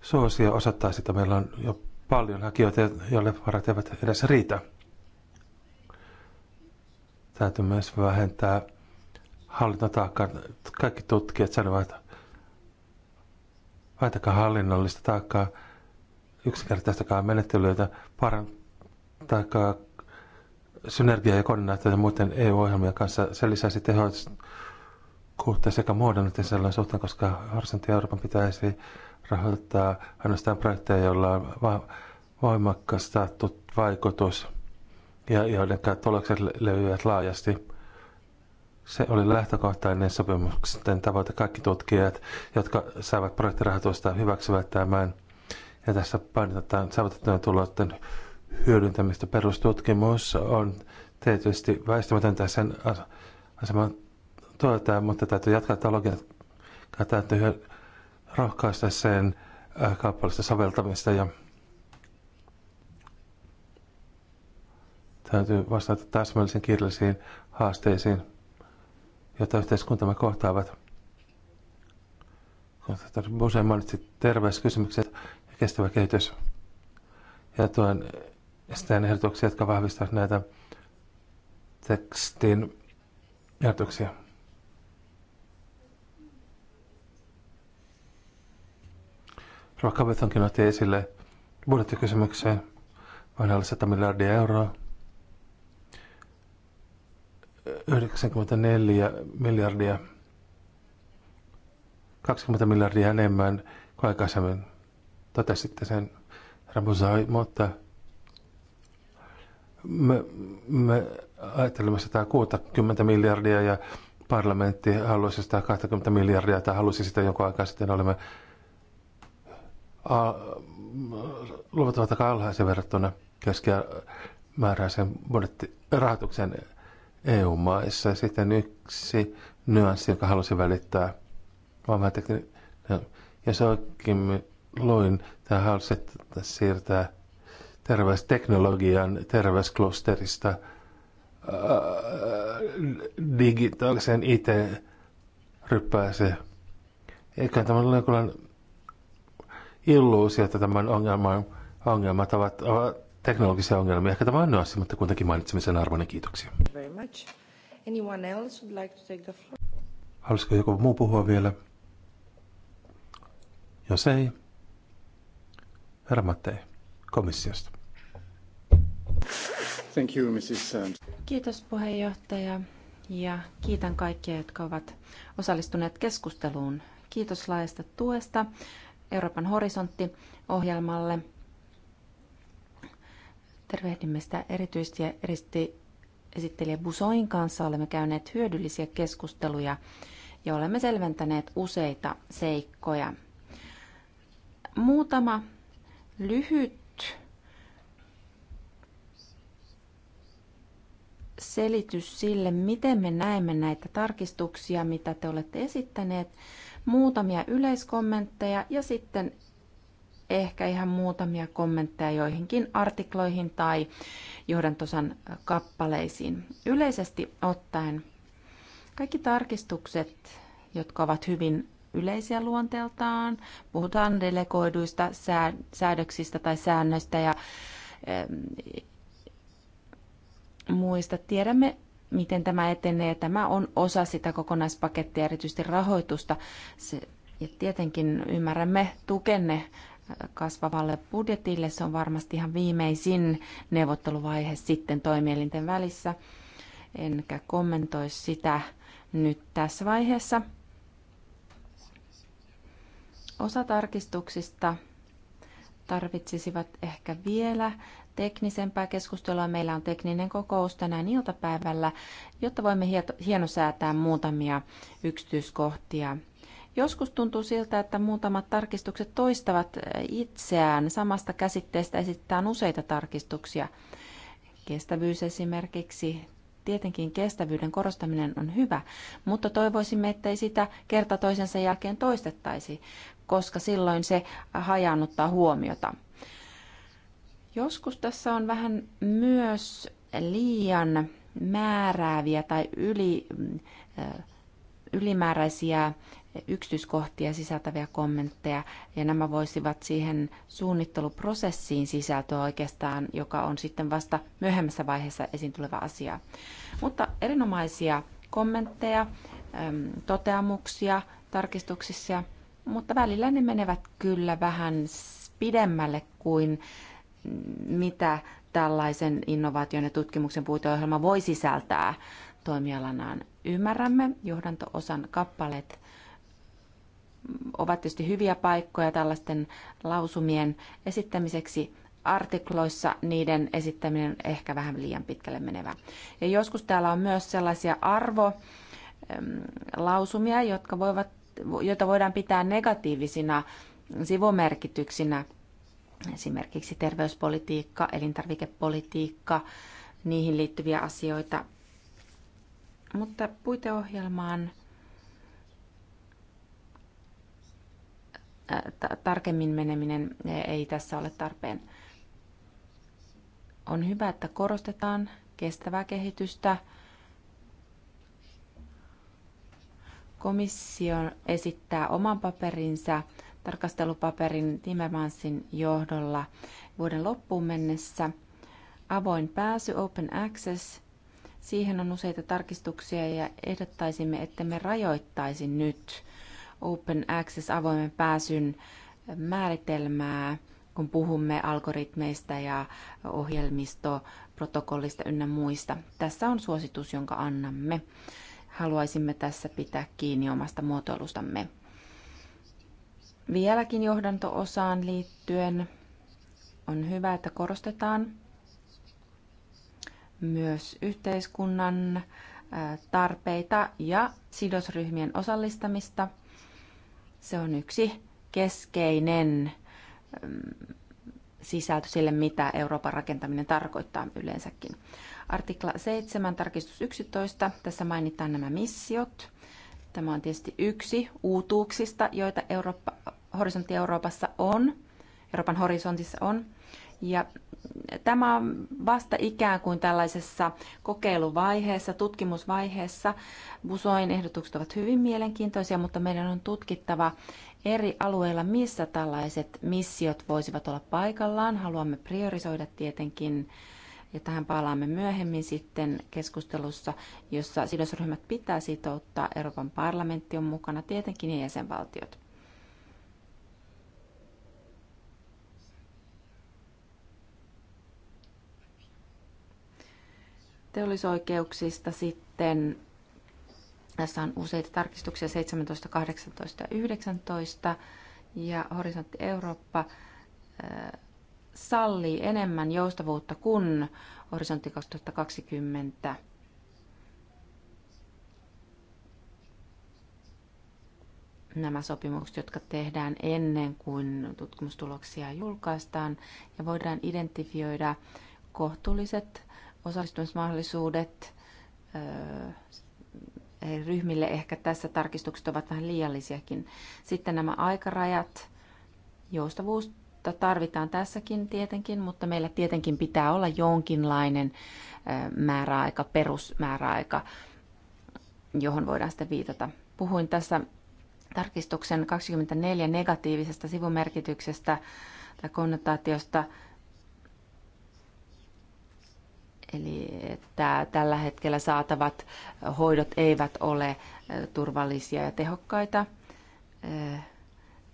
suosio osoittaa sitä. Meillä on jo paljon hakijoita, joille varat eivät edes riitä. Täytyy myös vähentää hallintotaakkaa. Kaikki tutkijat sanovat, vähentäkää hallinnollista taakkaa, yksinkertaistakaa menettelyitä, parantakaa synergiaa ja koordinaatiota muiden EU-ohjelmien kanssa. Se lisäisi tehoista kohta sekä muodon että sisällön suhteen, koska Horisontti Euroopan pitäisi rahoittaa ainoastaan projekteja, joilla on va- voimakkaas saattu vaikutus ja joiden tulokset leviävät laajasti. Se oli lähtökohtainen sopimuksen tavoite. Kaikki tutkijat, jotka saavat projektirahoitusta, hyväksyvät tämän. Ja tässä painotetaan saavutettujen tulosten hyödyntämistä. Perustutkimus on tietysti väistämätöntä sen aseman tuota, mutta täytyy jatkaa teologiaa. Täytyy rohkaista sen kaupallista soveltamista ja täytyy vastata täsmällisiin kirjallisiin haasteisiin, joita yhteiskuntamme kohtaavat. Usein mainitsi terveyskysymykset ja kestävä kehitys. Ja tuon esteen ehdotuksia, jotka vahvistavat näitä tekstin ehdotuksia. Ruokavetonkin otti esille budjettikysymykseen vain alle 100 miljardia euroa. 94 miljardia, 20 miljardia enemmän kuin aikaisemmin. Totesitte sen, Rabuzai, mutta me, me ajattelemme 160 miljardia ja parlamentti haluaisi 120 miljardia tai halusi sitä jonkun aikaa sitten. Olemme luvut ovat aika alhaisia verrattuna keskimääräisen budjettirahoituksen EU-maissa. Sitten yksi nyanssi, jonka halusin välittää, vaan mä tekin, no, ja se oikein luin, tämä halusi siirtää terveysteknologian terveysklusterista digitaalisen IT-ryppääseen. Eikä tämä ole jonkinlainen illuusio, että tämän ongelman ongelmat ovat, ovat teknologisia ongelmia. Ehkä tämä on nyanssi, mutta kuitenkin mainitsemisen arvoinen. Kiitoksia. Very much. Anyone else would like to take the floor? Haluaisiko joku muu puhua vielä? Jos ei, herra Mattei, komissiosta. Thank you, Mrs. Kiitos puheenjohtaja ja kiitän kaikkia, jotka ovat osallistuneet keskusteluun. Kiitos laajasta tuesta. Euroopan horisontti-ohjelmalle. Tervehdimme sitä erityisesti ja erityisesti esittelijä Busoin kanssa olemme käyneet hyödyllisiä keskusteluja ja olemme selventäneet useita seikkoja. Muutama lyhyt selitys sille, miten me näemme näitä tarkistuksia, mitä te olette esittäneet. Muutamia yleiskommentteja ja sitten ehkä ihan muutamia kommentteja joihinkin artikloihin tai johdantosan kappaleisiin. Yleisesti ottaen kaikki tarkistukset, jotka ovat hyvin yleisiä luonteeltaan, puhutaan delegoiduista säädöksistä tai säännöistä ja muista. Tiedämme miten tämä etenee. Tämä on osa sitä kokonaispakettia, erityisesti rahoitusta. Se, ja tietenkin ymmärrämme tukenne kasvavalle budjetille. Se on varmasti ihan viimeisin neuvotteluvaihe sitten toimielinten välissä. Enkä kommentoi sitä nyt tässä vaiheessa. Osa tarkistuksista tarvitsisivat ehkä vielä teknisempää keskustelua. Meillä on tekninen kokous tänään iltapäivällä, jotta voimme hienosäätää muutamia yksityiskohtia. Joskus tuntuu siltä, että muutamat tarkistukset toistavat eh, itseään. Samasta käsitteestä esitetään useita tarkistuksia. Kestävyys esimerkiksi. Tietenkin kestävyyden korostaminen on hyvä, mutta toivoisimme, ettei sitä kerta toisensa jälkeen toistettaisi, koska silloin se hajannuttaa huomiota. Joskus tässä on vähän myös liian määrääviä tai yli, ylimääräisiä yksityiskohtia sisältäviä kommentteja, ja nämä voisivat siihen suunnitteluprosessiin sisältöä oikeastaan, joka on sitten vasta myöhemmässä vaiheessa esiin tuleva asia. Mutta erinomaisia kommentteja, toteamuksia tarkistuksissa, mutta välillä ne menevät kyllä vähän pidemmälle kuin mitä tällaisen innovaation ja tutkimuksen puiteohjelma voi sisältää toimialanaan. Ymmärrämme johdanto-osan kappaleet ovat tietysti hyviä paikkoja tällaisten lausumien esittämiseksi artikloissa niiden esittäminen ehkä vähän liian pitkälle menevä. Ja joskus täällä on myös sellaisia arvolausumia, jotka voivat, joita voidaan pitää negatiivisina sivumerkityksinä – esimerkiksi terveyspolitiikka, elintarvikepolitiikka, niihin liittyviä asioita. Mutta puiteohjelmaan tarkemmin meneminen ei tässä ole tarpeen. On hyvä, että korostetaan kestävää kehitystä. Komissio esittää oman paperinsa tarkastelupaperin Timmermansin johdolla vuoden loppuun mennessä. Avoin pääsy, open access, siihen on useita tarkistuksia ja ehdottaisimme, että me rajoittaisi nyt open access avoimen pääsyn määritelmää, kun puhumme algoritmeista ja ohjelmisto, protokollista ynnä muista. Tässä on suositus, jonka annamme. Haluaisimme tässä pitää kiinni omasta muotoilustamme. Vieläkin johdanto-osaan liittyen on hyvä, että korostetaan myös yhteiskunnan tarpeita ja sidosryhmien osallistamista. Se on yksi keskeinen sisältö sille, mitä Euroopan rakentaminen tarkoittaa yleensäkin. Artikla 7, tarkistus 11. Tässä mainitaan nämä missiot. Tämä on tietysti yksi uutuuksista, joita Eurooppa horisontti Euroopassa on, Euroopan horisontissa on. Ja tämä on vasta ikään kuin tällaisessa kokeiluvaiheessa, tutkimusvaiheessa. Busoin ehdotukset ovat hyvin mielenkiintoisia, mutta meidän on tutkittava eri alueilla, missä tällaiset missiot voisivat olla paikallaan. Haluamme priorisoida tietenkin ja tähän palaamme myöhemmin sitten keskustelussa, jossa sidosryhmät pitää sitouttaa. Euroopan parlamentti on mukana tietenkin ja jäsenvaltiot. Teollisoikeuksista sitten tässä on useita tarkistuksia 17, 18 ja 19 ja Horisontti Eurooppa äh, sallii enemmän joustavuutta kuin Horisontti 2020. nämä sopimukset, jotka tehdään ennen kuin tutkimustuloksia julkaistaan ja voidaan identifioida kohtuulliset osallistumismahdollisuudet ryhmille ehkä tässä tarkistukset ovat vähän liiallisiakin. Sitten nämä aikarajat, joustavuutta tarvitaan tässäkin tietenkin, mutta meillä tietenkin pitää olla jonkinlainen määräaika, perusmääräaika, johon voidaan sitten viitata. Puhuin tässä tarkistuksen 24 negatiivisesta sivumerkityksestä tai konnotaatiosta – Eli että tällä hetkellä saatavat hoidot eivät ole turvallisia ja tehokkaita.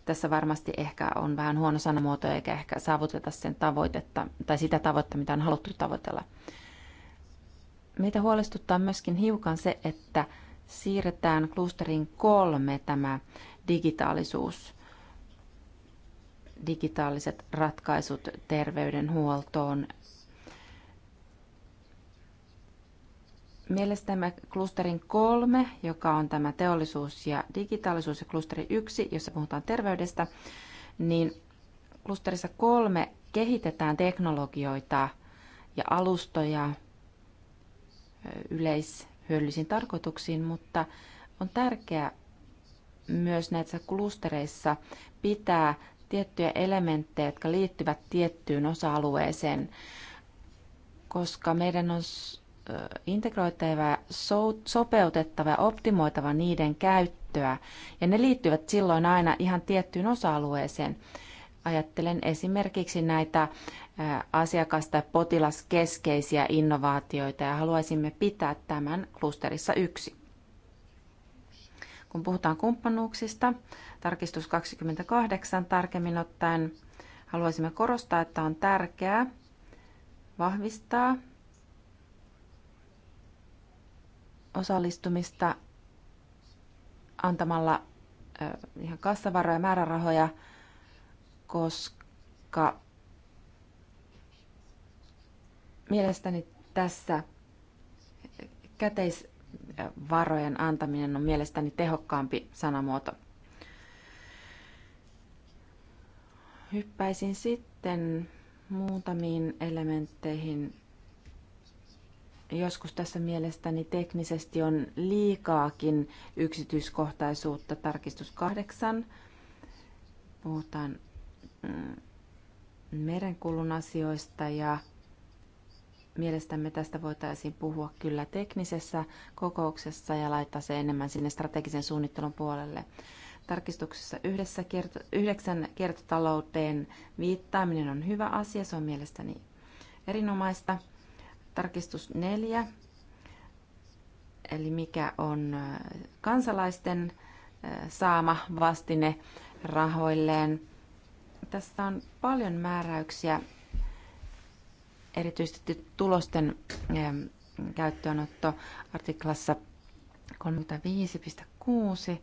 Tässä varmasti ehkä on vähän huono sanamuoto eikä ehkä saavuteta sen tavoitetta tai sitä tavoitetta, mitä on haluttu tavoitella. Meitä huolestuttaa myöskin hiukan se, että siirretään klusterin kolme tämä digitaalisuus, digitaaliset ratkaisut terveydenhuoltoon Mielestämme klusterin kolme, joka on tämä teollisuus ja digitaalisuus, ja klusteri yksi, jossa puhutaan terveydestä, niin klusterissa kolme kehitetään teknologioita ja alustoja yleishyödyllisiin tarkoituksiin, mutta on tärkeää myös näissä klustereissa pitää tiettyjä elementtejä, jotka liittyvät tiettyyn osa-alueeseen, koska meidän on integroitava, so, sopeutettava ja optimoitava niiden käyttöä. Ja ne liittyvät silloin aina ihan tiettyyn osa-alueeseen. Ajattelen esimerkiksi näitä asiakas- tai potilaskeskeisiä innovaatioita ja haluaisimme pitää tämän klusterissa yksi. Kun puhutaan kumppanuuksista, tarkistus 28 tarkemmin ottaen, haluaisimme korostaa, että on tärkeää vahvistaa osallistumista antamalla ihan kassavaroja, määrärahoja, koska mielestäni tässä käteisvarojen antaminen on mielestäni tehokkaampi sanamuoto. Hyppäisin sitten muutamiin elementteihin, joskus tässä mielestäni teknisesti on liikaakin yksityiskohtaisuutta. Tarkistus kahdeksan. Puhutaan mm, merenkulun asioista ja mielestämme tästä voitaisiin puhua kyllä teknisessä kokouksessa ja laittaa se enemmän sinne strategisen suunnittelun puolelle. Tarkistuksessa yhdessä kierto, yhdeksän kiertotalouteen viittaaminen on hyvä asia, se on mielestäni erinomaista. Tarkistus neljä, eli mikä on kansalaisten saama vastine rahoilleen. Tässä on paljon määräyksiä, erityisesti tulosten käyttöönotto artiklassa 35.6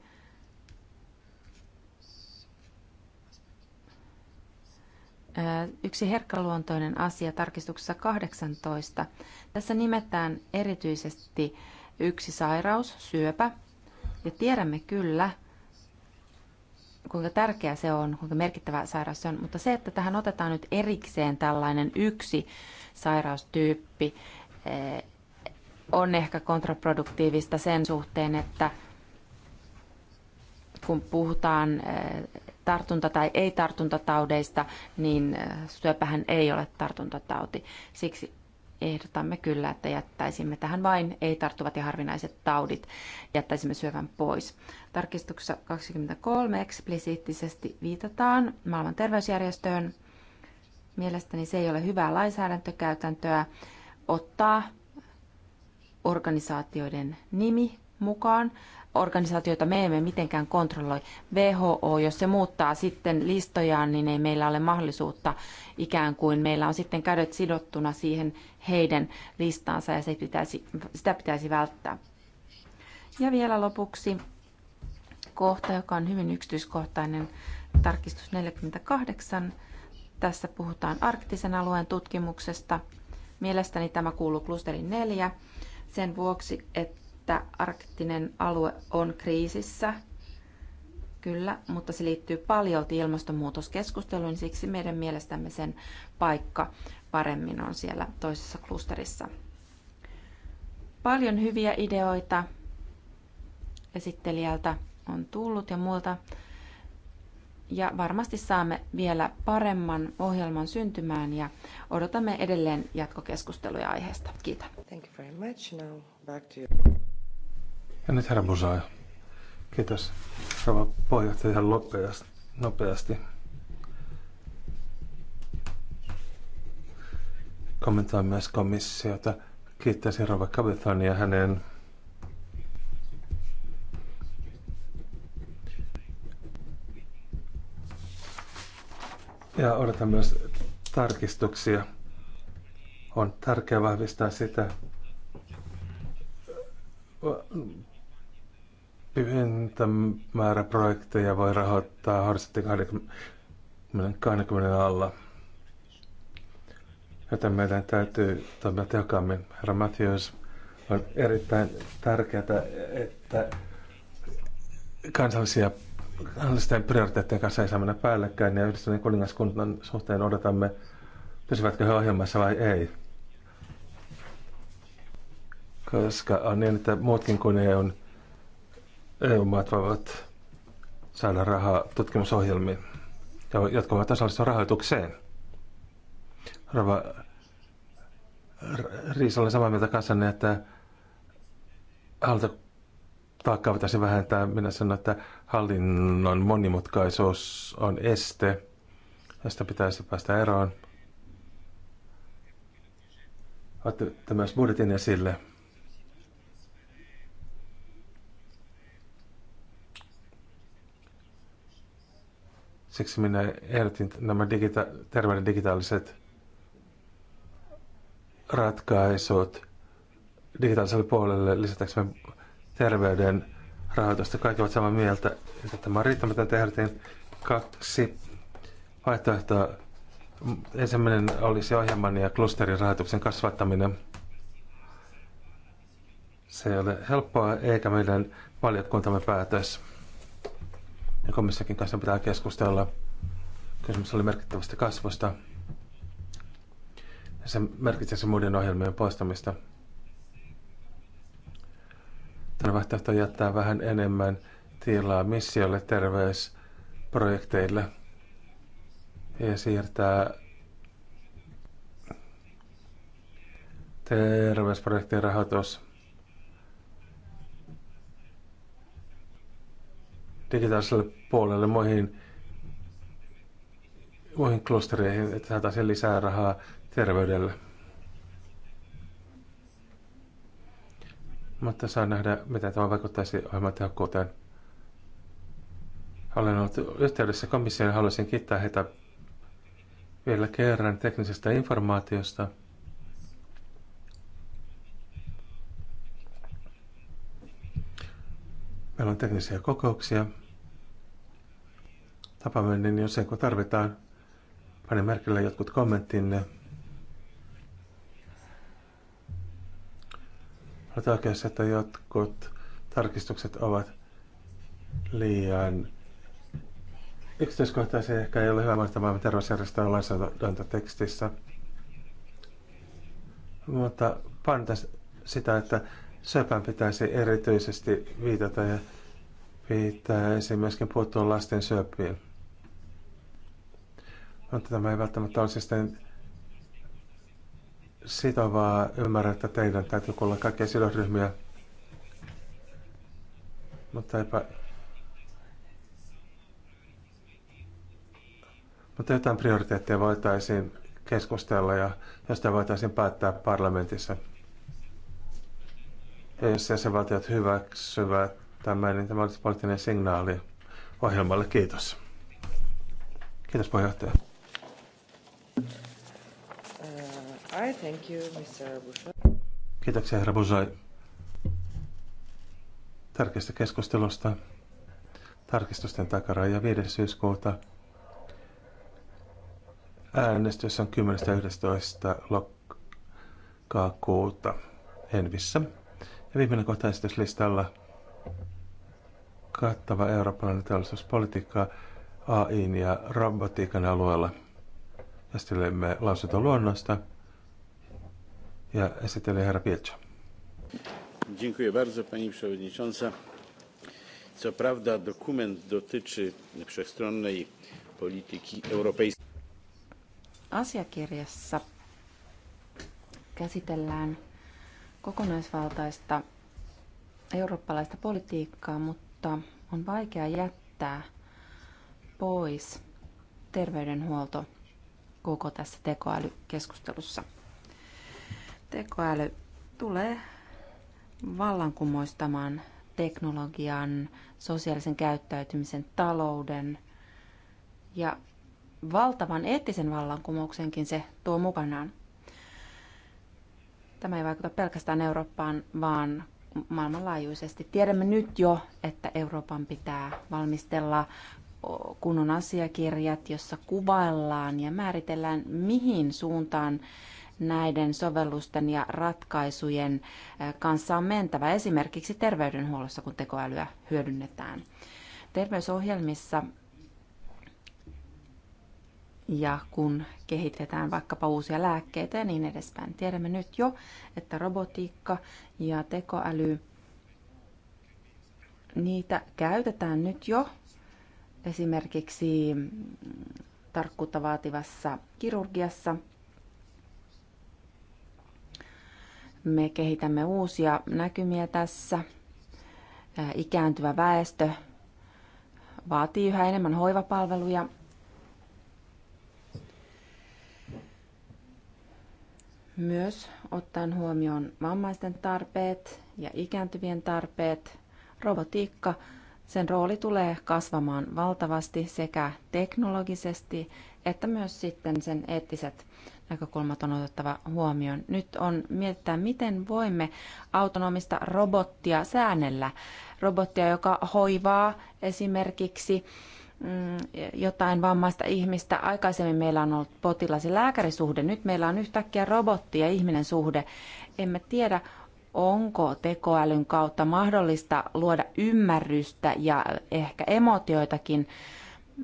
yksi herkkäluontoinen asia tarkistuksessa 18. Tässä nimetään erityisesti yksi sairaus, syöpä, ja tiedämme kyllä, kuinka tärkeä se on, kuinka merkittävä sairaus se on, mutta se, että tähän otetaan nyt erikseen tällainen yksi sairaustyyppi, on ehkä kontraproduktiivista sen suhteen, että kun puhutaan tartunta- tai ei-tartuntataudeista, niin äh, syöpähän ei ole tartuntatauti. Siksi ehdotamme kyllä, että jättäisimme tähän vain ei-tarttuvat ja harvinaiset taudit, jättäisimme syövän pois. Tarkistuksessa 23 eksplisiittisesti viitataan maailman terveysjärjestöön. Mielestäni se ei ole hyvää lainsäädäntökäytäntöä ottaa organisaatioiden nimi mukaan. Organisaatioita me emme mitenkään kontrolloi. WHO, jos se muuttaa sitten listojaan, niin ei meillä ole mahdollisuutta ikään kuin meillä on sitten kädet sidottuna siihen heidän listaansa ja se pitäisi, sitä pitäisi välttää. Ja vielä lopuksi kohta, joka on hyvin yksityiskohtainen, tarkistus 48. Tässä puhutaan arktisen alueen tutkimuksesta. Mielestäni tämä kuuluu klusterin 4 sen vuoksi, että että arktinen alue on kriisissä. Kyllä, mutta se liittyy paljolti ilmastonmuutoskeskusteluun, siksi meidän mielestämme sen paikka paremmin on siellä toisessa klusterissa. Paljon hyviä ideoita esittelijältä on tullut ja muilta. Ja varmasti saamme vielä paremman ohjelman syntymään ja odotamme edelleen jatkokeskusteluja aiheesta. Kiitän. Thank you very much. Now back to you. Ja nyt herra Busaa. Kiitos. Rouva puheenjohtaja ihan nopeasti. nopeasti. Kommentoin myös komissiota. Kiittäisin Rova ja hänen Ja odotan myös tarkistuksia. On tärkeää vahvistaa sitä pientä määrä projekteja voi rahoittaa Horsetin 20, 20 alla. Joten meidän täytyy toimia tehokkaammin. Herra Matthews, on erittäin tärkeää, että kansallisia kansallisten prioriteettien kanssa ei saa mennä päällekkäin ja yhdistyneen kuningaskunnan suhteen odotamme, pysyvätkö he ohjelmassa vai ei. Koska on niin, että muutkin kuin EUn EU-maat voivat saada rahaa tutkimusohjelmiin, jotka voivat osallistua rahoitukseen. Rova Riisa, oli samaa mieltä kanssanne, että hallintotaakkaa pitäisi vähentää. Minä sanon, että hallinnon monimutkaisuus on este, josta pitäisi päästä eroon. Otte myös budjetin esille. Siksi minä ehdotin nämä digita- terveyden digitaaliset ratkaisut digitaaliselle puolelle me terveyden rahoitusta. Kaikki ovat samaa mieltä, että tämä on riittämätön. Ehdotin kaksi vaihtoehtoa. Ensimmäinen olisi ohjelman ja klusterin rahoituksen kasvattaminen. Se ei ole helppoa eikä meidän valiokuntamme päätös ja komissakin kanssa pitää keskustella. Kysymys oli merkittävästä kasvusta. Se merkitsee se muiden ohjelmien poistamista. Tämä vaihtoehto jättää vähän enemmän tilaa missiolle, terveysprojekteille ja siirtää terveysprojektien rahoitus digitaaliselle puolelle muihin, muihin klostereihin, että saataisiin lisää rahaa terveydelle. Mutta saa nähdä, mitä tämä vaikuttaisi ohjelman tehokkuuteen. Olen ollut yhteydessä komissioon ja haluaisin kiittää heitä vielä kerran teknisestä informaatiosta. Meillä on teknisiä kokouksia tapaaminen, niin jos sen kun tarvitaan. Panen merkille jotkut kommenttinne. Olet oikeassa, että jotkut tarkistukset ovat liian yksityiskohtaisia. Ehkä ei ole hyvä mainita maailman terveysjärjestöä tekstissä, Mutta painotan sitä, että söpän pitäisi erityisesti viitata ja pitäisi myöskin puuttua lasten syöpiin mutta tämä ei välttämättä ole siis sitovaa. ymmärrä, että teidän täytyy kuulla kaikkia sidosryhmiä, mutta eipä... Mutta jotain prioriteetteja voitaisiin keskustella ja josta voitaisiin päättää parlamentissa. Ja jos jäsenvaltiot hyväksyvät tämän, niin tämä olisi poliittinen signaali ohjelmalle. Kiitos. Kiitos puheenjohtaja. Uh, Kiitoksia, herra Bushai, tärkeästä keskustelusta. Tarkistusten takaraja 5. syyskuuta. Äänestys on 10.11. lokakuuta Envissä. Ja viimeinen kohta esityslistalla kattava eurooppalainen teollisuuspolitiikka AIin ja robotiikan alueella. Esittelemme lausunto luonnosta. ja esittelee herra Pietso. Dziękuję bardzo pani przewodnicząca. Co prawda dokument dotyczy wszechstronnej polityki europejskiej. Asiakirjassa käsitellään kokonaisvaltaista eurooppalaista politiikkaa, mutta on vaikea jättää pois terveydenhuolto koko tässä tekoälykeskustelussa. Tekoäly tulee vallankumoistamaan teknologian, sosiaalisen käyttäytymisen, talouden ja valtavan eettisen vallankumouksenkin se tuo mukanaan. Tämä ei vaikuta pelkästään Eurooppaan, vaan maailmanlaajuisesti. Tiedämme nyt jo, että Euroopan pitää valmistella kunnon asiakirjat, jossa kuvaillaan ja määritellään, mihin suuntaan näiden sovellusten ja ratkaisujen kanssa on mentävä, esimerkiksi terveydenhuollossa, kun tekoälyä hyödynnetään. Terveysohjelmissa ja kun kehitetään vaikkapa uusia lääkkeitä ja niin edespäin. Tiedämme nyt jo, että robotiikka ja tekoäly, niitä käytetään nyt jo esimerkiksi tarkkuutta vaativassa kirurgiassa. Me kehitämme uusia näkymiä tässä. Ikääntyvä väestö vaatii yhä enemmän hoivapalveluja. Myös ottaen huomioon vammaisten tarpeet ja ikääntyvien tarpeet, robotiikka sen rooli tulee kasvamaan valtavasti sekä teknologisesti että myös sitten sen eettiset näkökulmat on otettava huomioon. Nyt on miettää, miten voimme autonomista robottia säännellä. Robottia, joka hoivaa esimerkiksi mm, jotain vammaista ihmistä. Aikaisemmin meillä on ollut potilas- ja lääkärisuhde, nyt meillä on yhtäkkiä robotti ja ihminen suhde. Emme tiedä, onko tekoälyn kautta mahdollista luoda ymmärrystä ja ehkä emotioitakin,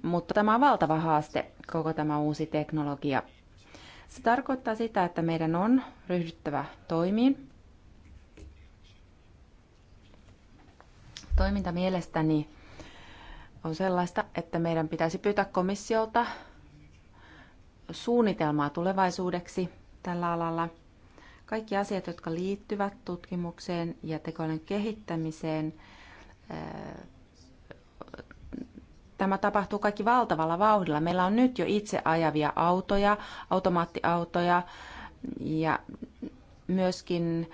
mutta tämä on valtava haaste, koko tämä uusi teknologia. Se tarkoittaa sitä, että meidän on ryhdyttävä toimiin. Toiminta mielestäni on sellaista, että meidän pitäisi pyytää komissiolta suunnitelmaa tulevaisuudeksi tällä alalla – kaikki asiat, jotka liittyvät tutkimukseen ja tekoälyn kehittämiseen, tämä tapahtuu kaikki valtavalla vauhdilla. Meillä on nyt jo itse ajavia autoja, automaattiautoja ja myöskin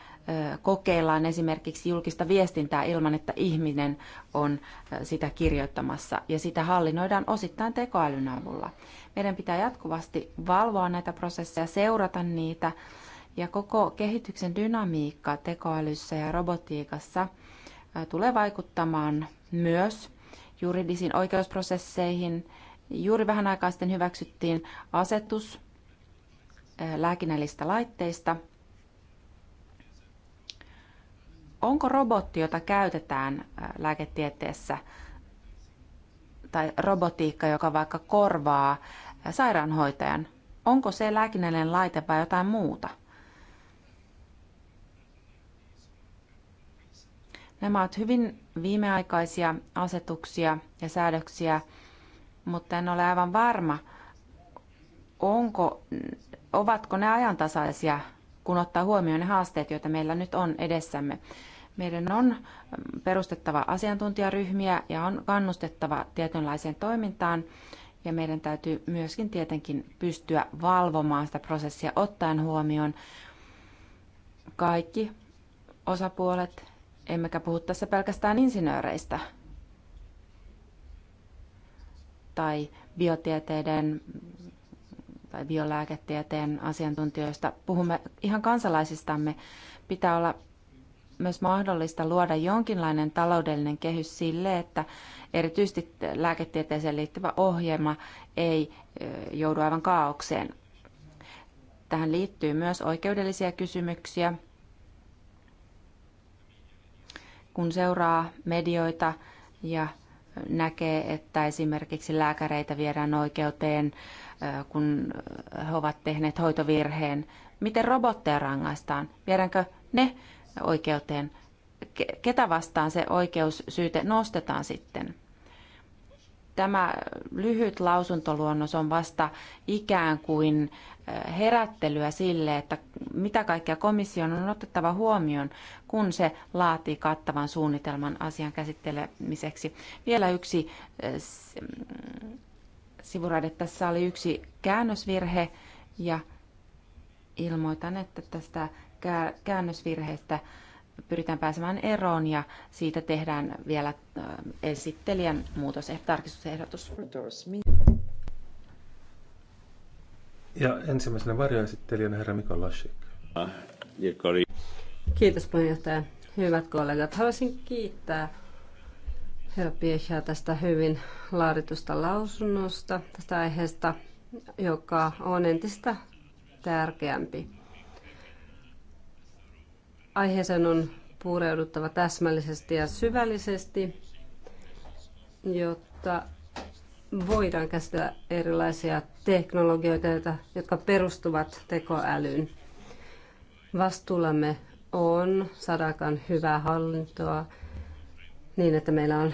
kokeillaan esimerkiksi julkista viestintää ilman, että ihminen on sitä kirjoittamassa ja sitä hallinnoidaan osittain tekoälyn avulla. Meidän pitää jatkuvasti valvoa näitä prosesseja, seurata niitä ja koko kehityksen dynamiikka tekoälyssä ja robotiikassa tulee vaikuttamaan myös juridisiin oikeusprosesseihin. Juuri vähän aikaa sitten hyväksyttiin asetus lääkinnällistä laitteista. Onko robotti, jota käytetään lääketieteessä, tai robotiikka, joka vaikka korvaa sairaanhoitajan, onko se lääkinnällinen laite vai jotain muuta? Nämä ovat hyvin viimeaikaisia asetuksia ja säädöksiä, mutta en ole aivan varma, onko, ovatko ne ajantasaisia, kun ottaa huomioon ne haasteet, joita meillä nyt on edessämme. Meidän on perustettava asiantuntijaryhmiä ja on kannustettava tietynlaiseen toimintaan ja meidän täytyy myöskin tietenkin pystyä valvomaan sitä prosessia ottaen huomioon kaikki osapuolet Emmekä puhu tässä pelkästään insinööreistä tai biotieteiden tai biolääketieteen asiantuntijoista. Puhumme ihan kansalaisistamme. Pitää olla myös mahdollista luoda jonkinlainen taloudellinen kehys sille, että erityisesti lääketieteeseen liittyvä ohjelma ei joudu aivan kaaukseen. Tähän liittyy myös oikeudellisia kysymyksiä kun seuraa medioita ja näkee, että esimerkiksi lääkäreitä viedään oikeuteen, kun he ovat tehneet hoitovirheen. Miten robotteja rangaistaan? Viedäänkö ne oikeuteen? Ketä vastaan se oikeussyyte nostetaan sitten? tämä lyhyt lausuntoluonnos on vasta ikään kuin eh, herättelyä sille, että mitä kaikkea komission on otettava huomioon, kun se laatii kattavan suunnitelman asian käsittelemiseksi. Vielä yksi eh, mm, sivuraide. Tässä oli yksi käännösvirhe ja ilmoitan, että tästä käännösvirheestä pyritään pääsemään eroon ja siitä tehdään vielä äh, esittelijän muutos, eh, tarkistusehdotus. Ja ensimmäisenä varjoesittelijänä herra Mikko Lashik. Kiitos puheenjohtaja. Hyvät kollegat, haluaisin kiittää herra Piehää tästä hyvin laaditusta lausunnosta tästä aiheesta, joka on entistä tärkeämpi. Aiheeseen on pureuduttava täsmällisesti ja syvällisesti, jotta voidaan käsitellä erilaisia teknologioita, jotka perustuvat tekoälyyn. Vastuullamme on sadakan hyvää hallintoa niin, että meillä on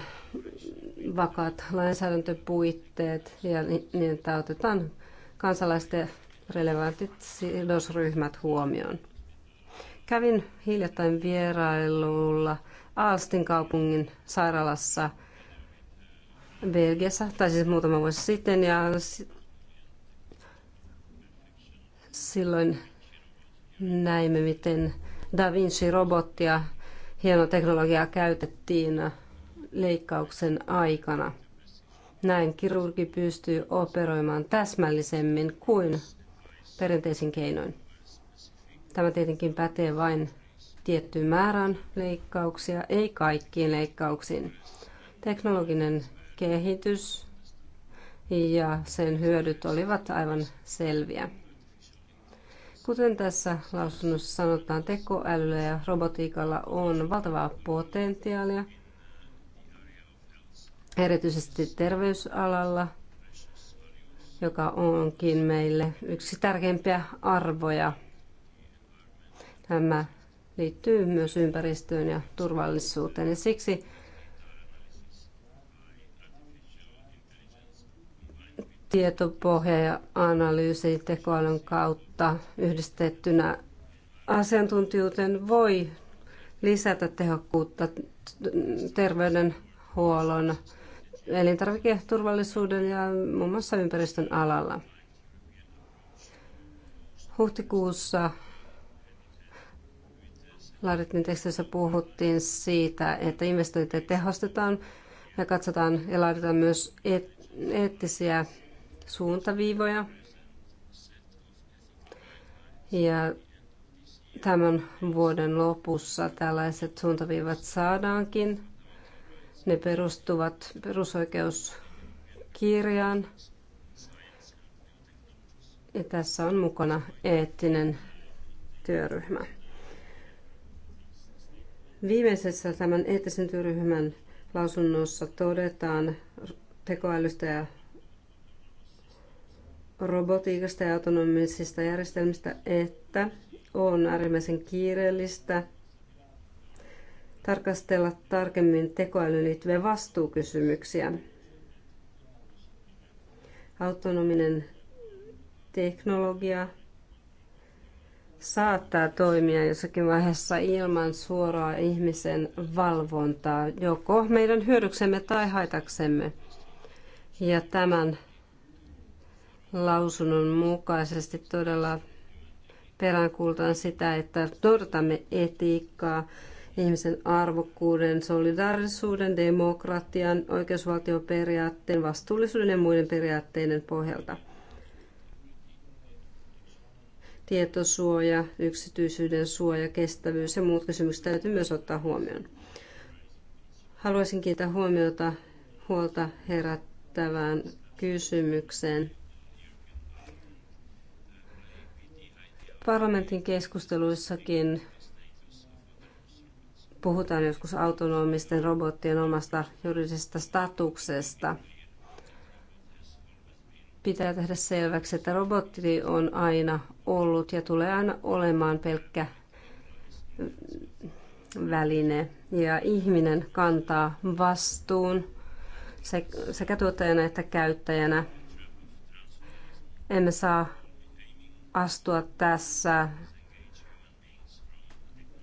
vakaat lainsäädäntöpuitteet ja niin, että otetaan kansalaisten relevantit sidosryhmät huomioon. Kävin hiljattain vierailulla Aalstin kaupungin sairaalassa Belgiassa, tai siis muutama vuosi sitten, ja silloin näimme, miten Da Vinci-robottia, hieno teknologiaa käytettiin leikkauksen aikana. Näin kirurgi pystyy operoimaan täsmällisemmin kuin perinteisin keinoin. Tämä tietenkin pätee vain tiettyyn määrän leikkauksia, ei kaikkiin leikkauksiin. Teknologinen kehitys ja sen hyödyt olivat aivan selviä. Kuten tässä lausunnossa sanotaan, tekoälyllä ja robotiikalla on valtavaa potentiaalia, erityisesti terveysalalla, joka onkin meille yksi tärkeimpiä arvoja Tämä liittyy myös ympäristöön ja turvallisuuteen. Ja siksi tietopohja ja analyysi tekoälyn kautta yhdistettynä asiantuntijuuteen voi lisätä tehokkuutta terveydenhuollon, elintarviketurvallisuuden ja muun mm. muassa ympäristön alalla. Huhtikuussa laadittiin tekstissä puhuttiin siitä, että investointeja tehostetaan ja katsotaan ja laaditaan myös eettisiä suuntaviivoja. Ja tämän vuoden lopussa tällaiset suuntaviivat saadaankin. Ne perustuvat perusoikeuskirjaan. Ja tässä on mukana eettinen työryhmä. Viimeisessä tämän eettisen työryhmän lausunnossa todetaan tekoälystä ja robotiikasta ja autonomisista järjestelmistä, että on äärimmäisen kiireellistä tarkastella tarkemmin tekoälyyn liittyviä vastuukysymyksiä. Autonominen teknologia saattaa toimia jossakin vaiheessa ilman suoraa ihmisen valvontaa, joko meidän hyödyksemme tai haitaksemme. Ja tämän lausunnon mukaisesti todella peräänkuultaan sitä, että noudatamme etiikkaa, ihmisen arvokkuuden, solidaarisuuden, demokratian, oikeusvaltioperiaatteen, vastuullisuuden ja muiden periaatteiden pohjalta – tietosuoja, yksityisyyden suoja, kestävyys ja muut kysymykset täytyy myös ottaa huomioon. Haluaisin kiittää huomiota huolta herättävään kysymykseen. Parlamentin keskusteluissakin puhutaan joskus autonomisten robottien omasta juridisesta statuksesta – Pitää tehdä selväksi, että robotti on aina ollut ja tulee aina olemaan pelkkä väline. Ja ihminen kantaa vastuun sekä tuottajana että käyttäjänä. Emme saa astua tässä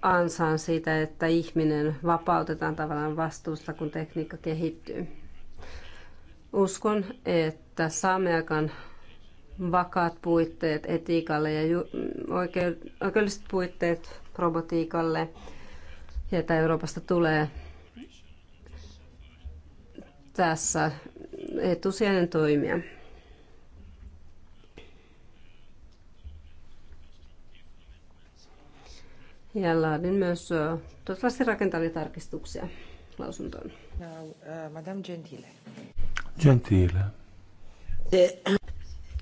ansaan siitä, että ihminen vapautetaan tavallaan vastuusta, kun tekniikka kehittyy. Uskon, että saameakan vakaat puitteet etiikalle ja oikeudelliset puitteet robotiikalle, ja että Euroopasta tulee tässä etusijainen toimija. Ja laadin myös toivottavasti rakentavia tarkistuksia lausuntoon. Now, uh, Madame Gentile. Gentile.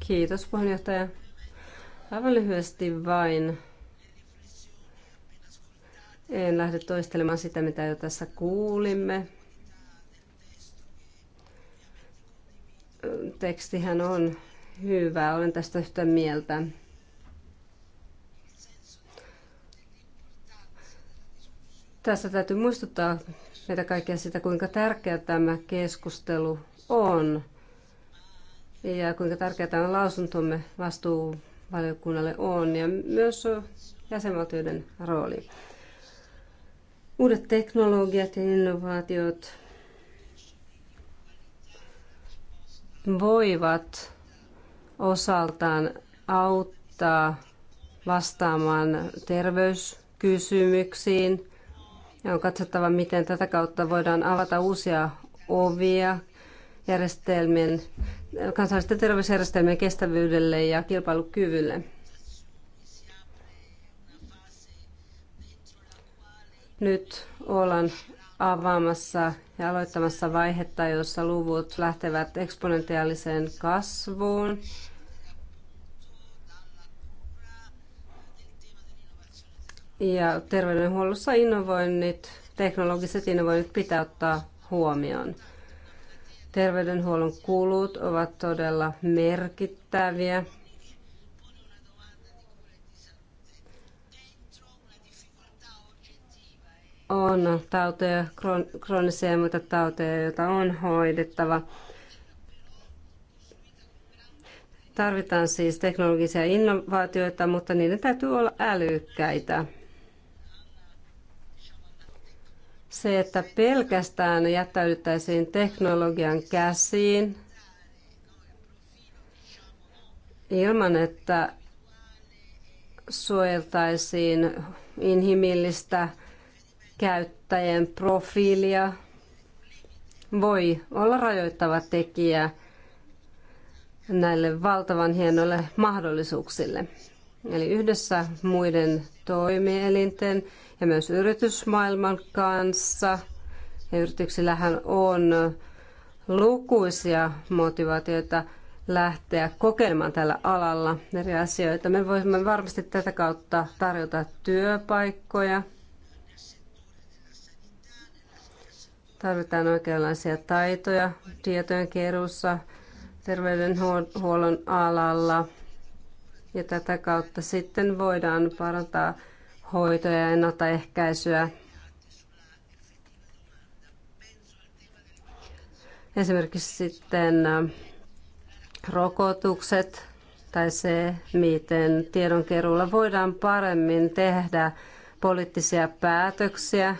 Kiitos puheenjohtaja. Aivan lyhyesti vain. En lähde toistelemaan sitä, mitä jo tässä kuulimme. Tekstihän on hyvä, olen tästä yhtä mieltä. Tässä täytyy muistuttaa meitä kaikkia sitä, kuinka tärkeä tämä keskustelu on ja kuinka tärkeää tämä lausuntomme vastuuvaliokunnalle on ja myös jäsenvaltioiden rooli. Uudet teknologiat ja innovaatiot voivat osaltaan auttaa vastaamaan terveyskysymyksiin ja on katsottava, miten tätä kautta voidaan avata uusia ovia järjestelmien, kansallisten terveysjärjestelmien kestävyydelle ja kilpailukyvylle. Nyt ollaan avaamassa ja aloittamassa vaihetta, jossa luvut lähtevät eksponentiaaliseen kasvuun. Ja terveydenhuollossa innovoinnit, teknologiset innovoinnit pitää ottaa huomioon. Terveydenhuollon kulut ovat todella merkittäviä. On tauteja, kroonisia ja muita tauteja, joita on hoidettava. Tarvitaan siis teknologisia innovaatioita, mutta niiden täytyy olla älykkäitä. Se, että pelkästään jättäydyttäisiin teknologian käsiin ilman, että suojeltaisiin inhimillistä käyttäjän profiilia, voi olla rajoittava tekijä näille valtavan hienoille mahdollisuuksille. Eli yhdessä muiden toimielinten ja myös yritysmaailman kanssa. Ja yrityksillähän on lukuisia motivaatioita lähteä kokeilemaan tällä alalla eri asioita. Me voimme varmasti tätä kautta tarjota työpaikkoja. Tarvitaan oikeanlaisia taitoja tietojen keruussa, terveydenhuollon alalla. Ja tätä kautta sitten voidaan parantaa hoitoja ja ennaltaehkäisyä. Esimerkiksi sitten rokotukset tai se, miten tiedonkeruulla voidaan paremmin tehdä poliittisia päätöksiä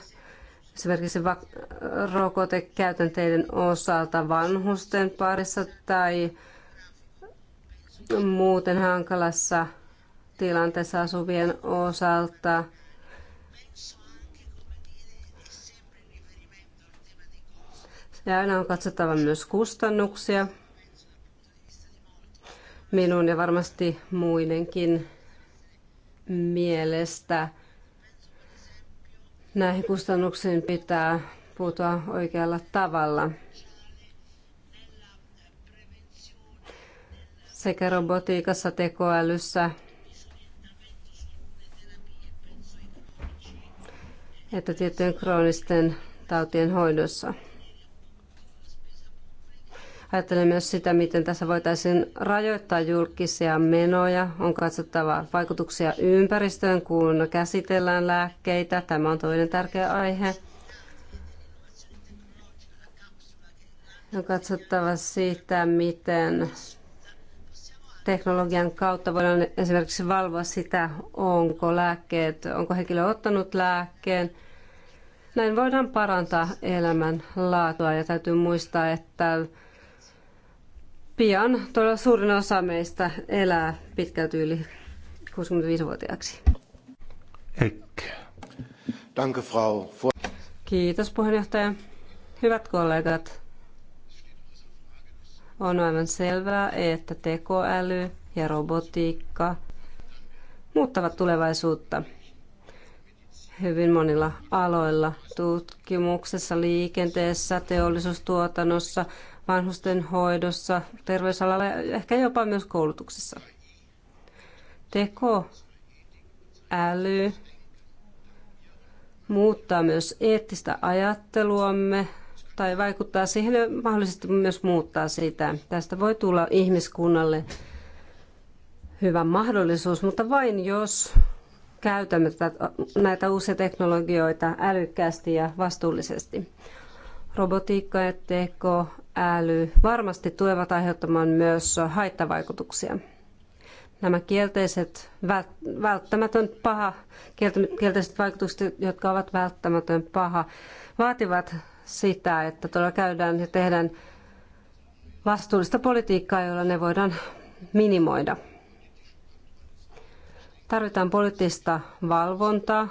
esimerkiksi rokotekäytänteiden osalta vanhusten parissa tai muuten hankalassa tilanteessa asuvien osalta. Ja aina on katsottava myös kustannuksia minun ja varmasti muidenkin mielestä. Näihin kustannuksiin pitää puuttua oikealla tavalla. Sekä robotiikassa, tekoälyssä että tiettyjen kroonisten tautien hoidossa. Ajattelen myös sitä, miten tässä voitaisiin rajoittaa julkisia menoja. On katsottava vaikutuksia ympäristöön, kun käsitellään lääkkeitä. Tämä on toinen tärkeä aihe. On katsottava sitä, miten teknologian kautta voidaan esimerkiksi valvoa sitä, onko lääkkeet, onko henkilö ottanut lääkkeen – näin voidaan parantaa elämän laatua ja täytyy muistaa, että pian todella suurin osa meistä elää pitkälti yli 65-vuotiaaksi. Danke, Frau. Kiitos puheenjohtaja. Hyvät kollegat, on aivan selvää, että tekoäly ja robotiikka muuttavat tulevaisuutta hyvin monilla aloilla, tutkimuksessa, liikenteessä, teollisuustuotannossa, vanhusten hoidossa, terveysalalla ja ehkä jopa myös koulutuksessa. Teko, äly muuttaa myös eettistä ajatteluamme tai vaikuttaa siihen ja mahdollisesti myös muuttaa sitä. Tästä voi tulla ihmiskunnalle hyvä mahdollisuus, mutta vain jos käytämme näitä uusia teknologioita älykkäästi ja vastuullisesti. Robotiikka ja tekoäly varmasti tulevat aiheuttamaan myös haittavaikutuksia. Nämä kielteiset, välttämätön paha, kielteiset vaikutukset, jotka ovat välttämätön paha, vaativat sitä, että todella käydään ja tehdään vastuullista politiikkaa, jolla ne voidaan minimoida. Tarvitaan poliittista valvontaa.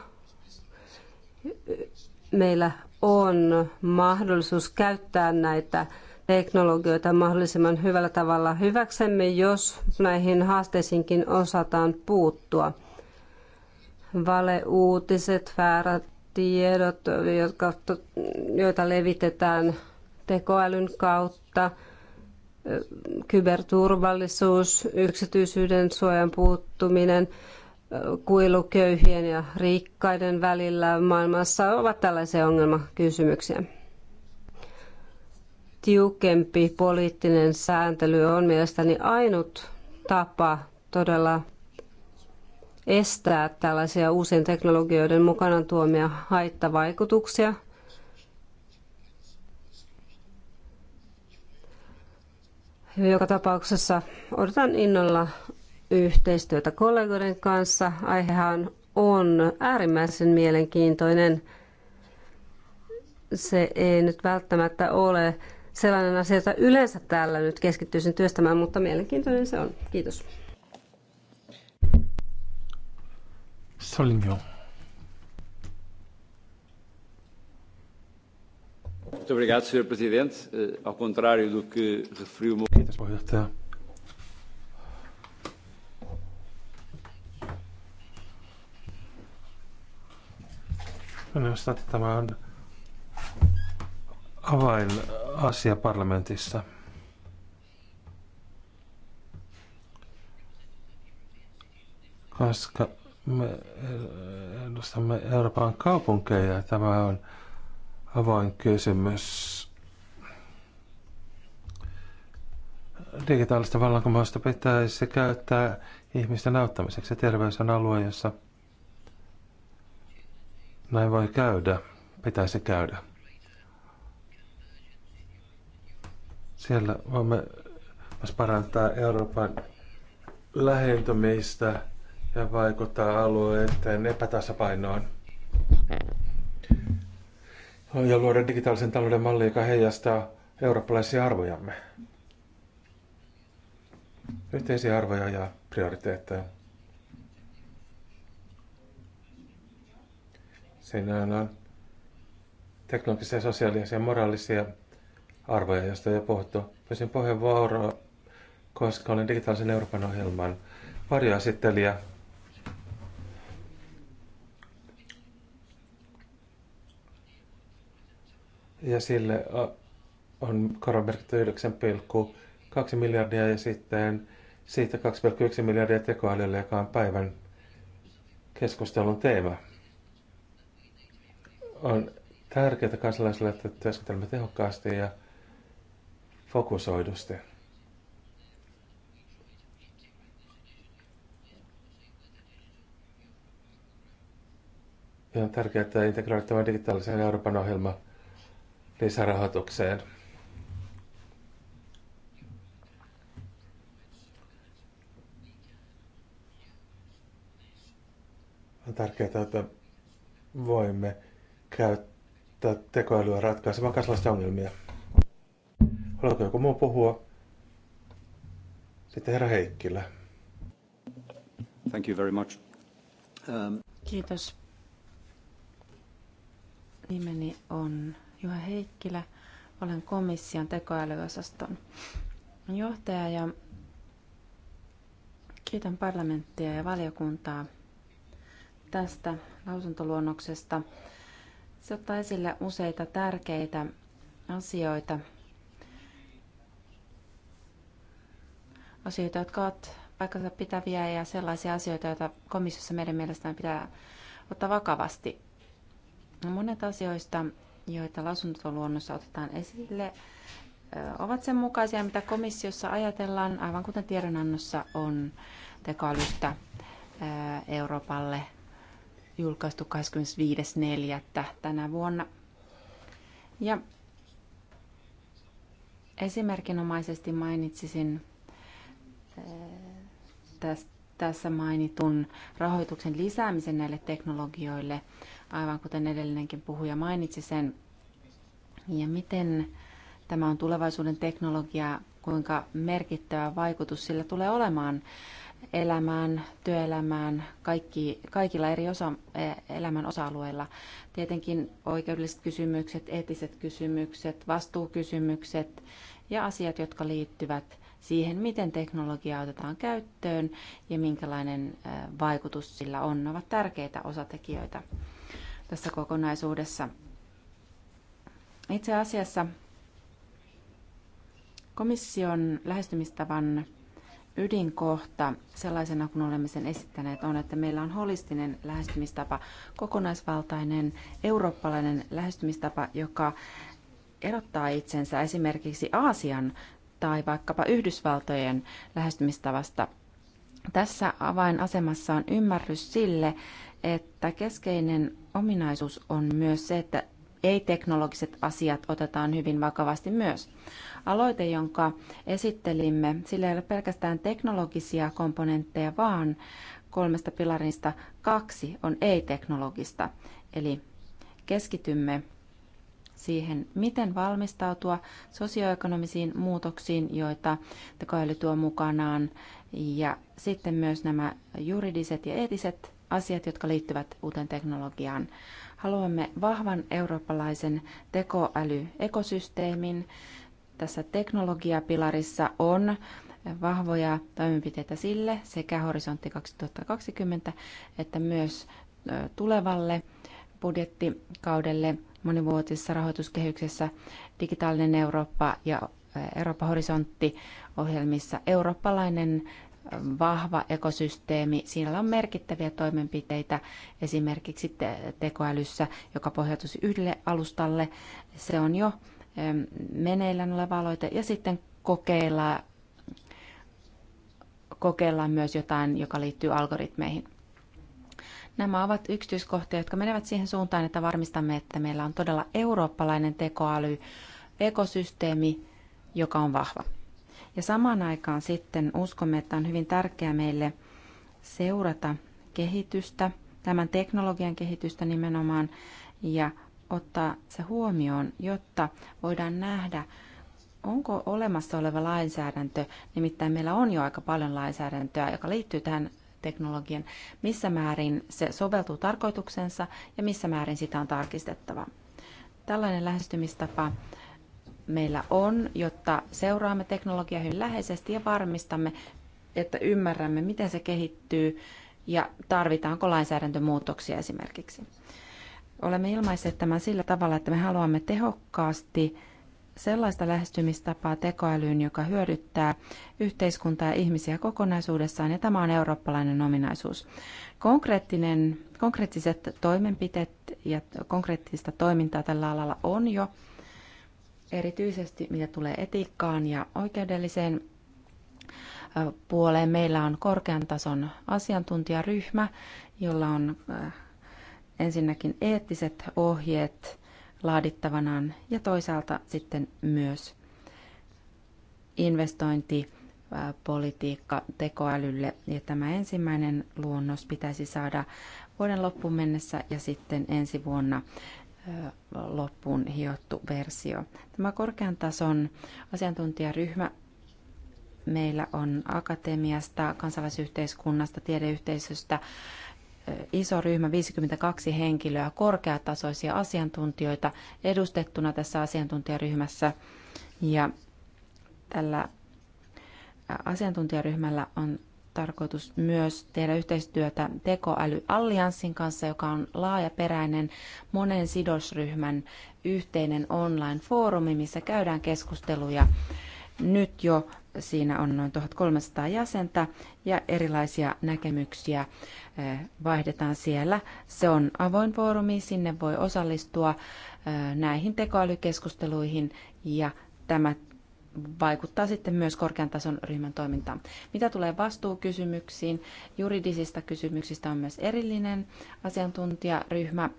Meillä on mahdollisuus käyttää näitä teknologioita mahdollisimman hyvällä tavalla hyväksemme, jos näihin haasteisiinkin osataan puuttua. Valeuutiset, väärät tiedot, jotka, joita levitetään tekoälyn kautta, kyberturvallisuus, yksityisyyden suojan puuttuminen, kuilu köyhien ja rikkaiden välillä maailmassa ovat tällaisia ongelmakysymyksiä. Tiukempi poliittinen sääntely on mielestäni ainut tapa todella estää tällaisia uusien teknologioiden mukana tuomia haittavaikutuksia. Joka tapauksessa odotan innolla yhteistyötä kollegoiden kanssa. Aihehan on äärimmäisen mielenkiintoinen. Se ei nyt välttämättä ole sellainen asia, jota yleensä täällä nyt keskittyisin työstämään, mutta mielenkiintoinen se on. Kiitos. Solignon. Eh, Kiitos, puheenjohtaja Minusta että tämä on avainasia parlamentissa. Koska me edustamme Euroopan kaupunkeja, tämä on kysymys Digitaalista vallankumousta pitäisi käyttää ihmisten auttamiseksi. Terveys on alue, jossa näin voi käydä. Pitäisi käydä. Siellä voimme myös parantaa Euroopan lähentymistä ja vaikuttaa alueiden epätasapainoon. Ja luoda digitaalisen talouden malli, joka heijastaa eurooppalaisia arvojamme. Yhteisiä arvoja ja prioriteetteja. Siinä on teknologisia, sosiaalisia ja moraalisia arvoja, joista on jo puhuttu. Pysin puheenvuoroa, koska olen digitaalisen Euroopan ohjelman varjoesittelijä. Ja sille on koronamerkitty 9,2 miljardia ja sitten siitä 2,1 miljardia tekoälylle, joka on päivän keskustelun teema on tärkeää kansalaisille, että työskentelemme tehokkaasti ja fokusoidusti. Ja on tärkeää, että integroidaan tämä digitaalisen Euroopan ohjelma lisärahoitukseen. On tärkeää, että voimme käyttää tekoälyä ratkaisemaan kansalaisten ongelmia. Haluatko joku muu puhua? Sitten herra Heikkilä. Thank you very much. Um... Kiitos. Nimeni on Juha Heikkilä. Olen komission tekoälyosaston johtaja ja kiitän parlamenttia ja valiokuntaa tästä lausuntoluonnoksesta. Se ottaa esille useita tärkeitä asioita, asioita, jotka ovat paikkansa pitäviä ja sellaisia asioita, joita komissiossa meidän mielestään pitää ottaa vakavasti. Monet asioista, joita lausuntoluonnossa otetaan esille, ovat sen mukaisia, mitä komissiossa ajatellaan, aivan kuten tiedonannossa on tekoälystä Euroopalle julkaistu 25.4. tänä vuonna. Ja esimerkinomaisesti mainitsisin eh, tässä mainitun rahoituksen lisäämisen näille teknologioille, aivan kuten edellinenkin puhuja mainitsi sen. Ja miten tämä on tulevaisuuden teknologia, kuinka merkittävä vaikutus sillä tulee olemaan elämään, työelämään, kaikki, kaikilla eri osa, e, elämän osa-alueilla. Tietenkin oikeudelliset kysymykset, eettiset kysymykset, vastuukysymykset ja asiat, jotka liittyvät siihen, miten teknologiaa otetaan käyttöön ja minkälainen e, vaikutus sillä on, ne ovat tärkeitä osatekijöitä tässä kokonaisuudessa. Itse asiassa komission lähestymistavan ydinkohta sellaisena kuin olemme sen esittäneet on, että meillä on holistinen lähestymistapa, kokonaisvaltainen eurooppalainen lähestymistapa, joka erottaa itsensä esimerkiksi Aasian tai vaikkapa Yhdysvaltojen lähestymistavasta. Tässä avainasemassa on ymmärrys sille, että keskeinen ominaisuus on myös se, että ei-teknologiset asiat otetaan hyvin vakavasti myös. Aloite, jonka esittelimme, sillä ei ole pelkästään teknologisia komponentteja, vaan kolmesta pilarista kaksi on ei-teknologista. Eli keskitymme siihen, miten valmistautua sosioekonomisiin muutoksiin, joita tekoäly tuo mukanaan, ja sitten myös nämä juridiset ja eettiset asiat, jotka liittyvät uuteen teknologiaan. Haluamme vahvan eurooppalaisen tekoälyekosysteemin, tässä teknologiapilarissa on vahvoja toimenpiteitä sille sekä horisontti 2020 että myös tulevalle budjettikaudelle monivuotisessa rahoituskehyksessä digitaalinen Eurooppa ja Euroopan horisontti ohjelmissa eurooppalainen vahva ekosysteemi. Siinä on merkittäviä toimenpiteitä esimerkiksi tekoälyssä, joka pohjautuisi yhdelle alustalle. Se on jo meneillään oleva aloite ja sitten kokeilla, kokeillaan myös jotain, joka liittyy algoritmeihin. Nämä ovat yksityiskohtia, jotka menevät siihen suuntaan, että varmistamme, että meillä on todella eurooppalainen tekoäly, ekosysteemi, joka on vahva. Ja samaan aikaan sitten uskomme, että on hyvin tärkeää meille seurata kehitystä, tämän teknologian kehitystä nimenomaan, ja ottaa se huomioon, jotta voidaan nähdä, onko olemassa oleva lainsäädäntö, nimittäin meillä on jo aika paljon lainsäädäntöä, joka liittyy tähän teknologian, missä määrin se soveltuu tarkoituksensa ja missä määrin sitä on tarkistettava. Tällainen lähestymistapa meillä on, jotta seuraamme teknologiaa hyvin läheisesti ja varmistamme, että ymmärrämme, miten se kehittyy ja tarvitaanko lainsäädäntömuutoksia esimerkiksi. Olemme ilmaiset tämän sillä tavalla, että me haluamme tehokkaasti sellaista lähestymistapaa tekoälyyn, joka hyödyttää yhteiskuntaa ja ihmisiä kokonaisuudessaan, ja tämä on eurooppalainen ominaisuus. Konkreettinen, konkreettiset toimenpiteet ja konkreettista toimintaa tällä alalla on jo, erityisesti mitä tulee etiikkaan ja oikeudelliseen puoleen. Meillä on korkean tason asiantuntijaryhmä, jolla on ensinnäkin eettiset ohjeet laadittavanaan ja toisaalta sitten myös investointipolitiikka tekoälylle. Ja tämä ensimmäinen luonnos pitäisi saada vuoden loppuun mennessä ja sitten ensi vuonna loppuun hiottu versio. Tämä korkean tason asiantuntijaryhmä meillä on akatemiasta, kansalaisyhteiskunnasta, tiedeyhteisöstä iso ryhmä, 52 henkilöä, korkeatasoisia asiantuntijoita edustettuna tässä asiantuntijaryhmässä. Ja tällä asiantuntijaryhmällä on tarkoitus myös tehdä yhteistyötä tekoälyallianssin kanssa, joka on laajaperäinen monen sidosryhmän yhteinen online-foorumi, missä käydään keskusteluja nyt jo Siinä on noin 1300 jäsentä ja erilaisia näkemyksiä eh, vaihdetaan siellä. Se on avoin foorumi, sinne voi osallistua eh, näihin tekoälykeskusteluihin ja tämä vaikuttaa sitten myös korkean tason ryhmän toimintaan. Mitä tulee vastuukysymyksiin, juridisista kysymyksistä on myös erillinen asiantuntijaryhmä,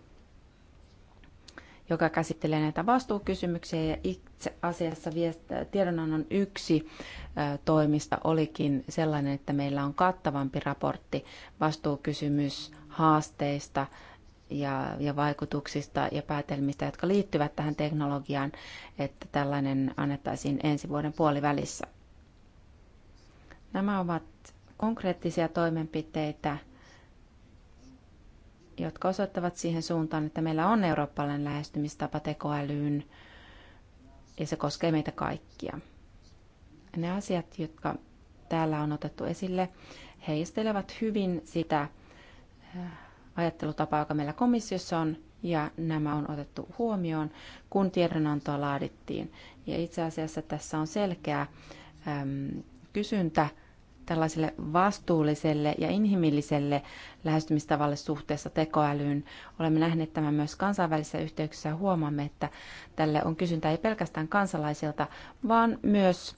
joka käsittelee näitä vastuukysymyksiä ja itse asiassa tiedonannon yksi toimista olikin sellainen, että meillä on kattavampi raportti vastuukysymys haasteista ja, ja vaikutuksista ja päätelmistä, jotka liittyvät tähän teknologiaan, että tällainen annettaisiin ensi vuoden puolivälissä. Nämä ovat konkreettisia toimenpiteitä, jotka osoittavat siihen suuntaan, että meillä on eurooppalainen lähestymistapa tekoälyyn ja se koskee meitä kaikkia. Ne asiat, jotka täällä on otettu esille, heistelevät hyvin sitä eh, ajattelutapaa, joka meillä komissiossa on, ja nämä on otettu huomioon, kun tiedonantoa laadittiin. Ja itse asiassa tässä on selkeä äm, ehm, kysyntä tällaiselle vastuulliselle ja inhimilliselle lähestymistavalle suhteessa tekoälyyn. Olemme nähneet tämän myös kansainvälisissä yhteyksissä ja huomaamme, että tälle on kysyntä ei pelkästään kansalaisilta, vaan myös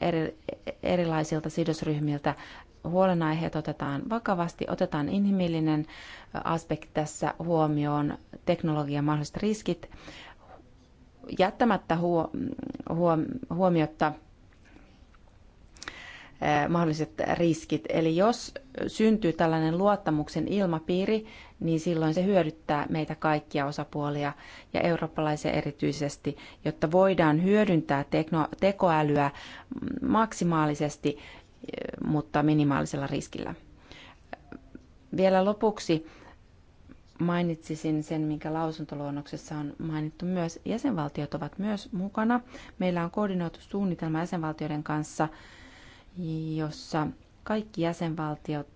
eri, erilaisilta sidosryhmiltä. Huolenaiheet otetaan vakavasti, otetaan inhimillinen aspekti tässä huomioon, teknologian mahdolliset riskit, jättämättä huo, huo, huomiota Eh, mahdolliset riskit. Eli jos syntyy tällainen luottamuksen ilmapiiri, niin silloin se hyödyttää meitä kaikkia osapuolia ja eurooppalaisia erityisesti, jotta voidaan hyödyntää tekoälyä maksimaalisesti, eh, mutta minimaalisella riskillä. Vielä lopuksi mainitsisin sen, minkä lausuntoluonnoksessa on mainittu myös. Jäsenvaltiot ovat myös mukana. Meillä on koordinoitu suunnitelma jäsenvaltioiden kanssa – jossa kaikki jäsenvaltiot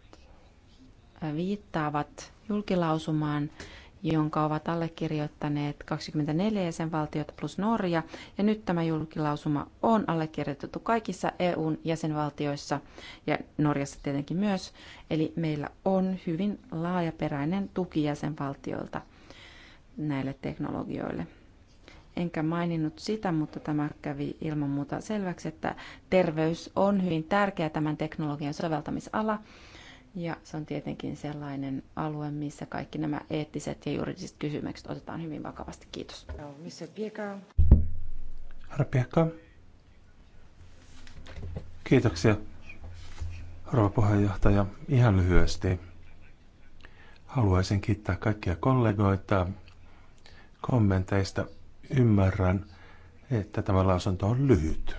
viittaavat julkilausumaan, jonka ovat allekirjoittaneet 24 jäsenvaltiota plus Norja. Ja nyt tämä julkilausuma on allekirjoitettu kaikissa EUn jäsenvaltioissa ja Norjassa tietenkin myös. Eli meillä on hyvin laajaperäinen tuki jäsenvaltioilta näille teknologioille enkä maininnut sitä, mutta tämä kävi ilman muuta selväksi, että terveys on hyvin tärkeä tämän teknologian soveltamisala. Ja se on tietenkin sellainen alue, missä kaikki nämä eettiset ja juridiset kysymykset otetaan hyvin vakavasti. Kiitos. Missä Pieka? Herra Kiitoksia, rouva puheenjohtaja. Ihan lyhyesti. Haluaisin kiittää kaikkia kollegoita kommenteista Ymmärrän, että tämä lausunto on lyhyt.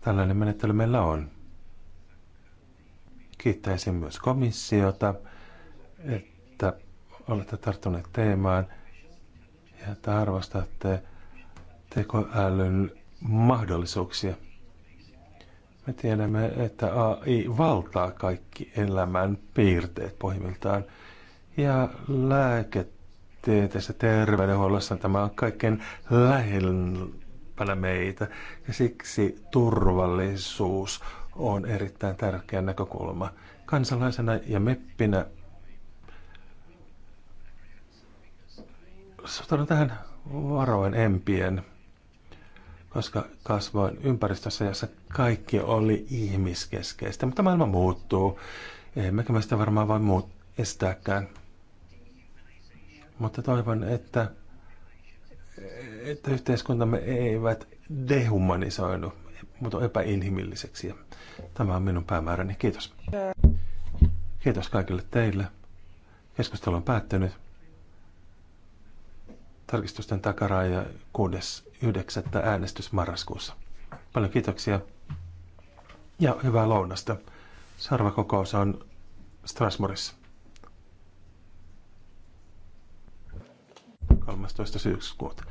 Tällainen menettely meillä on. Kiittäisin myös komissiota, että olette tarttuneet teemaan ja että arvostatte tekoälyn mahdollisuuksia. Me tiedämme, että AI valtaa kaikki elämän piirteet pohjimmiltaan ja lääket tässä terveydenhuollossa tämä on kaikkein lähellä meitä ja siksi turvallisuus on erittäin tärkeä näkökulma. Kansalaisena ja meppinä suhtaudun tähän varoen empien, koska kasvoin ympäristössä, jossa kaikki oli ihmiskeskeistä. Mutta maailma muuttuu. Emmekä me sitä varmaan voi muuttaa. estääkään. Mutta toivon, että, että yhteiskuntamme eivät dehumanisoidu, mutta epäinhimilliseksi. Ja tämä on minun päämääräni. Kiitos. Kiitos kaikille teille. Keskustelu on päättynyt. Tarkistusten takaraja 6.9. äänestys marraskuussa. Paljon kiitoksia ja hyvää lounasta. Sarvakokous on Strasbourgissa. 13. syyskuuta.